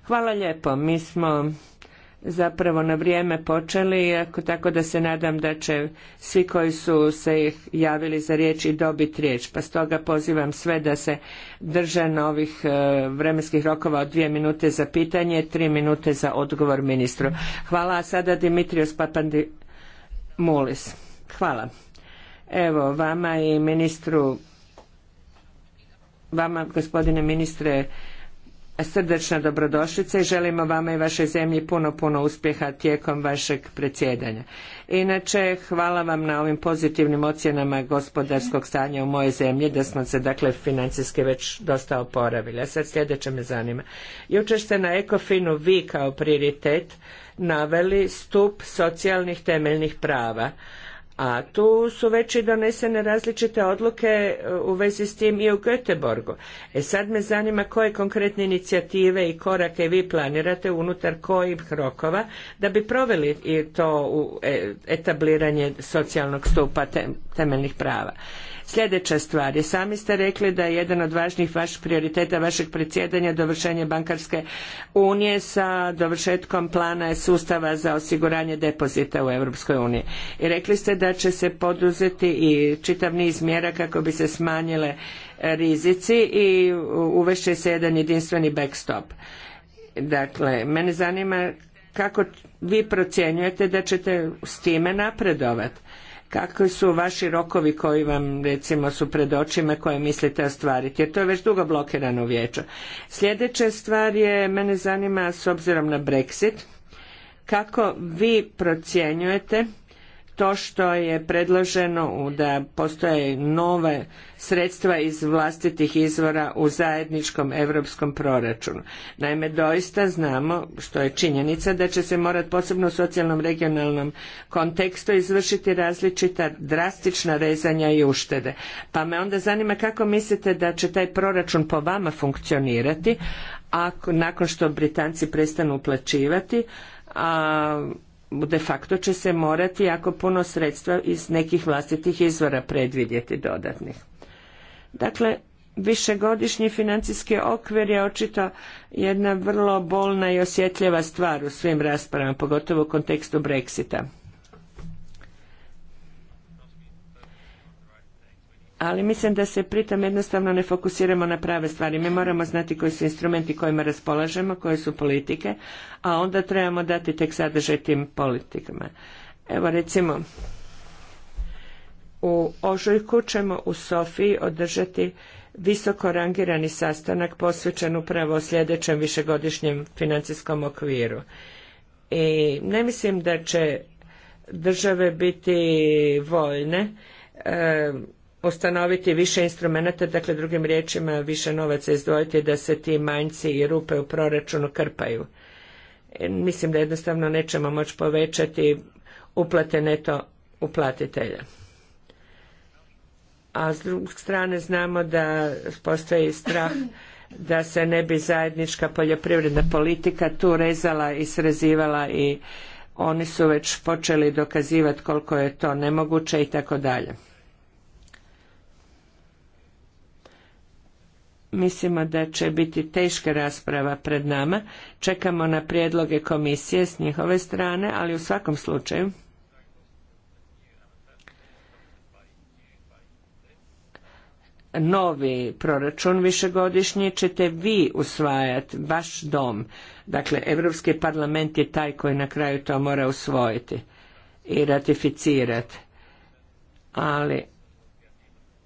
hvala lijepo mi smo zapravo na vrijeme počeli, tako da se nadam da će svi koji su se javili za riječ i dobiti riječ. Pa stoga pozivam sve da se drže novih ovih e, vremenskih rokova od dvije minute za pitanje, tri minute za odgovor ministru. Hvala, a sada Dimitrios Papandi Hvala. Evo, vama i ministru, vama gospodine ministre, srdečna dobrodošlica i želimo vama i vašoj zemlji puno, puno uspjeha tijekom vašeg predsjedanja. Inače, hvala vam na ovim pozitivnim ocjenama gospodarskog stanja u mojoj zemlji, da smo se dakle financijski već dosta oporavili. A sad sljedeće me zanima. Jučer ste na Ekofinu vi kao prioritet naveli stup socijalnih temeljnih prava a tu su već i donesene različite odluke e, u vezi s tim i u Göteborgu. E sad me zanima koje konkretne inicijative i korake vi planirate unutar kojih rokova da bi proveli i to u e, etabliranje socijalnog stupa temeljnih prava. Sljedeća stvar je, sami ste rekli da je jedan od važnijih vaših prioriteta vašeg predsjedanja dovršenje bankarske unije sa dovršetkom plana sustava za osiguranje depozita u Europskoj I rekli ste da će se poduzeti i čitav niz mjera kako bi se smanjile rizici i uvešće se jedan jedinstveni backstop. Dakle, mene zanima kako vi procjenjujete da ćete s time napredovati kakvi su vaši rokovi koji vam recimo su pred očima koje mislite ostvariti jer to je već dugo blokirano vijeće. Sljedeća stvar je, mene zanima s obzirom na Brexit, kako vi procjenjujete to što je predloženo da postoje nove sredstva iz vlastitih izvora u zajedničkom europskom proračunu. Naime, doista znamo, što je činjenica, da će se morati posebno u socijalnom regionalnom kontekstu izvršiti različita drastična rezanja i uštede. Pa me onda zanima kako mislite da će taj proračun po vama funkcionirati, ako nakon što Britanci prestanu uplaćivati, a de facto će se morati jako puno sredstva iz nekih vlastitih izvora predvidjeti dodatnih. Dakle, višegodišnji financijski okvir je očito jedna vrlo bolna i osjetljiva stvar u svim raspravama, pogotovo u kontekstu Brexita. ali mislim da se pritom jednostavno ne fokusiramo na prave stvari. Mi moramo znati koji su instrumenti kojima raspolažemo, koje su politike, a onda trebamo dati tek sadržaj tim politikama. Evo recimo, u Ožujku ćemo u Sofiji održati visoko rangirani sastanak posvećen upravo o sljedećem višegodišnjem financijskom okviru. I ne mislim da će države biti voljne ustanoviti više instrumenata, dakle drugim riječima više novaca izdvojiti da se ti manjci i rupe u proračunu krpaju. E, mislim da jednostavno nećemo moći povećati uplate neto uplatitelja. A s druge strane znamo da postoji strah da se ne bi zajednička poljoprivredna politika tu rezala i srezivala i oni su već počeli dokazivati koliko je to nemoguće i tako dalje. Mislimo da će biti teška rasprava pred nama. Čekamo na prijedloge komisije s njihove strane, ali u svakom slučaju novi proračun višegodišnji ćete vi usvajati, vaš dom. Dakle, Europski parlament je taj koji na kraju to mora usvojiti i ratificirati. Ali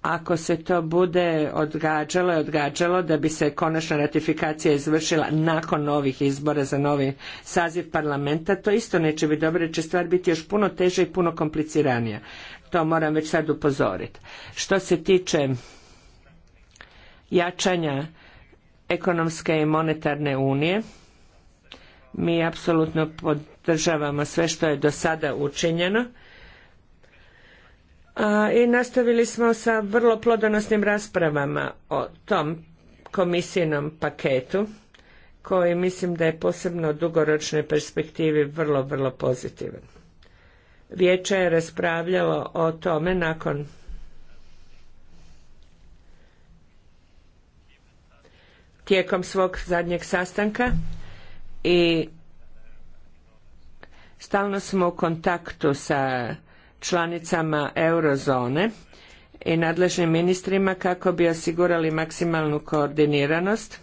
ako se to bude odgađalo i odgađalo da bi se konačna ratifikacija izvršila nakon novih izbora za novi saziv parlamenta, to isto neće biti dobro jer će stvar biti još puno teža i puno kompliciranija. To moram već sad upozoriti. Što se tiče jačanja ekonomske i monetarne unije, mi apsolutno podržavamo sve što je do sada učinjeno i nastavili smo sa vrlo plodonosnim raspravama o tom komisijenom paketu koji mislim da je posebno u dugoročnoj perspektivi vrlo, vrlo pozitivan. Vijeće je raspravljalo o tome nakon tijekom svog zadnjeg sastanka i stalno smo u kontaktu sa članicama eurozone i nadležnim ministrima kako bi osigurali maksimalnu koordiniranost,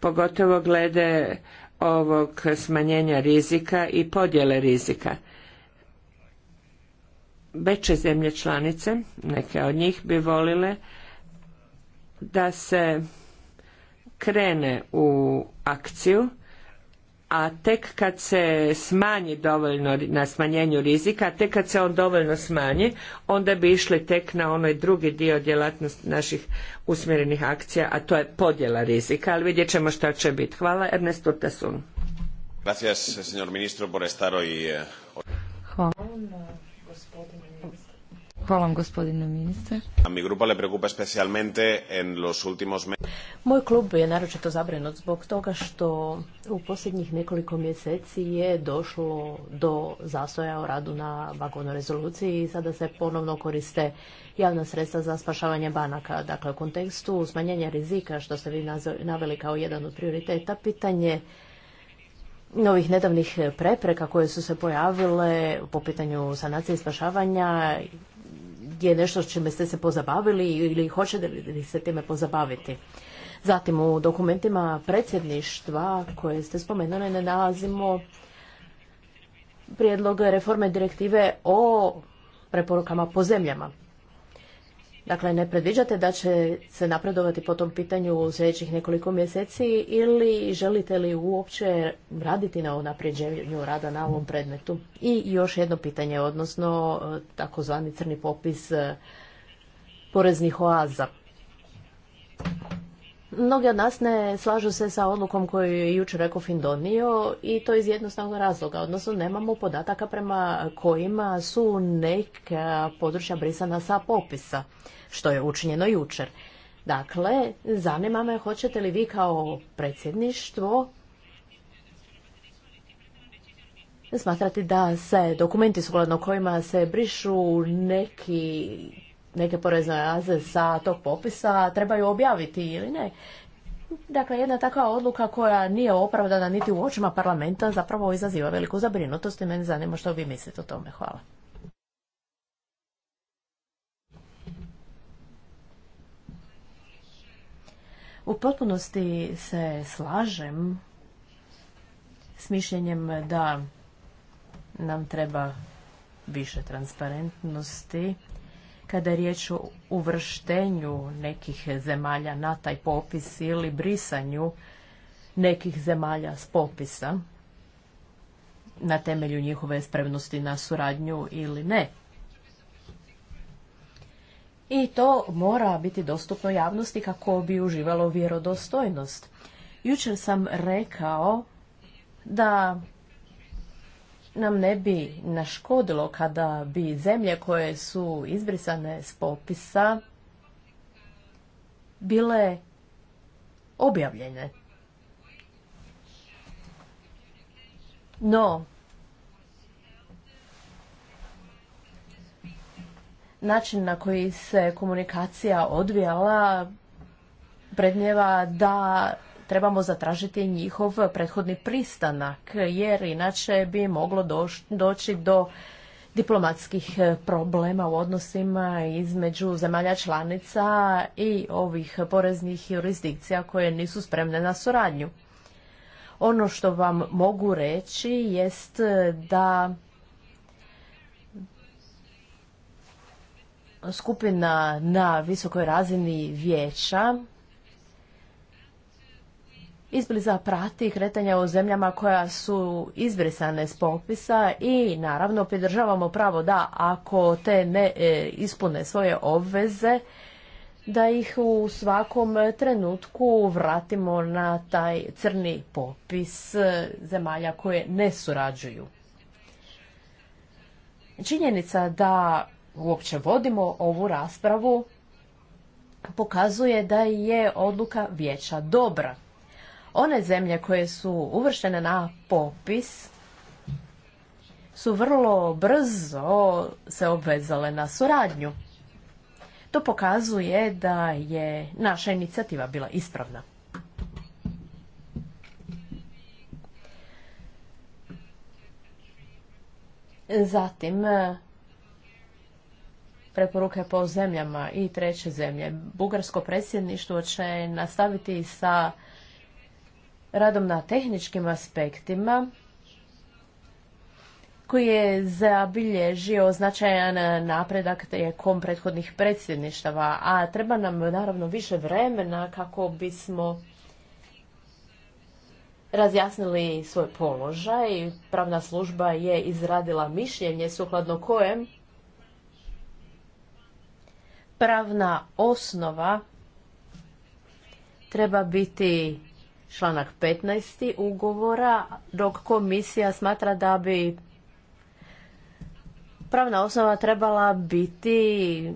pogotovo glede ovog smanjenja rizika i podjele rizika. Veće zemlje članice, neke od njih bi volile da se krene u akciju a tek kad se smanji dovoljno na smanjenju rizika, a tek kad se on dovoljno smanji, onda bi išli tek na onaj drugi dio djelatnosti naših usmjerenih akcija, a to je podjela rizika, ali vidjet ćemo šta će biti. Hvala Ernest Urtasun. Hvala vam gospodine ministre. Mi en los Moj klub je naročito zabrinut zbog toga što u posljednjih nekoliko mjeseci je došlo do zastoja o radu na bankovnoj rezoluciji i sada se ponovno koriste javna sredstva za spašavanje banaka. Dakle, u kontekstu smanjenja rizika, što ste vi naveli kao jedan od prioriteta, pitanje novih nedavnih prepreka koje su se pojavile po pitanju sanacije i spašavanja je nešto s čime ste se pozabavili ili hoćete li se time pozabaviti. Zatim u dokumentima predsjedništva koje ste spomenuli ne nalazimo prijedlog reforme direktive o preporukama po zemljama. Dakle, ne predviđate da će se napredovati po tom pitanju u sljedećih nekoliko mjeseci ili želite li uopće raditi na unapređenju rada na ovom predmetu? I još jedno pitanje, odnosno e, takozvani crni popis e, poreznih oaza. Mnogi od nas ne slažu se sa odlukom koju je jučer Ekofin donio i to iz jednostavnog razloga, odnosno nemamo podataka prema kojima su neka područja brisana sa popisa što je učinjeno jučer. Dakle, zanima me hoćete li vi kao predsjedništvo smatrati da se dokumenti sukladno kojima se brišu neki neke porezne oaze sa tog popisa trebaju objaviti ili ne. Dakle, jedna takva odluka koja nije opravdana niti u očima parlamenta zapravo izaziva veliku zabrinutost i mene zanima što vi mislite o tome. Hvala. U potpunosti se slažem s mišljenjem da nam treba više transparentnosti kada je riječ o uvrštenju nekih zemalja na taj popis ili brisanju nekih zemalja s popisa na temelju njihove spremnosti na suradnju ili ne i to mora biti dostupno javnosti kako bi uživalo vjerodostojnost. Jučer sam rekao da nam ne bi naškodilo kada bi zemlje koje su izbrisane s popisa bile objavljene. No, način na koji se komunikacija odvijala prednjeva da trebamo zatražiti njihov prethodni pristanak, jer inače bi moglo doći do diplomatskih eh, problema u odnosima između zemalja članica i ovih poreznih jurisdikcija koje nisu spremne na suradnju. Ono što vam mogu reći jest da skupina na visokoj razini vijeća izbliza prati kretanja u zemljama koja su izbrisane s popisa i naravno pridržavamo pravo da ako te ne e, ispune svoje obveze da ih u svakom trenutku vratimo na taj crni popis e, zemalja koje ne surađuju. Činjenica da uopće vodimo ovu raspravu pokazuje da je odluka vijeća dobra. One zemlje koje su uvrštene na popis su vrlo brzo se obvezale na suradnju. To pokazuje da je naša inicijativa bila ispravna. Zatim, preporuke po zemljama i treće zemlje. Bugarsko predsjedništvo će nastaviti sa radom na tehničkim aspektima koji je zabilježio značajan napredak tijekom prethodnih predsjedništava, a treba nam naravno više vremena kako bismo razjasnili svoj položaj. Pravna služba je izradila mišljenje sukladno kojem pravna osnova treba biti članak 15. ugovora, dok komisija smatra da bi pravna osnova trebala biti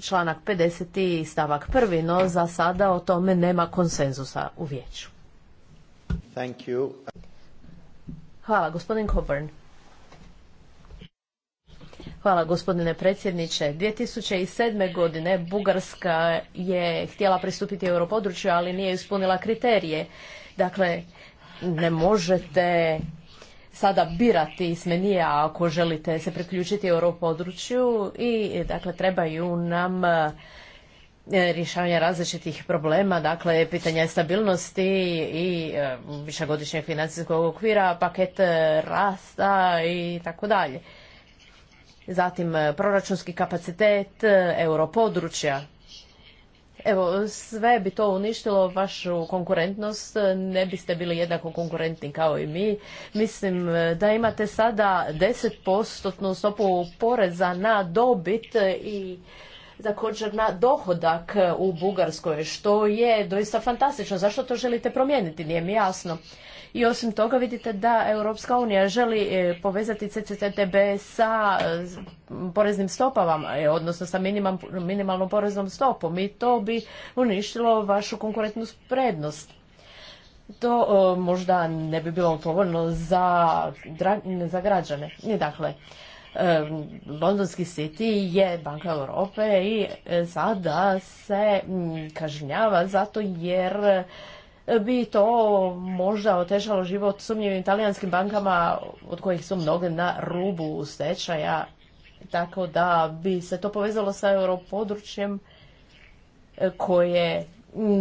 članak 50. stavak 1. No za sada o tome nema konsenzusa u vijeću. Hvala, gospodin Coburn. Hvala gospodine predsjedniče. 2007. godine Bugarska je htjela pristupiti europodručju, ali nije ispunila kriterije. Dakle, ne možete sada birati smenija ako želite se priključiti europodručju i dakle trebaju nam e, rješavanja različitih problema, dakle pitanja stabilnosti i e, višegodišnjeg financijskog okvira, paket e, rasta i tako dalje zatim e, proračunski kapacitet e, europodručja. Evo, sve bi to uništilo vašu konkurentnost, ne biste bili jednako konkurentni kao i mi. Mislim e, da imate sada 10% stopu poreza na dobit i također na dohodak u Bugarskoj, što je doista fantastično. Zašto to želite promijeniti? Nije mi jasno. I osim toga vidite da Europska unija želi e, povezati CCTB sa e, poreznim stopama, e, odnosno sa minimalnom poreznom stopom i to bi uništilo vašu konkurentnu prednost. To možda ne bi bilo povoljno za, građane. dakle, Londonski City je banka Europe i sada se kažnjava zato jer bi to možda otežalo život sumnjivim talijanskim bankama od kojih su mnoge na rubu stečaja. Tako da bi se to povezalo sa europodručjem e, koje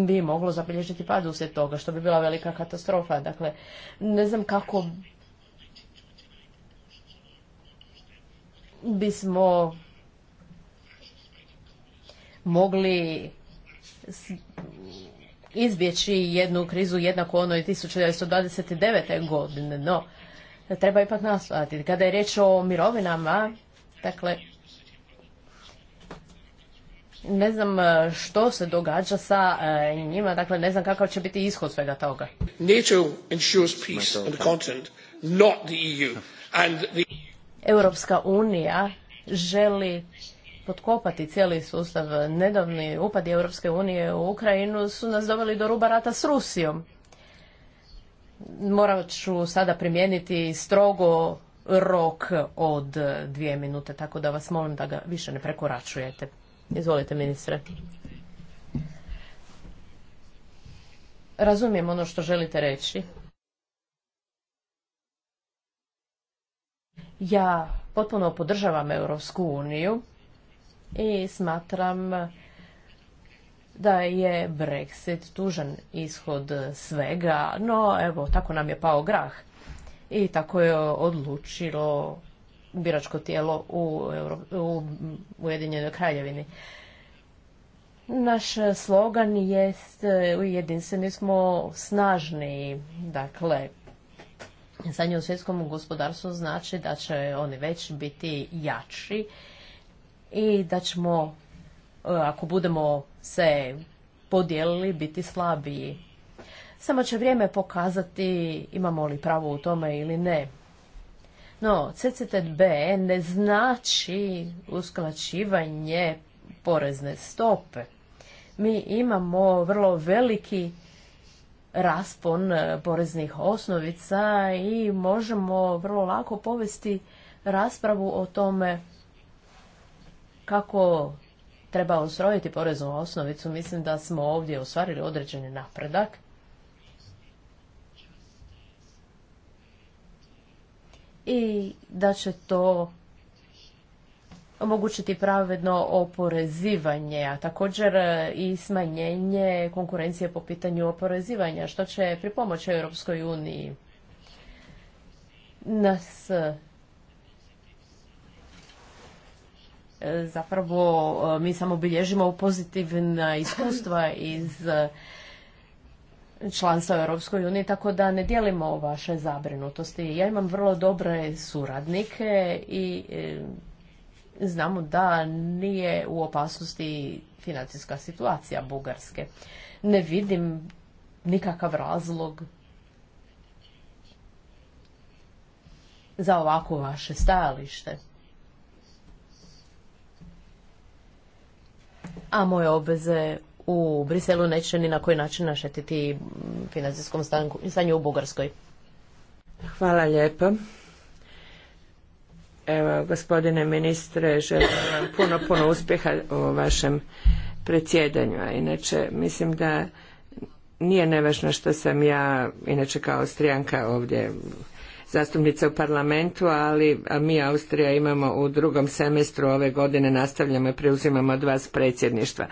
bi moglo zabilježiti pad uslijed toga, što bi bila velika katastrofa. Dakle, ne znam kako bismo mogli izbjeći jednu krizu jednako onoj 1929. godine, no treba ipak nastojati. Kada je riječ o mirovinama, dakle, ne znam e, što se događa sa e, njima, dakle ne znam kakav će biti ishod svega toga. NATO ensures peace on the continent, EU. E Europska unija želi potkopati cijeli sustav. Nedavni upadi Europske unije u Ukrajinu su nas doveli do ruba rata s Rusijom. Morat ću sada primijeniti strogo rok od dvije minute, tako da vas molim da ga više ne prekoračujete. Izvolite, ministre. Razumijem ono što želite reći. Ja potpuno podržavam Europsku uniju i smatram da je Brexit tužan ishod svega, no evo, tako nam je pao grah. I tako je odlučilo biračko tijelo u, Ujedinjenoj kraljevini. Naš slogan jest jedinstveni smo snažni, dakle, stanje u svjetskom gospodarstvu znači da će oni već biti jači i da ćemo, e, ako budemo se podijelili, biti slabiji. Samo će vrijeme pokazati imamo li pravo u tome ili ne. No, CCTB ne znači usklačivanje porezne stope. Mi imamo vrlo veliki raspon e, poreznih osnovica i možemo vrlo lako povesti raspravu o tome kako treba ustrojiti poreznu osnovicu, mislim da smo ovdje ostvarili određeni napredak. I da će to omogućiti pravedno oporezivanje, a također i smanjenje konkurencije po pitanju oporezivanja, što će pripomoći Europskoj uniji. Nas zapravo e, mi samo bilježimo pozitivna iskustva iz e, članstva u Europskoj uniji, tako da ne dijelimo vaše zabrinutosti. Ja imam vrlo dobre suradnike i e, znamo da nije u opasnosti financijska situacija Bugarske. Ne vidim nikakav razlog za ovako vaše stajalište. a moje obveze u Briselu neće ni na koji način našetiti financijskom stanju u Bugarskoj. Hvala lijepo. Evo, gospodine ministre, želim vam puno, puno uspjeha u vašem predsjedanju. A inače, mislim da nije nevažno što sam ja, inače kao strijanka ovdje zastupnica u parlamentu, ali mi Austrija imamo u drugom semestru ove godine nastavljamo i preuzimamo od vas predsjedništva.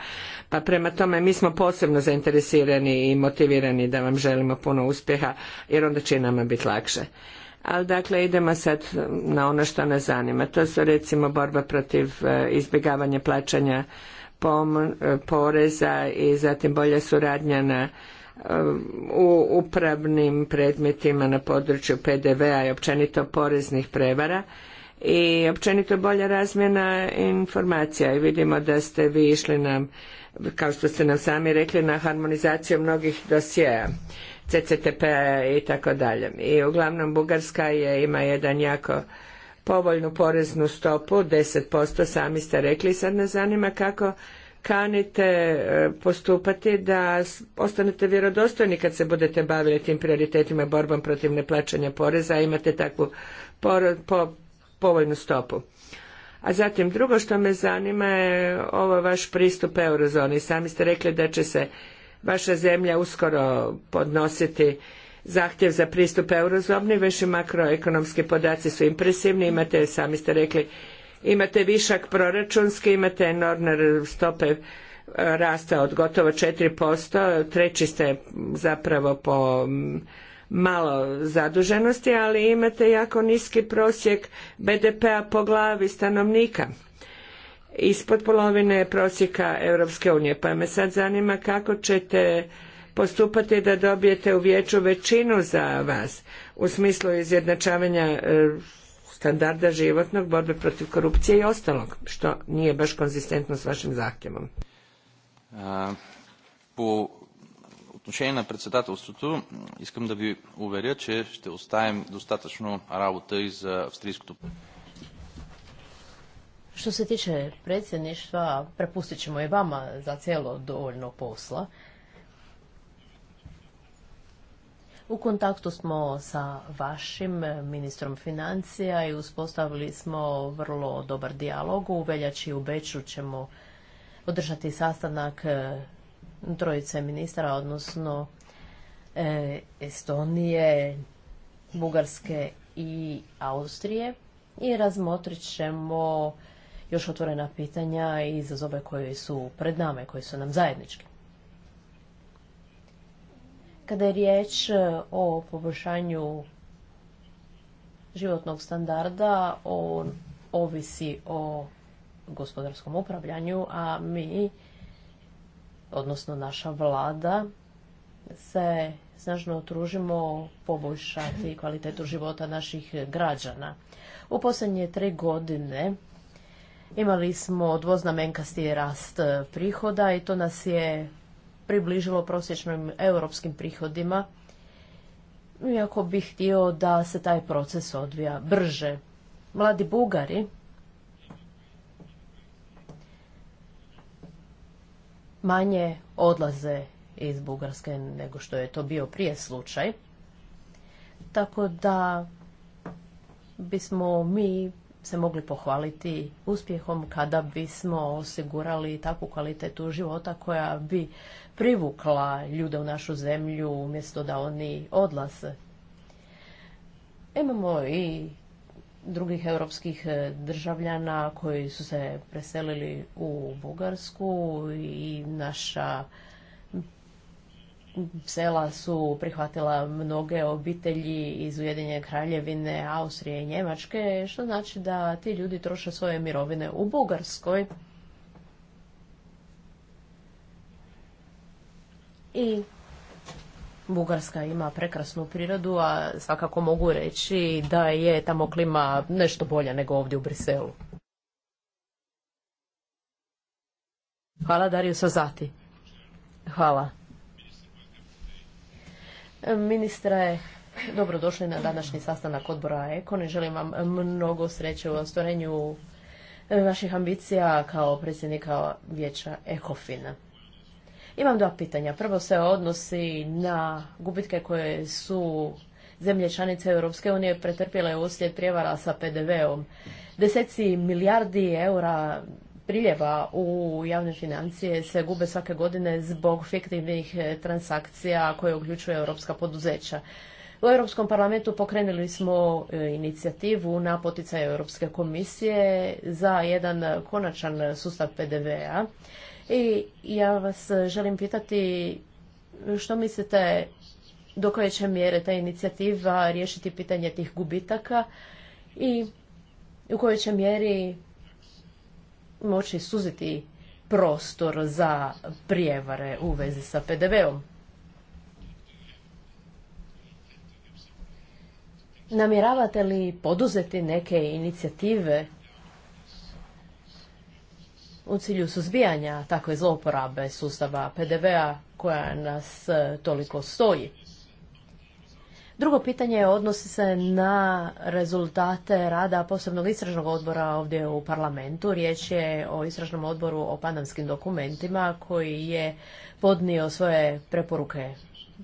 Pa prema tome mi smo posebno zainteresirani i motivirani da vam želimo puno uspjeha jer onda će nama biti lakše. Ali dakle idemo sad na ono što nas zanima. To su recimo borba protiv e, izbjegavanja plaćanja e, poreza i zatim bolja suradnja na u upravnim predmetima na području PDV-a i općenito poreznih prevara i općenito bolja razmjena informacija i vidimo da ste vi išli nam kao što ste nam sami rekli na harmonizaciju mnogih dosjeja CCTP i tako dalje i uglavnom Bugarska je ima jedan jako povoljnu poreznu stopu 10% sami ste rekli sad nas zanima kako kanite e, postupati da ostanete vjerodostojni kad se budete bavili tim prioritetima borbom protiv neplaćanja poreza, a imate takvu povoljnu stopu. A zatim drugo što me zanima je ovo vaš pristup eurozoni. Sami ste rekli da će se vaša zemlja uskoro podnositi zahtjev za pristup eurozoni. Vaši makroekonomski podaci su impresivni. Imate, sami ste rekli, imate višak proračunski, imate enormne stope e, rasta od gotovo 4%, treći ste zapravo po malo zaduženosti, ali imate jako niski prosjek BDP-a po glavi stanovnika. Ispod polovine prosjeka Europske unije. Pa me sad zanima kako ćete postupati da dobijete u vijeću većinu za vas u smislu izjednačavanja e, standarda životnog, borbe protiv korupcije i ostalog, što nije baš konzistentno s vašim zahtjevom. Po отношение на председателството, искам да ви уверя, че ще оставим достатъчно работа и за австрийското. Što se tiče predsjedništva, prepustit ćemo i vama za cijelo dovoljno posla. U kontaktu smo sa vašim ministrom financija i uspostavili smo vrlo dobar dijalog. U veljači u Beču ćemo održati sastanak e, trojice ministra, odnosno e, Estonije, Bugarske i Austrije i razmotrit ćemo još otvorena pitanja i izazove koji su pred nama i koji su nam zajednički. Kada je riječ e, o poboljšanju životnog standarda, on ovisi o gospodarskom upravljanju, a mi, odnosno naša vlada, se snažno otružimo poboljšati kvalitetu života naših građana. U posljednje tri godine imali smo dvoznamenkasti rast prihoda i to nas je približilo prosječnim europskim prihodima, iako bih htio da se taj proces odvija brže. Mladi Bugari manje odlaze iz Bugarske nego što je to bio prije slučaj. Tako da bismo mi se mogli pohvaliti uspjehom kada bismo osigurali takvu kvalitetu života koja bi privukla ljude u našu zemlju umjesto da oni odlaze. Imamo i drugih europskih e, državljana koji su se preselili u Bugarsku i naša sela su prihvatila mnoge obitelji iz Ujedinjene kraljevine, Austrije i Njemačke, što znači da ti ljudi troše svoje mirovine u Bugarskoj. I Bugarska ima prekrasnu prirodu, a svakako mogu reći da je tamo klima nešto bolja nego ovdje u Briselu. Hvala Dariju Sazati. Hvala. Ministre, dobrodošli na današnji sastanak odbora Ekon i želim vam mnogo sreće u ostvarenju e, vaših ambicija kao predsjednika vijeća Ekofina. Imam dva pitanja. Prvo se odnosi na gubitke koje su zemlje članice Europske unije pretrpjele uslijed prijevara sa PDV-om. Deseci milijardi eura priljeva u javne financije se gube svake godine zbog fiktivnih eh, transakcija koje uključuje europska poduzeća. U Europskom parlamentu pokrenuli smo eh, inicijativu na poticaj Europske komisije za jedan konačan sustav PDV-a. I ja vas želim pitati što mislite do koje će mjere ta inicijativa riješiti pitanje tih gubitaka i u kojoj će mjeri moći suziti prostor za prijevare u vezi sa PDV-om. Namjeravate li poduzeti neke inicijative u cilju suzbijanja takve zlouporabe sustava PDV-a koja nas toliko stoji? Drugo pitanje odnosi se na rezultate rada posebnog istražnog odbora ovdje u parlamentu. Riječ je o istražnom odboru o panamskim dokumentima koji je podnio svoje preporuke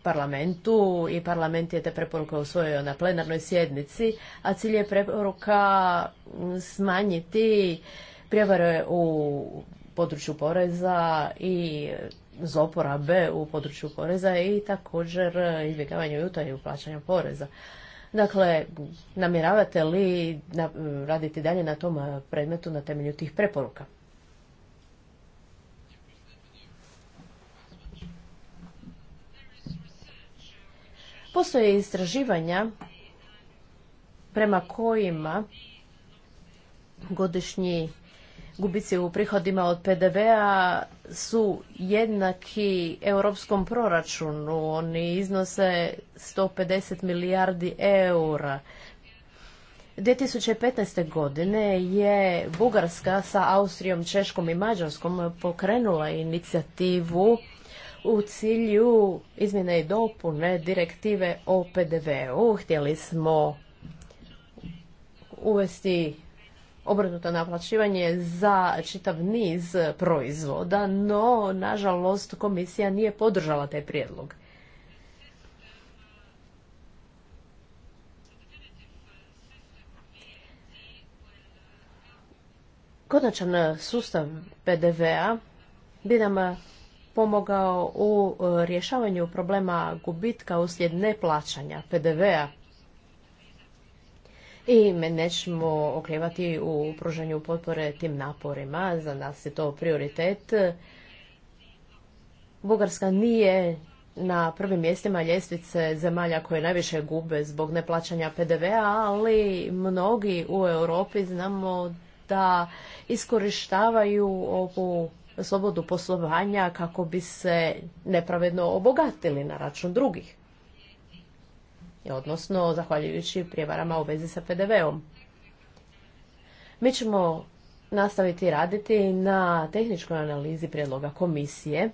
parlamentu i parlament je te preporuke usvojio na plenarnoj sjednici, a cilj je preporuka smanjiti prijevare u području poreza i zoporabe u području poreza i također izbjegavanju i u plaćanju poreza. Dakle, namjeravate li raditi dalje na tom eh, predmetu na temelju tih preporuka? Postoje istraživanja prema kojima godišnji gubici u prihodima od PDV-a su jednaki europskom proračunu. Oni iznose 150 milijardi eura. 2015. godine je Bugarska sa Austrijom, Češkom i Mađarskom pokrenula inicijativu u cilju izmjene i dopune direktive o PDV-u. Htjeli smo uvesti obrnuto naplaćivanje za čitav niz proizvoda, no nažalost komisija nije podržala taj prijedlog. Konačan sustav PDV-a bi nam pomogao u rješavanju problema gubitka uslijed neplaćanja PDV-a i nećemo okrivati u pružanju potpore tim naporima. Za nas je to prioritet. Bugarska nije na prvim mjestima ljestvice zemalja koje najviše gube zbog neplaćanja PDV-a, ali mnogi u Europi znamo da iskorištavaju ovu slobodu poslovanja kako bi se nepravedno obogatili na račun drugih odnosno zahvaljujući prijevarama u vezi sa PDV-om. Mi ćemo nastaviti raditi na tehničkoj analizi prijedloga komisije.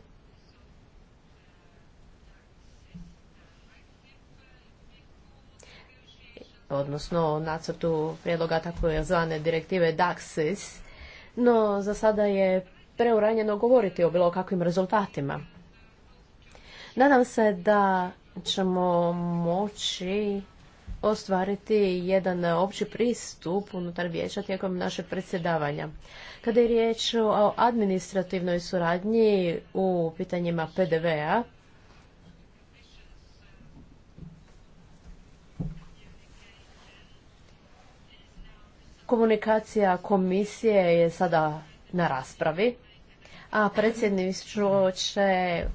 odnosno nacrtu prijedloga zvane direktive DAXIS, no za sada je preuranjeno govoriti o bilo kakvim rezultatima. Nadam se da ćemo moći ostvariti jedan opći pristup unutar vijeća tijekom naše predsjedavanja. Kada je riječ o administrativnoj suradnji u pitanjima PDV-a, komunikacija komisije je sada na raspravi a predsjedništvo će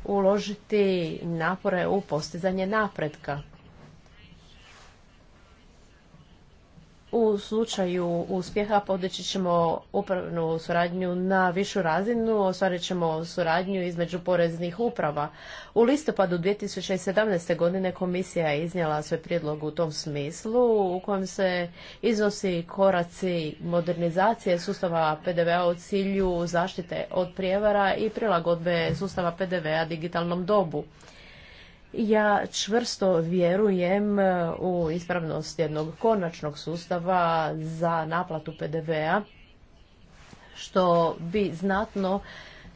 uložiti napore u postizanje napretka. U slučaju uspjeha podići ćemo upravnu suradnju na višu razinu, ostvarit ćemo suradnju između poreznih uprava. U listopadu 2017. godine komisija je iznijela svoj prijedlog u tom smislu u kojem se iznosi koraci modernizacije sustava PDV-a u cilju zaštite od prijevara i prilagodbe sustava PDV-a digitalnom dobu. Ja čvrsto vjerujem e, u ispravnost jednog konačnog sustava za naplatu PDV-a, što bi znatno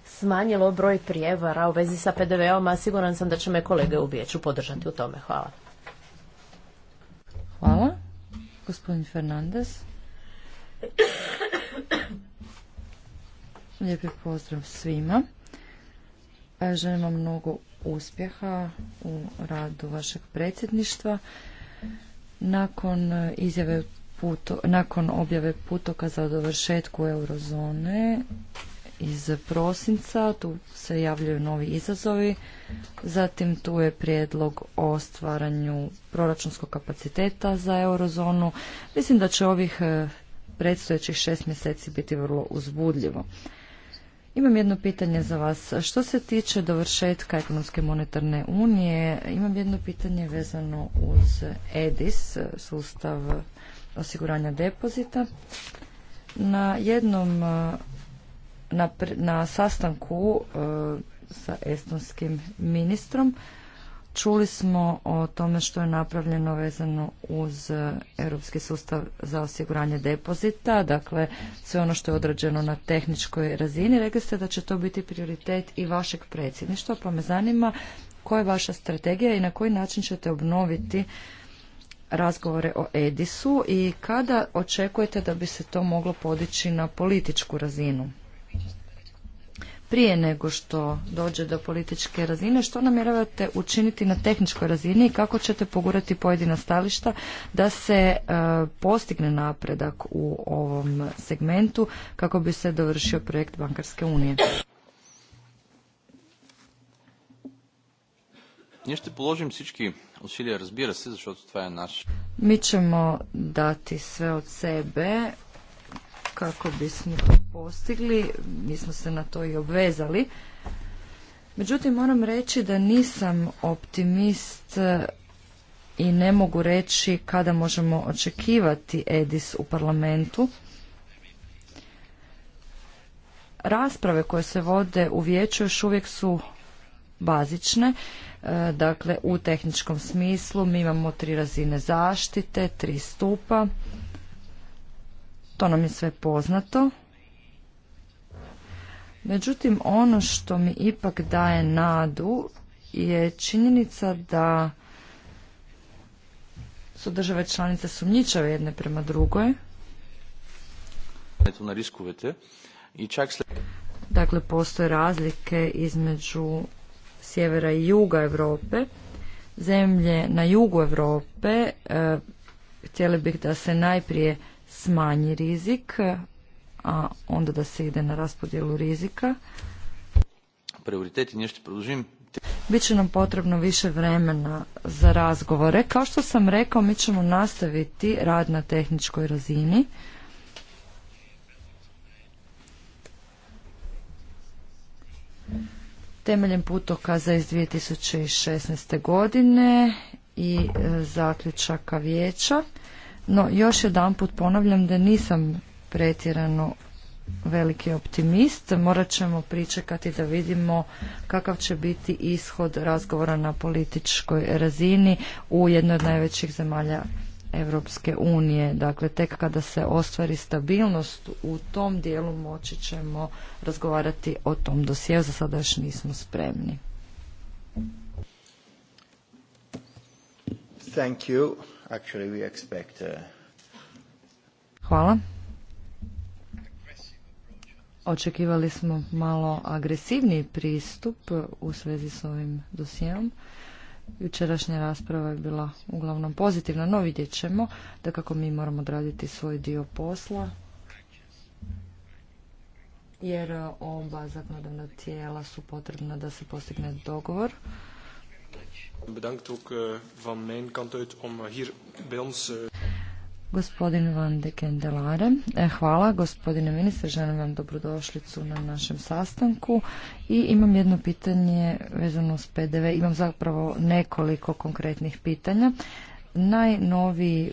smanjilo broj prijevara u vezi sa PDV-om, a siguran sam da će me kolege u vijeću podržati u tome. Hvala. Hvala. Gospodin Fernandez. Lijepi pozdrav svima. E, želim vam mnogo uspjeha u radu vašeg predsjedništva. Nakon izjave puto, nakon objave putoka za dovršetku eurozone iz prosinca, tu se javljaju novi izazovi, zatim tu je prijedlog o stvaranju proračunskog kapaciteta za eurozonu. Mislim da će ovih eh, predstojećih šest mjeseci biti vrlo uzbudljivo. Imam jedno pitanje za vas. Što se tiče dovršetka ekonomske monetarne unije, imam jedno pitanje vezano uz EDIS, sustav osiguranja depozita. Na jednom na, sastanku eh, sa estonskim ministrom Čuli smo o tome što je napravljeno vezano uz e, europski sustav za osiguranje depozita, dakle sve ono što je odrađeno na tehničkoj razini. Rekli ste da će to biti prioritet i vašeg predsjedništva, pa me zanima koja je vaša strategija i na koji način ćete obnoviti razgovore o Edisu i kada očekujete da bi se to moglo podići na političku razinu? prije nego što dođe do političke razine, što namjeravate učiniti na tehničkoj razini i kako ćete pogurati pojedina stališta da se e, postigne napredak u ovom segmentu kako bi se dovršio projekt Bankarske unije? Ние ще положим всички усилия, se се, Mi ćemo dati sve od sebe kako bismo to postigli. Mi smo se na to i obvezali. Međutim, moram reći da nisam optimist e, i ne mogu reći kada možemo očekivati EDIS u parlamentu. Rasprave koje se vode u vijeću još uvijek su bazične. E, dakle, u tehničkom smislu mi imamo tri razine zaštite, tri stupa. To nam je sve poznato. Međutim, ono što mi ipak daje nadu je činjenica da su države članice sumnjičave jedne prema drugoj. Dakle, postoje razlike između sjevera i juga Europe. Zemlje na jugu Europe e, bih da se najprije smanji rizik, a onda da se ide na raspodjelu rizika. Prioriteti nešto produžim. Biće nam potrebno više vremena za razgovore. Kao što sam rekao, mi ćemo nastaviti rad na tehničkoj razini. Temeljem putokaza iz 2016. godine i e, zaključaka vijeća. No, još jedanput ponavljam da nisam pretjerano veliki optimist. Morat ćemo pričekati da vidimo kakav će biti ishod razgovora na političkoj razini u jednoj od najvećih zemalja Europske unije. Dakle, tek kada se ostvari stabilnost u tom dijelu moći ćemo razgovarati o tom dosjeu. Za sada još nismo spremni. Thank you. Actually, expect, uh, Hvala. Očekivali smo malo agresivniji pristup u svezi s ovim dosijom. Jučerašnja rasprava je bila uglavnom pozitivna, no vidjet ćemo da kako mi moramo odraditi svoj dio posla, jer oba zakonodavna tijela su potrebna da se postigne dogovor. Bedankt ook eh, van mijn kant uit om eh, hier bij ons... Eh, Gospodin Van de Kendelare, hvala gospodine ministre, želim vam dobrodošlicu na našem sastanku i imam jedno pitanje vezano s PDV, imam zapravo nekoliko konkretnih pitanja. Najnoviji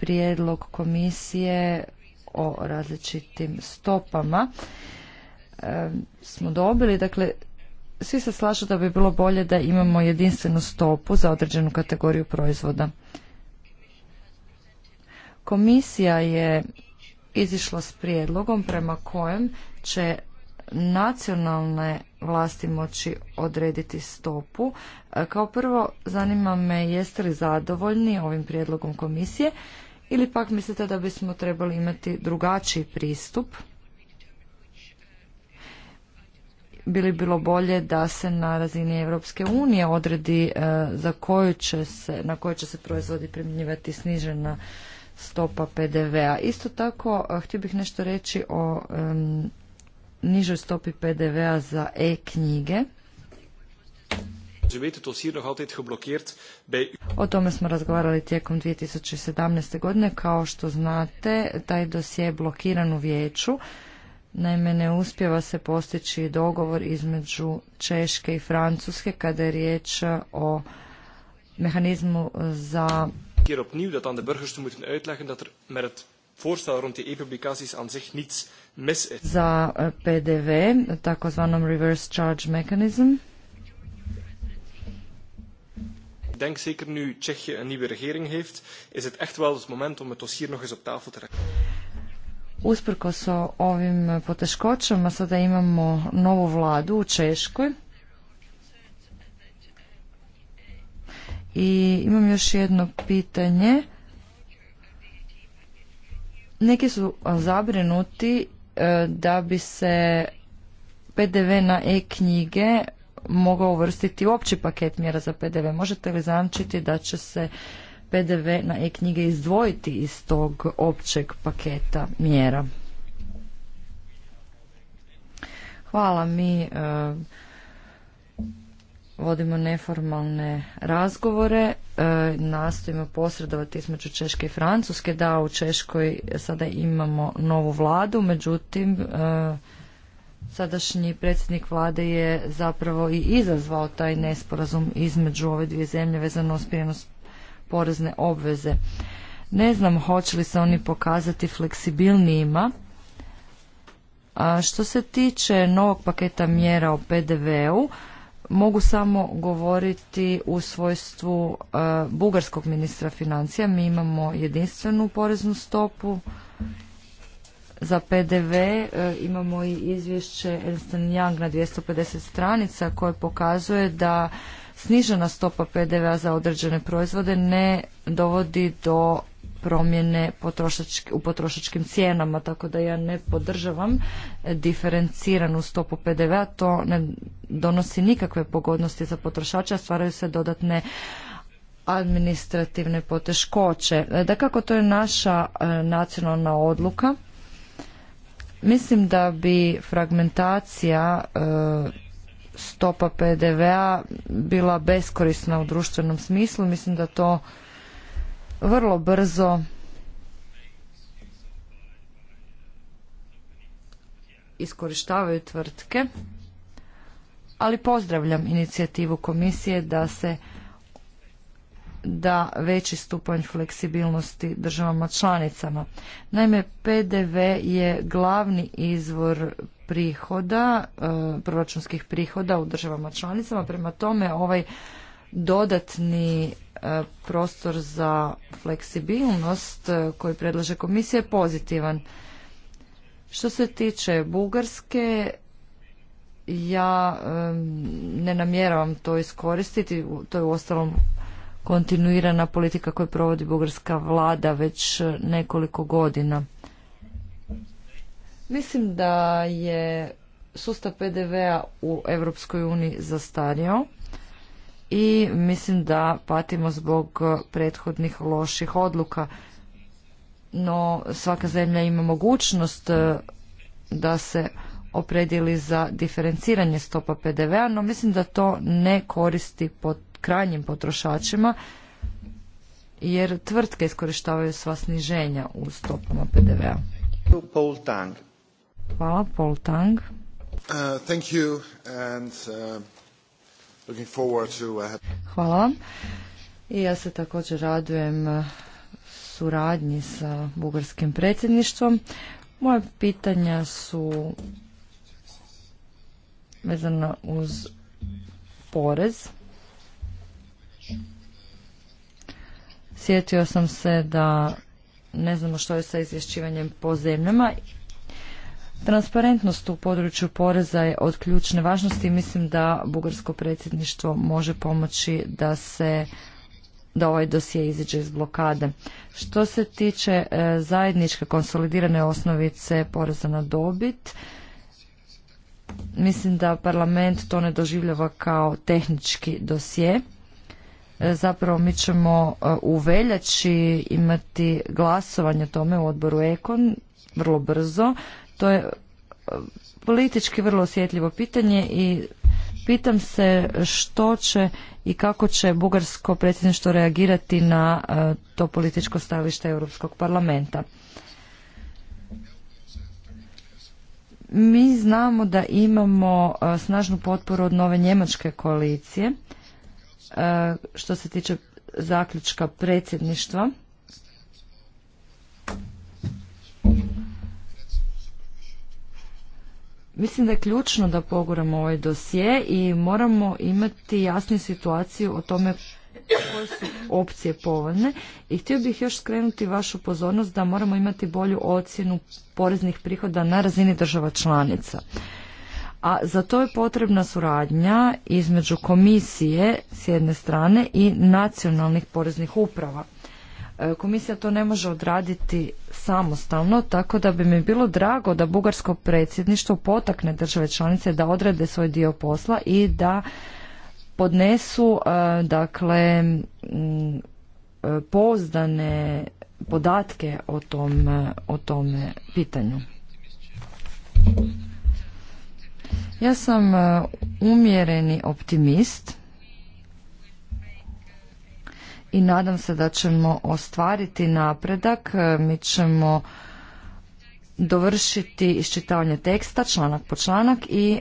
prijedlog komisije o različitim stopama smo dobili, dakle svi se slažu da bi bilo bolje da imamo jedinstvenu stopu za određenu kategoriju proizvoda. Komisija je izišla s prijedlogom prema kojem će nacionalne vlasti moći odrediti stopu. E, kao prvo, zanima me jeste li zadovoljni ovim prijedlogom komisije ili pak mislite da bismo trebali imati drugačiji pristup bili bilo bolje da se na razini Europske unije odredi e, za koju će se, na koje će se proizvodi primjenjivati snižena stopa PDV-a. Isto tako, e, htio bih nešto reći o nižoj stopi PDV-a za e-knjige. O tome smo razgovarali tijekom 2017. godine. Kao što znate, taj dosje je blokiran u vijeću. Naime, ne uspjeva se postići dogovor između Češke i Francuske kada je riječ o mehanizmu za Za PDV, takozvanom reverse charge mechanism. denk zeker nu Tsjechië een nieuwe regering heeft, is het echt wel moment om het dossier nog eens op tafel te leggen usprko sa ovim poteškoćama sada imamo novu vladu u Češkoj i imam još jedno pitanje neki su zabrinuti e, da bi se PDV na e-knjige mogao uvrstiti u opći paket mjera za PDV. Možete li zamčiti da će se PDV na e-knjige izdvojiti iz tog općeg paketa mjera. Hvala mi. E, vodimo neformalne razgovore, e, nastojimo posredovati između Češke i Francuske. Da, u Češkoj sada imamo novu vladu, međutim, e, sadašnji predsjednik vlade je zapravo i izazvao taj nesporazum između ove dvije zemlje vezano uz prijenos porezne obveze. Ne znam hoće li se oni pokazati fleksibilnijima. A što se tiče novog paketa mjera o PDV-u, mogu samo govoriti u svojstvu bugarskog ministra financija. Mi imamo jedinstvenu poreznu stopu za PDV, imamo i izvješće Ernst Young na 250 stranica koje pokazuje da snižena stopa PDV-a za određene proizvode ne dovodi do promjene u potrošačkim cijenama, tako da ja ne podržavam diferenciranu stopu PDV-a, to ne donosi nikakve pogodnosti za potrošača, stvaraju se dodatne administrativne poteškoće. E, da kako to je naša e, nacionalna odluka, mislim da bi fragmentacija e, stopa PDV-a bila beskorisna u društvenom smislu. Mislim da to vrlo brzo iskorištavaju tvrtke, ali pozdravljam inicijativu komisije da se da veći stupanj fleksibilnosti državama članicama. Naime, PDV je glavni izvor prihoda, e, proračunskih prihoda u državama članicama. Prema tome, ovaj dodatni e, prostor za fleksibilnost e, koji predlaže komisija je pozitivan. Što se tiče Bugarske, ja ne namjeravam to iskoristiti, to je uostalom kontinuirana politika koju provodi bugarska vlada već nekoliko godina. Mislim da je sustav PDV-a u Europskoj uniji zastario i mislim da patimo zbog prethodnih loših odluka. No svaka zemlja ima mogućnost e, da se opredili za diferenciranje stopa PDV-a, no mislim da to ne koristi pod krajnjim potrošačima jer tvrtke iskorištavaju sva sniženja u stopama PDV-a. Hvala, Paul uh, uh, uh, Hvala I ja se također radujem suradnji sa bugarskim predsjedništvom. Moje pitanja su vezana uz porez. Sjetio sam se da ne znamo što je sa izvješćivanjem po zemljama Transparentnost u području poreza je od ključne važnosti i mislim da bugarsko predsjedništvo može pomoći da se da ovaj dosje iziđe iz blokade. Što se tiče e, zajedničke konsolidirane osnovice poreza na dobit, mislim da parlament to ne doživljava kao tehnički dosje. E, zapravo mi ćemo e, u veljači imati glasovanje tome u odboru Ekon vrlo brzo. To je e, politički vrlo osjetljivo pitanje i pitam se što će i kako će bugarsko predsjedništvo reagirati na e, to političko stajalište Europskog parlamenta. Mi znamo da imamo e, snažnu potporu od nove njemačke koalicije što se tiče zaključka predsjedništva Mislim da je ključno da poguramo ovaj dosje i moramo imati jasnu situaciju o tome koje su opcije povoljne i htio bih još skrenuti vašu pozornost da moramo imati bolju ocjenu poreznih prihoda na razini država članica. A za to je potrebna suradnja između komisije s jedne strane i nacionalnih poreznih uprava. E, komisija to ne može odraditi samostalno, tako da bi mi bilo drago da bugarsko predsjedništvo potakne države članice da odrede svoj dio posla i da podnesu e, dakle e, pouzdane podatke o tom e, o tome pitanju. Ja sam umjereni optimist i nadam se da ćemo ostvariti napredak. E, mi ćemo dovršiti iščitavanje teksta članak po članak i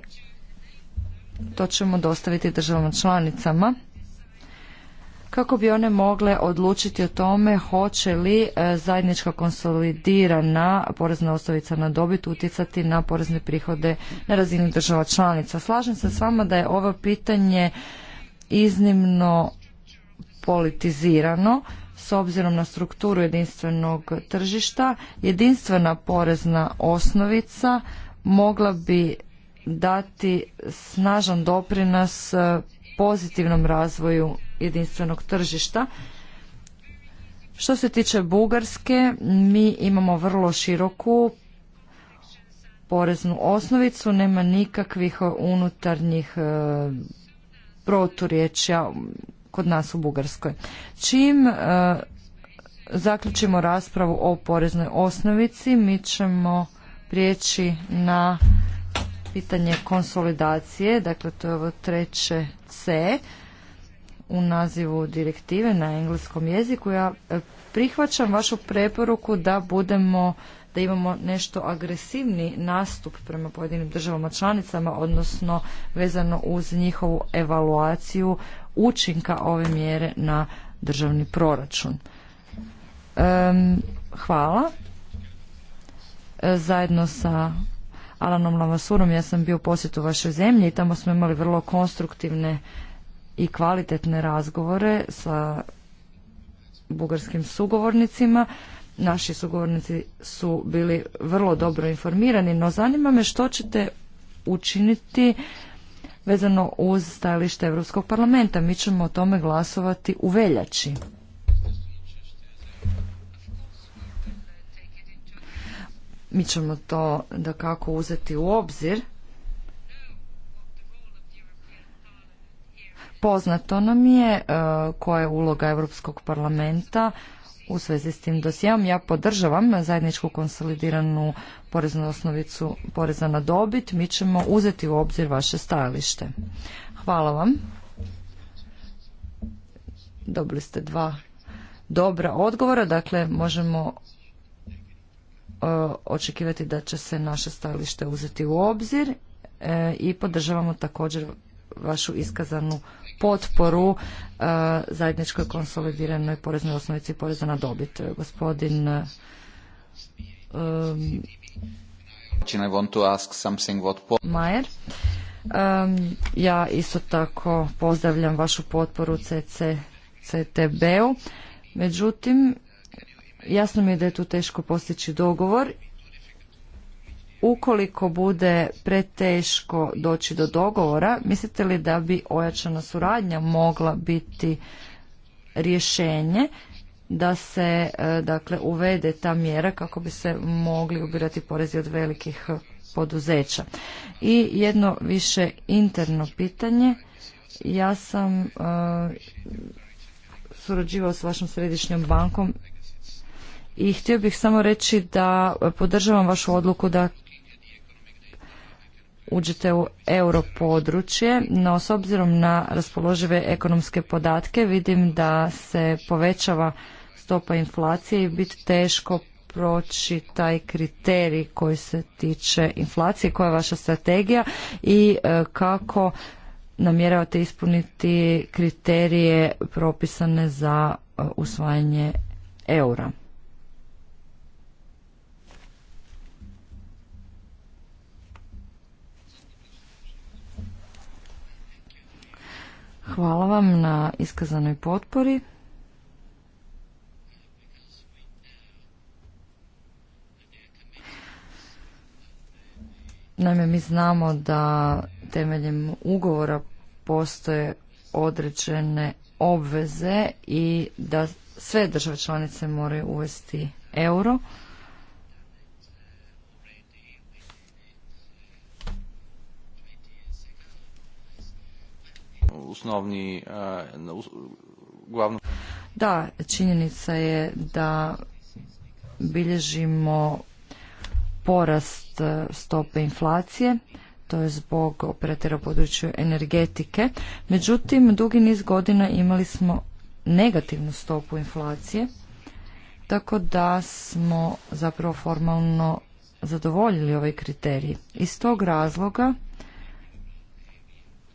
to ćemo dostaviti državama članicama kako bi one mogle odlučiti o tome hoće li e, zajednička konsolidirana porezna osnovica na dobit utjecati na porezne prihode na razini država članica. Slažem se s vama da je ovo pitanje iznimno politizirano s obzirom na strukturu jedinstvenog tržišta. Jedinstvena porezna osnovica mogla bi dati snažan doprinos e, pozitivnom razvoju jedinstvenog tržišta. Što se tiče Bugarske, mi imamo vrlo široku poreznu osnovicu, nema nikakvih unutarnjih e, proturječja kod nas u Bugarskoj. Čim e, zaključimo raspravu o poreznoj osnovici, mi ćemo prijeći na pitanje konsolidacije, dakle to je ovo treće C u nazivu direktive na engleskom jeziku. Ja e, prihvaćam vašu preporuku da budemo da imamo nešto agresivni nastup prema pojedinim državama članicama, odnosno vezano uz njihovu evaluaciju učinka ove mjere na državni proračun. hvala. E, zajedno sa Alanom Lavasurom, ja sam bio u posjetu vašoj zemlji i tamo smo imali vrlo konstruktivne i kvalitetne razgovore sa bugarskim sugovornicima. Naši sugovornici su bili vrlo dobro informirani, no zanima me što ćete učiniti vezano uz stajalište Europskog parlamenta. Mi ćemo o tome glasovati u veljači. Mi ćemo to da kako uzeti u obzir. Poznato nam je e, koja je uloga Europskog parlamenta u svezi s tim dosjeom. Ja podržavam zajedničku konsolidiranu poreznu osnovicu poreza na dobit. Mi ćemo uzeti u obzir vaše stajalište. Hvala vam. Dobili ste dva dobra odgovora, dakle možemo uh, očekivati da će se naše stajalište uzeti u obzir uh, i podržavamo također vašu iskazanu potporu zajedničkoj konsolidiranoj poreznoj osnovici poreza na dobit. Gospodin Majer, ja isto tako pozdravljam vašu potporu CCCTB-u. Međutim, jasno mi je da je tu teško postići dogovor ukoliko bude preteško doći do dogovora, mislite li da bi ojačana suradnja mogla biti rješenje da se e, dakle uvede ta mjera kako bi se mogli ubirati porezi od velikih poduzeća. I jedno više interno pitanje. Ja sam e, surađivao s vašom središnjom bankom i htio bih samo reći da podržavam vašu odluku da uđete u područje. no s obzirom na raspoložive ekonomske podatke vidim da se povećava stopa inflacije i bit teško proći taj kriterij koji se tiče inflacije, koja je vaša strategija i e, kako namjeravate ispuniti kriterije propisane za e, usvajanje eura. Hvala vam na iskazanoj potpori. Naime, mi znamo da temeljem ugovora postoje određene obveze i da sve države članice moraju uvesti euro. osnovni eh, glavno... Da, činjenica je da bilježimo porast eh, stope inflacije, to je zbog operatera u području energetike. Međutim, dugi niz godina imali smo negativnu stopu inflacije, tako da smo zapravo formalno zadovoljili ovaj kriterij. Iz tog razloga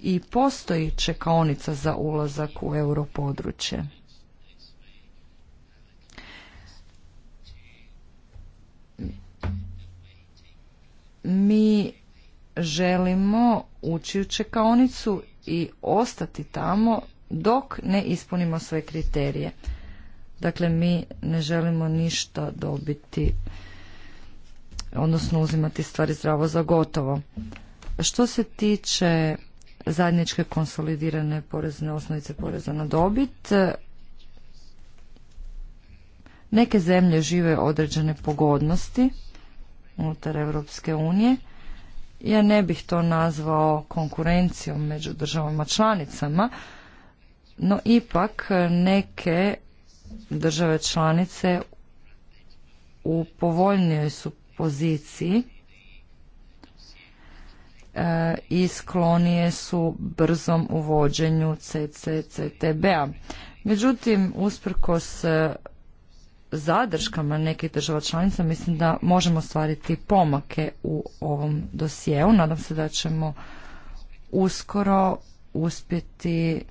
i postoji čekaonica za ulazak u europodručje. Mi želimo ući u čekaonicu i ostati tamo dok ne ispunimo sve kriterije. Dakle, mi ne želimo ništa dobiti, odnosno uzimati stvari zdravo za gotovo. Što se tiče zajedničke konsolidirane porezne osnovice poreza na dobit. Neke zemlje žive određene pogodnosti unutar Europske unije. Ja ne bih to nazvao konkurencijom među državama članicama, no ipak neke države članice u povoljnijoj su poziciji i sklonije su brzom uvođenju CCCTB-a. Međutim, usprkos e, zadrškama nekih država članica mislim da možemo stvariti pomake u ovom dosjeu. Nadam se da ćemo uskoro uspjeti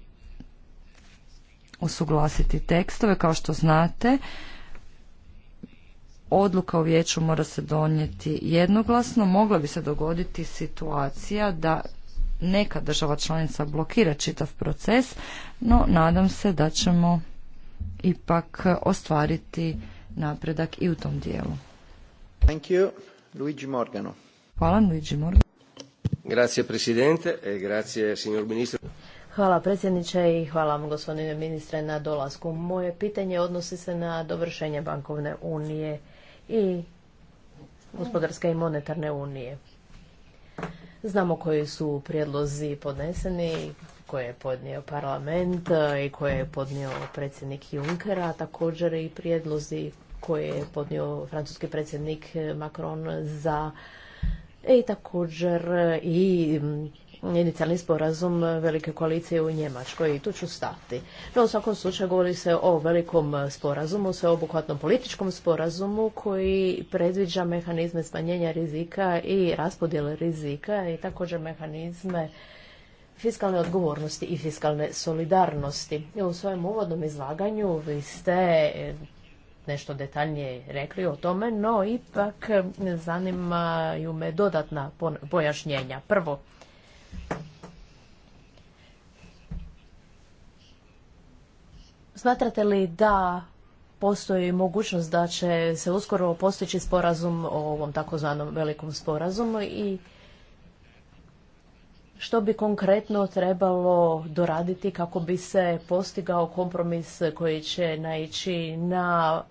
usuglasiti tekstove. Kao što znate, odluka u vijeću mora se donijeti jednoglasno, mogla bi se dogoditi situacija da neka država članica blokira čitav proces, no nadam se da ćemo ipak ostvariti napredak i u tom dijelu. Thank you. Luigi Morgano. Hvala, Luigi Morgano. Grazie, presidente, e grazie, signor ministro. Hvala predsjedniče i hvala vam gospodine ministre na dolasku. Moje pitanje odnosi se na dovršenje bankovne unije i gospodarske i monetarne unije. Znamo koji su prijedlozi podneseni, koje je podnio parlament e, i koje je podnio predsjednik Junckera, a također i prijedlozi koje je podnio francuski predsjednik Macron za e, i također i inicijalni sporazum velike koalicije u Njemačkoj i tu ću stati. No u svakom slučaju govori se o velikom sporazumu, sveobuhvatnom političkom sporazumu koji predviđa mehanizme smanjenja rizika i raspodjele rizika i također mehanizme fiskalne odgovornosti i fiskalne solidarnosti. U svojem uvodnom izlaganju vi ste nešto detaljnije rekli o tome, no ipak zanimaju me dodatna pojašnjenja. Prvo, Smatrate li da postoji mogućnost da će se uskoro postići sporazum o ovom takozvanom velikom sporazumu i što bi konkretno trebalo doraditi kako bi se postigao kompromis koji će naići na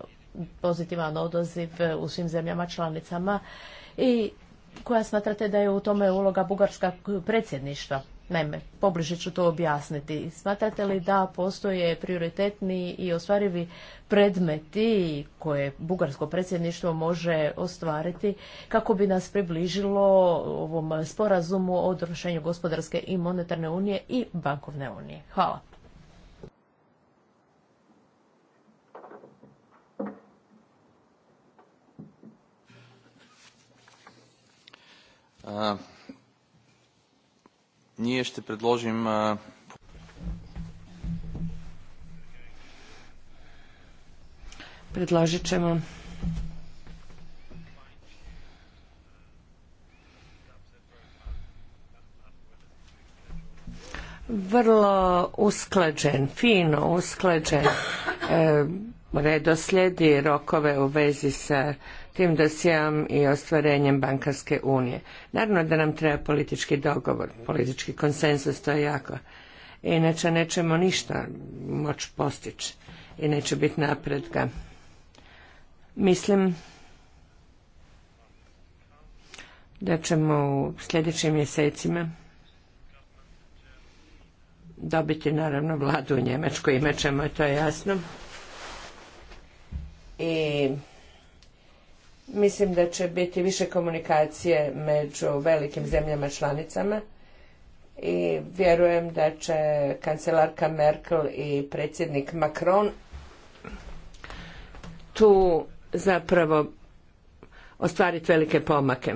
pozitivan odaziv u svim zemljama članicama i koja smatrate da je u tome uloga bugarska predsjedništva? Naime, pobliže ću to objasniti. Smatrate li da postoje prioritetni i ostvarivi predmeti koje bugarsko predsjedništvo može ostvariti kako bi nas približilo ovom sporazumu o odrušenju gospodarske i monetarne unije i bankovne unije? Hvala. Ние ще предложим... Predložit ćemo vrlo usklađen, fino usklađen e, redoslijedi rokove u vezi sa tim dosijom i ostvarenjem bankarske unije. Naravno da nam treba politički dogovor, politički konsensus, to je jako. Inače nećemo ništa moći postići i neće biti napredka. Mislim da ćemo u sljedećim mjesecima dobiti naravno vladu u Njemačkoj, imat ćemo, to je jasno. I Mislim da će biti više komunikacije među velikim zemljama članicama i vjerujem da će kancelarka Merkel i predsjednik Macron tu zapravo ostvariti velike pomake.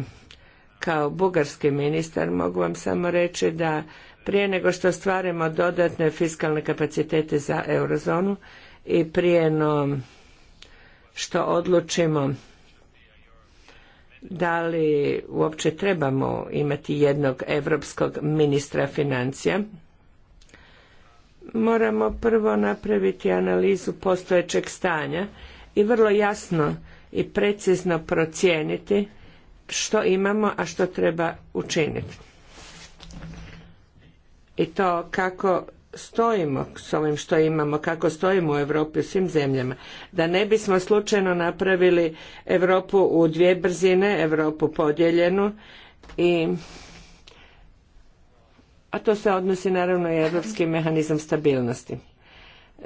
Kao bugarski ministar mogu vam samo reći da prije nego što stvarimo dodatne fiskalne kapacitete za eurozonu i prije no što odlučimo da li uopće trebamo imati jednog europskog ministra financija. Moramo prvo napraviti analizu postojećeg stanja i vrlo jasno i precizno procijeniti što imamo, a što treba učiniti. I to kako stojimo s ovim što imamo, kako stojimo u Europi u svim zemljama, da ne bismo slučajno napravili Europu u dvije brzine, Europu podijeljenu i a to se odnosi naravno i europski mehanizam stabilnosti.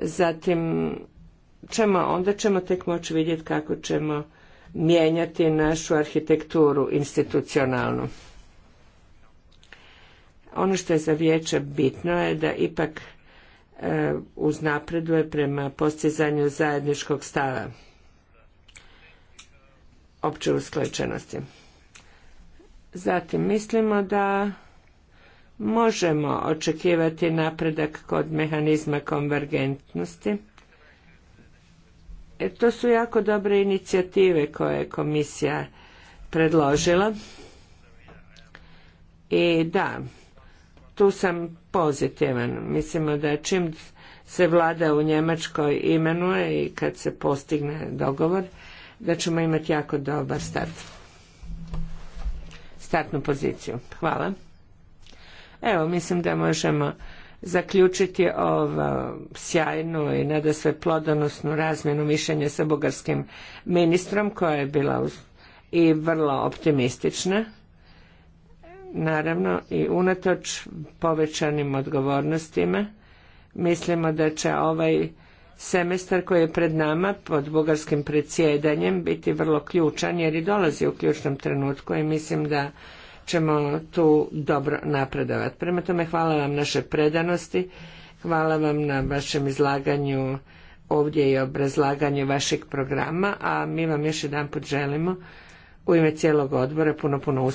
Zatim ćemo, onda ćemo tek moći vidjeti kako ćemo mijenjati našu arhitekturu institucionalnu. Ono što je za vijeće bitno je da ipak e, uznapreduje prema postizanju zajedničkog stava opće usklađenosti. Zatim mislimo da možemo očekivati napredak kod mehanizma konvergentnosti. E, to su jako dobre inicijative koje je komisija predložila. I da, tu sam pozitivan. Mislimo da čim se vlada u Njemačkoj imenuje i kad se postigne dogovor, da ćemo imati jako dobar start. Startnu poziciju. Hvala. Evo, mislim da možemo zaključiti ovu sjajnu i nada sve plodonosnu razmjenu mišljenja sa bugarskim ministrom koja je bila i vrlo optimistična Naravno i unatoč povećanim odgovornostima mislimo da će ovaj semestar koji je pred nama pod bugarskim predsjedanjem biti vrlo ključan jer i dolazi u ključnom trenutku i mislim da ćemo tu dobro napredovati. Prema tome hvala vam naše predanosti, hvala vam na vašem izlaganju ovdje i obrazlaganju vašeg programa, a mi vam još jedan put želimo u ime cijelog odbora puno puno uspjeha.